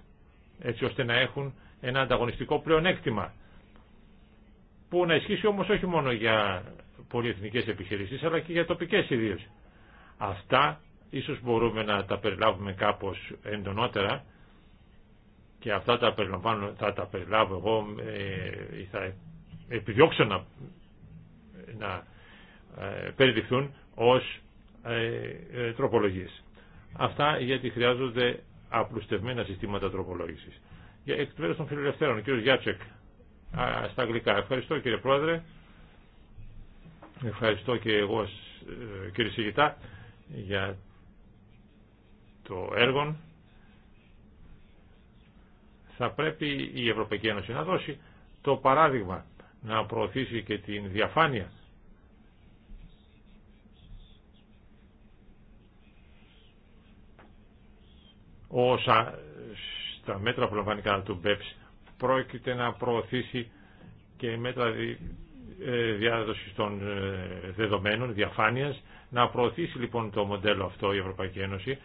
C: έτσι ώστε να έχουν ένα ανταγωνιστικό πλεονέκτημα που να ισχύσει όμως όχι μόνο για πολυεθνικές επιχειρήσεις αλλά και για τοπικές ιδίως. Αυτά ίσως μπορούμε να τα περιλάβουμε κάπως εντονότερα και αυτά τα περιλαμβάνω, θα τα περιλάβω εγώ ε, ή θα επιδιώξω να, να ε, περιληφθούν ως ε, τροπολογίες. Αυτά γιατί χρειάζονται απλουστευμένα συστήματα τροπολόγησης. Για εκπαίδευση των φιλελευθέρων, κύριο Γιάτσεκ, στα αγγλικά. Ευχαριστώ κύριε Πρόεδρε. Ευχαριστώ και εγώ κύριε Σιγητά για το έργο θα πρέπει η Ευρωπαϊκή Ένωση να δώσει το παράδειγμα να προωθήσει και την διαφάνεια όσα στα μέτρα που λαμβάνει κατά του BEPS ε πρόκειται να προωθήσει και μέτρα ε, Διάδοση των ε, δεδομένων, διαφάνειας. Να προωθήσει λοιπόν το μοντέλο αυτό η Ευρωπαϊκή Ένωση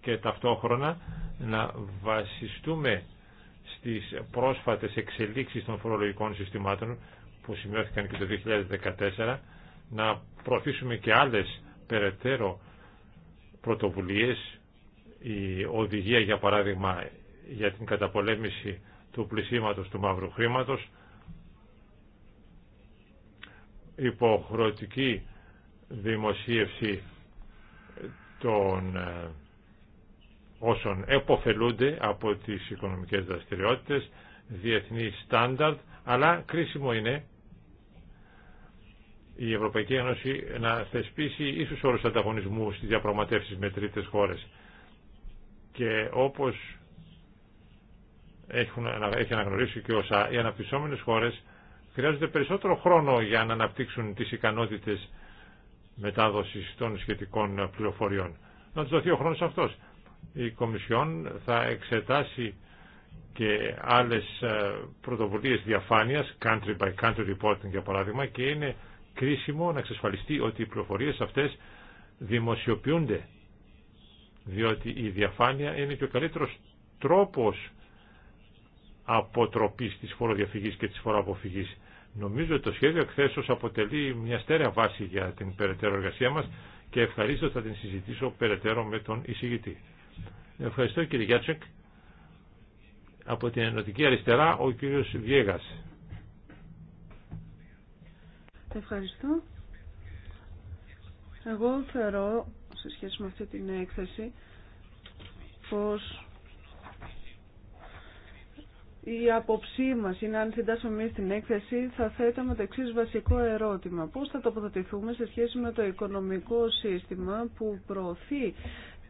C: και ταυτόχρονα να βασιστούμε στις πρόσφατες εξελίξεις των φορολογικών συστημάτων που σημειώθηκαν και το 2014 να προωθήσουμε και άλλες περαιτέρω πρωτοβουλίες η οδηγία για παράδειγμα για την καταπολέμηση του πλησίματος του μαύρου χρήματος υποχρεωτική δημοσίευση των ε, όσων εποφελούνται από τις οικονομικές δραστηριότητες, διεθνή στάνταρτ, αλλά κρίσιμο είναι η Ευρωπαϊκή Ένωση να θεσπίσει ίσως όρους ανταγωνισμού στις διαπραγματεύσεις με τρίτες χώρες. Και όπως έχουν, έχει αναγνωρίσει και όσα οι αναπτυσσόμενες χώρες χρειάζονται περισσότερο χρόνο για να αναπτύξουν τις ικανότητες μετάδοσης των σχετικών πληροφοριών. Να τους δοθεί ο χρόνος αυτός. Η Κομισιόν θα εξετάσει και άλλες ε, πρωτοβουλίες διαφάνειας, country by country reporting για παράδειγμα, και είναι κρίσιμο να εξασφαλιστεί ότι οι πληροφορίες αυτές δημοσιοποιούνται, διότι η διαφάνεια είναι και ο καλύτερος τρόπος αποτροπής της φοροδιαφυγής και της φοροαποφυγής. Νομίζω ότι το σχέδιο εκθέσεως αποτελεί μια στέρεα βάση για την περαιτέρω εργασία μας και ευχαρίστω θα την συζητήσω περαιτέρω με τον εισηγητή. Ευχαριστώ κύριε Γιάτσεκ. Από την Ενωτική Αριστερά ο κύριος Βιέγας.
B: Ευχαριστώ. Εγώ θεωρώ σε σχέση με αυτή την έκθεση πως η αποψή μα είναι αν συντάσσουμε εμεί την έκθεση, θα θέταμε το εξή βασικό ερώτημα. Πώ θα τοποθετηθούμε σε σχέση με το οικονομικό σύστημα που προωθεί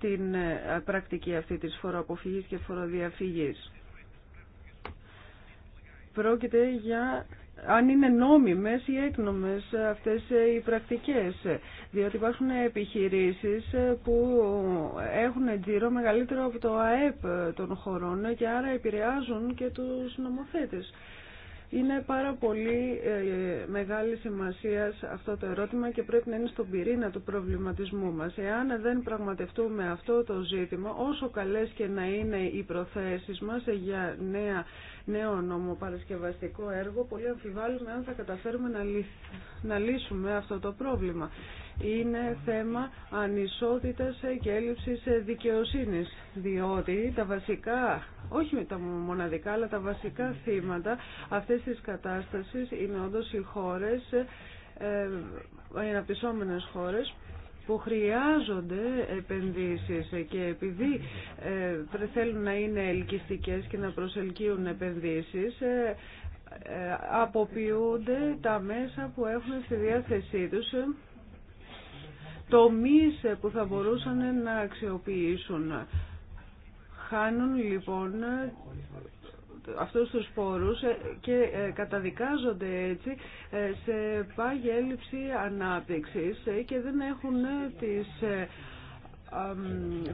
B: την ε, πρακτική αυτή της φοροαποφυγής και φοροδιαφυγής. Πρόκειται για αν είναι νόμιμες ή έκνομες αυτές ε, οι πρακτικές. Διότι υπάρχουν επιχειρήσεις ε, που έχουν τζίρο μεγαλύτερο από το ΑΕΠ ε, των χωρών και άρα επηρεάζουν και τους νομοθέτες. Είναι πάρα πολύ μεγάλη σημασία αυτό το ερώτημα και πρέπει να είναι στον πυρήνα του προβληματισμού μας. Εάν δεν πραγματευτούμε αυτό το ζήτημα, όσο καλές και να είναι οι προθέσεις μας για νέα νέο νομοπαρασκευαστικό έργο, πολύ αμφιβάλλουμε αν θα καταφέρουμε να, λύσουμε αυτό το πρόβλημα. Είναι θέμα ανισότητας και έλλειψης δικαιοσύνης, διότι τα βασικά, όχι τα μοναδικά, αλλά τα βασικά θύματα αυτές της κατάστασης είναι όντως οι χώρες, οι ε, αναπτυσσόμενες χώρες, που χρειάζονται επενδύσεις και επειδή ε, θέλουν να είναι ελκυστικές και να προσελκύουν επενδύσεις ε, ε, αποποιούνται τα μέσα που έχουν στη διάθεσή τους τομείς που θα μπορούσαν να αξιοποιήσουν. Χάνουν λοιπόν αυτούς τους πόρους ε, και ε, καταδικάζονται έτσι ε, σε πάγια έλλειψη ανάπτυξης και δεν έχουν τις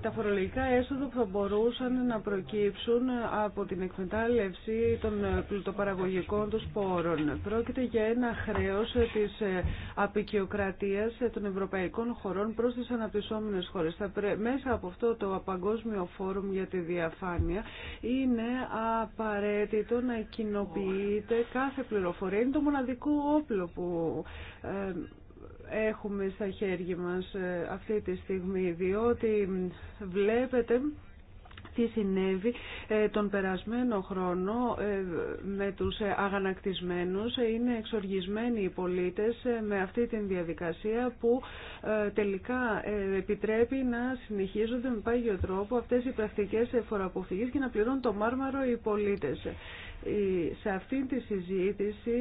B: τα φορολογικά έσοδα που θα μπορούσαν να προκύψουν από την εκμετάλλευση των πλουτοπαραγωγικών τους πόρων. Πρόκειται για ένα χρέος της ε, απεικιοκρατίας ε, των ευρωπαϊκών χωρών προς τις αναπτυσσόμενες χώρες. Μέσα από αυτό το Παγκόσμιο Φόρουμ για τη Διαφάνεια είναι απαραίτητο να κοινοποιείται κάθε πληροφορία. Είναι το μοναδικό όπλο που ε, έχουμε στα χέρια μας ε, αυτή τη στιγμή, διότι βλέπετε τι συνέβη ε, τον περασμένο χρόνο ε, με τους αγανακτισμένους. Είναι εξοργισμένοι οι πολίτες με αυτή την διαδικασία που τελικά επιτρέπει να συνεχίζονται με πάγιο τρόπο αυτές οι πρακτικές φοροαποφυγής και να πληρώνουν το μάρμαρο οι πολίτες σε αυτή τη συζήτηση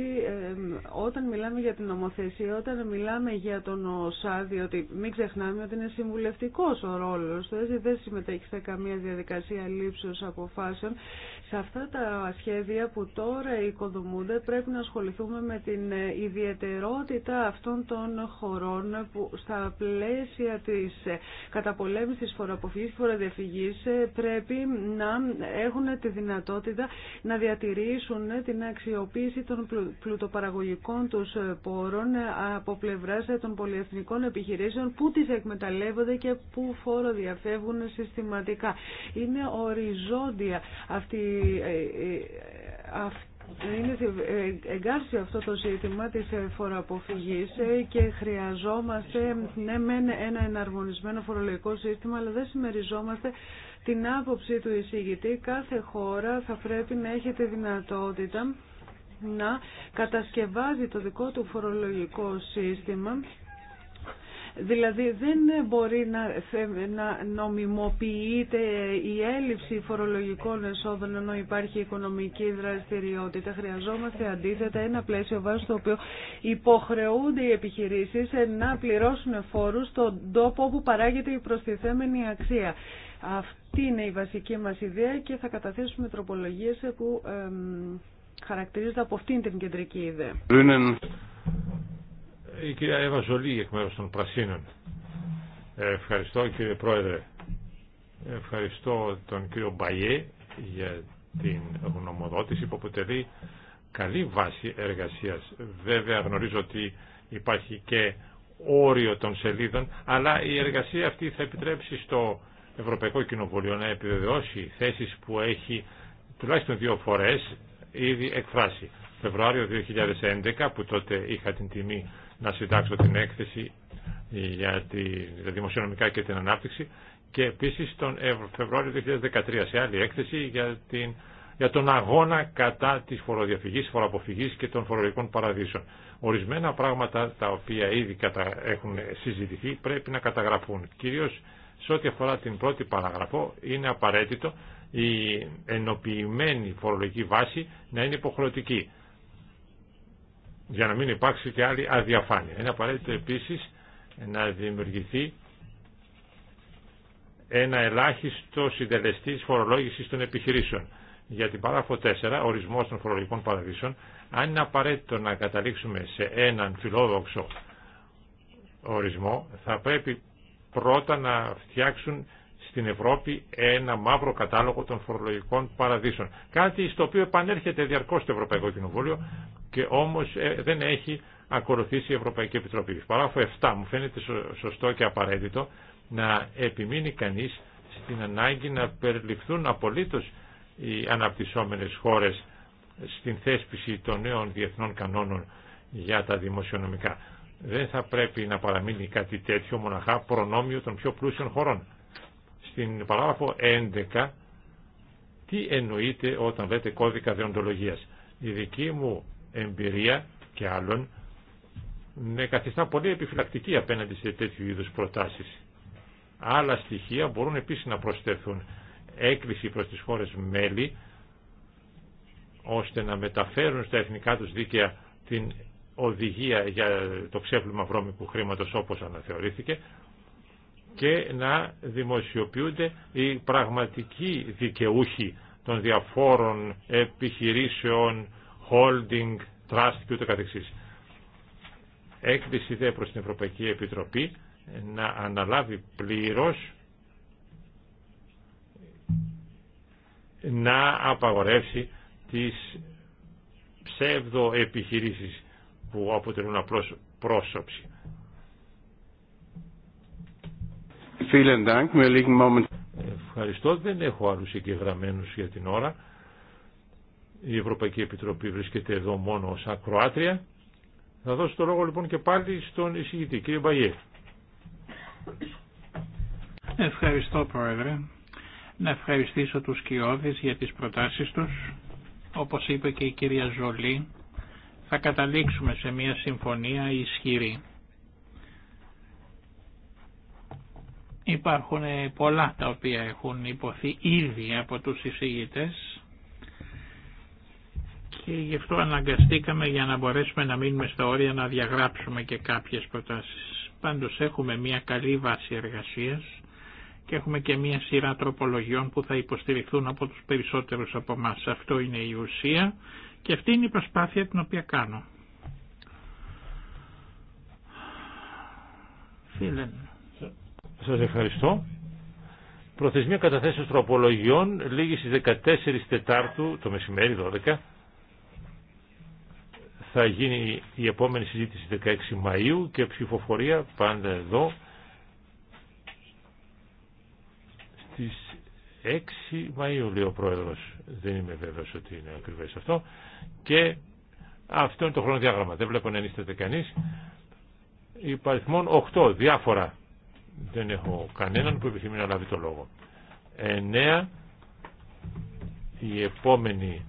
B: όταν μιλάμε για την νομοθεσία, όταν μιλάμε για τον ΟΣΑ, διότι μην ξεχνάμε ότι είναι συμβουλευτικός ο ρόλος δεν συμμετέχει σε καμία διαδικασία λήψεως αποφάσεων σε αυτά τα σχέδια που τώρα οικοδομούνται πρέπει να ασχοληθούμε με την ιδιαιτερότητα αυτών των χωρών που στα πλαίσια της καταπολέμησης της φοροαποφυγής, φοροδιαφυγής ε, πρέπει να έχουν τη δυνατότητα να διατηρήσουν την αξιοποίηση των πλουτοπαραγωγικών τους πόρων από πλευράς των πολυεθνικών επιχειρήσεων που τις εκμεταλλεύονται και που φοροδιαφεύγουν συστηματικά. Είναι οριζόντια αυτή ε, ε, είναι ε, εγκάρσιο αυτό το ζήτημα της φοροαποφυγής και χρειαζόμαστε ναι ένα εναρμονισμένο φορολογικό σύστημα αλλά δεν συμμεριζόμαστε την άποψη του εισηγητή κάθε χώρα θα πρέπει να έχει τη δυνατότητα να κατασκευάζει το δικό του φορολογικό σύστημα Δηλαδή δεν μπορεί να, να νομιμοποιείται η έλλειψη φορολογικών εσόδων ενώ υπάρχει οικονομική δραστηριότητα. Χρειαζόμαστε αντίθετα ένα πλαίσιο βάσει το οποίο υποχρεούνται οι επιχειρήσεις να πληρώσουν φόρους στον τόπο όπου παράγεται η προστιθέμενη αξία. Αυτή είναι η βασική μας ιδέα και θα καταθέσουμε τροπολογίες που χαρακτηρίζονται από αυτήν την κεντρική ιδέα.
C: Η ε, κυρία Εύα Ζολή εκ μέρους των Πρασίνων. Ε, ευχαριστώ κύριε Πρόεδρε. Ευχαριστώ τον κύριο Μπαγιέ για την γνωμοδότηση που αποτελεί καλή βάση εργασίας. Βέβαια γνωρίζω ότι υπάρχει και όριο των σελίδων, αλλά η εργασία αυτή θα επιτρέψει στο Ευρωπαϊκό Κοινοβούλιο να επιβεβαιώσει θέσεις που έχει τουλάχιστον δύο φορές ήδη εκφράσει. Φεβρουάριο 2011, που τότε είχα την τιμή να συντάξω την έκθεση ε, για τη δημοσιονομικά και την ανάπτυξη και επίσης τον Φεβρουάριο 2013 σε άλλη έκθεση για, την, για τον αγώνα κατά της φοροδιαφυγής, φοροαποφυγής και των φορολογικών παραδείσων. Ορισμένα πράγματα τα οποία ήδη κατα, έχουν συζητηθεί πρέπει να καταγραφούν. Κυρίως σε ό,τι αφορά την πρώτη παραγραφό είναι απαραίτητο η ενοποιημένη φορολογική βάση να είναι υποχρεωτική για να μην υπάρξει και άλλη αδιαφάνεια. Είναι απαραίτητο επίσης να δημιουργηθεί ένα ελάχιστο συντελεστή φορολόγηση των επιχειρήσεων. Για την παράγραφο 4, ορισμός των φορολογικών παραδείσων, αν είναι απαραίτητο να καταλήξουμε σε έναν φιλόδοξο ορισμό, θα πρέπει πρώτα να φτιάξουν στην Ευρώπη ένα μαύρο κατάλογο των φορολογικών παραδείσων. Κάτι στο οποίο επανέρχεται διαρκώς το Ευρωπαϊκό Κοινοβούλιο και όμως ε, δεν έχει ακολουθήσει η Ευρωπαϊκή Επιτροπή. Παράγραφο 7 μου φαίνεται σωστό και απαραίτητο να επιμείνει κανείς στην ανάγκη να περιληφθούν απολύτως οι αναπτυσσόμενες χώρες στην θέσπιση των νέων διεθνών κανόνων για τα δημοσιονομικά. Δεν θα πρέπει να παραμείνει κάτι τέτοιο μοναχά προνόμιο των πιο πλούσιων χωρών. Στην παράγραφο 11 τι εννοείται όταν λέτε κώδικα δεοντολογίας. Η δική μου εμπειρία και άλλων με ναι, καθιστά πολύ επιφυλακτική απέναντι σε τέτοιου είδους προτάσεις. Άλλα στοιχεία μπορούν επίσης να προσθεθούν έκκληση προς τις χώρες μέλη ώστε να μεταφέρουν στα εθνικά τους δίκαια την οδηγία για το ξέπλυμα βρώμικου χρήματος όπως αναθεωρήθηκε και να δημοσιοποιούνται οι πραγματικοί δικαιούχοι των διαφόρων επιχειρήσεων holding, trust και ούτω καθεξής. δε προς την Ευρωπαϊκή Επιτροπή να αναλάβει πλήρως να απαγορεύσει τις ψεύδο επιχειρήσεις που αποτελούν απλώς πρόσωψη. Ευχαριστώ. Δεν έχω άλλους εγγεγραμμένους για την ώρα. Η Ευρωπαϊκή Επιτροπή βρίσκεται εδώ μόνο ως ακροάτρια. Θα δώσω το λόγο λοιπόν και πάλι στον εισηγητή, κύριε Μπαγιέ.
A: Ευχαριστώ Πρόεδρε. Να ευχαριστήσω τους Κιώδης για τις προτάσεις τους. Όπως είπε και η κυρία Ζολή, θα καταλήξουμε σε μια συμφωνία ισχυρή. Υπάρχουν πολλά τα οποία έχουν υποθεί ήδη από τους εισηγητές και γι' αυτό αναγκαστήκαμε για να μπορέσουμε να μείνουμε στα όρια να διαγράψουμε και κάποιες προτάσεις. Πάντως έχουμε μια καλή βάση εργασίας και έχουμε και μια σειρά τροπολογιών που θα υποστηριχθούν από τους περισσότερους από εμά. Αυτό είναι η ουσία και αυτή είναι η προσπάθεια την οποία κάνω.
C: Φίλε, Σας ευχαριστώ. Προθεσμία καταθέσεως τροπολογιών λίγη στις 14 Τετάρτου το μεσημέρι 12 θα γίνει η επόμενη συζήτηση 16 Μαΐου και ψηφοφορία πάντα εδώ στις 6 Μαΐου λέει ο Πρόεδρος δεν είμαι βέβαιος ότι είναι ακριβές αυτό και αυτό είναι το χρονοδιάγραμμα δεν βλέπω να ενίσταται κανείς υπαριθμών 8 διάφορα δεν έχω κανέναν που επιθυμεί να λάβει το λόγο 9 η επόμενη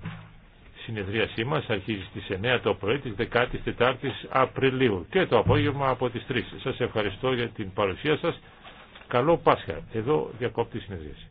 C: συνεδρίασή μας αρχίζει στις 9 το πρωί της 14ης Απριλίου και το απόγευμα από τις 3. Σας ευχαριστώ για την παρουσία σας. Καλό Πάσχα. Εδώ διακόπτη συνεδρίαση.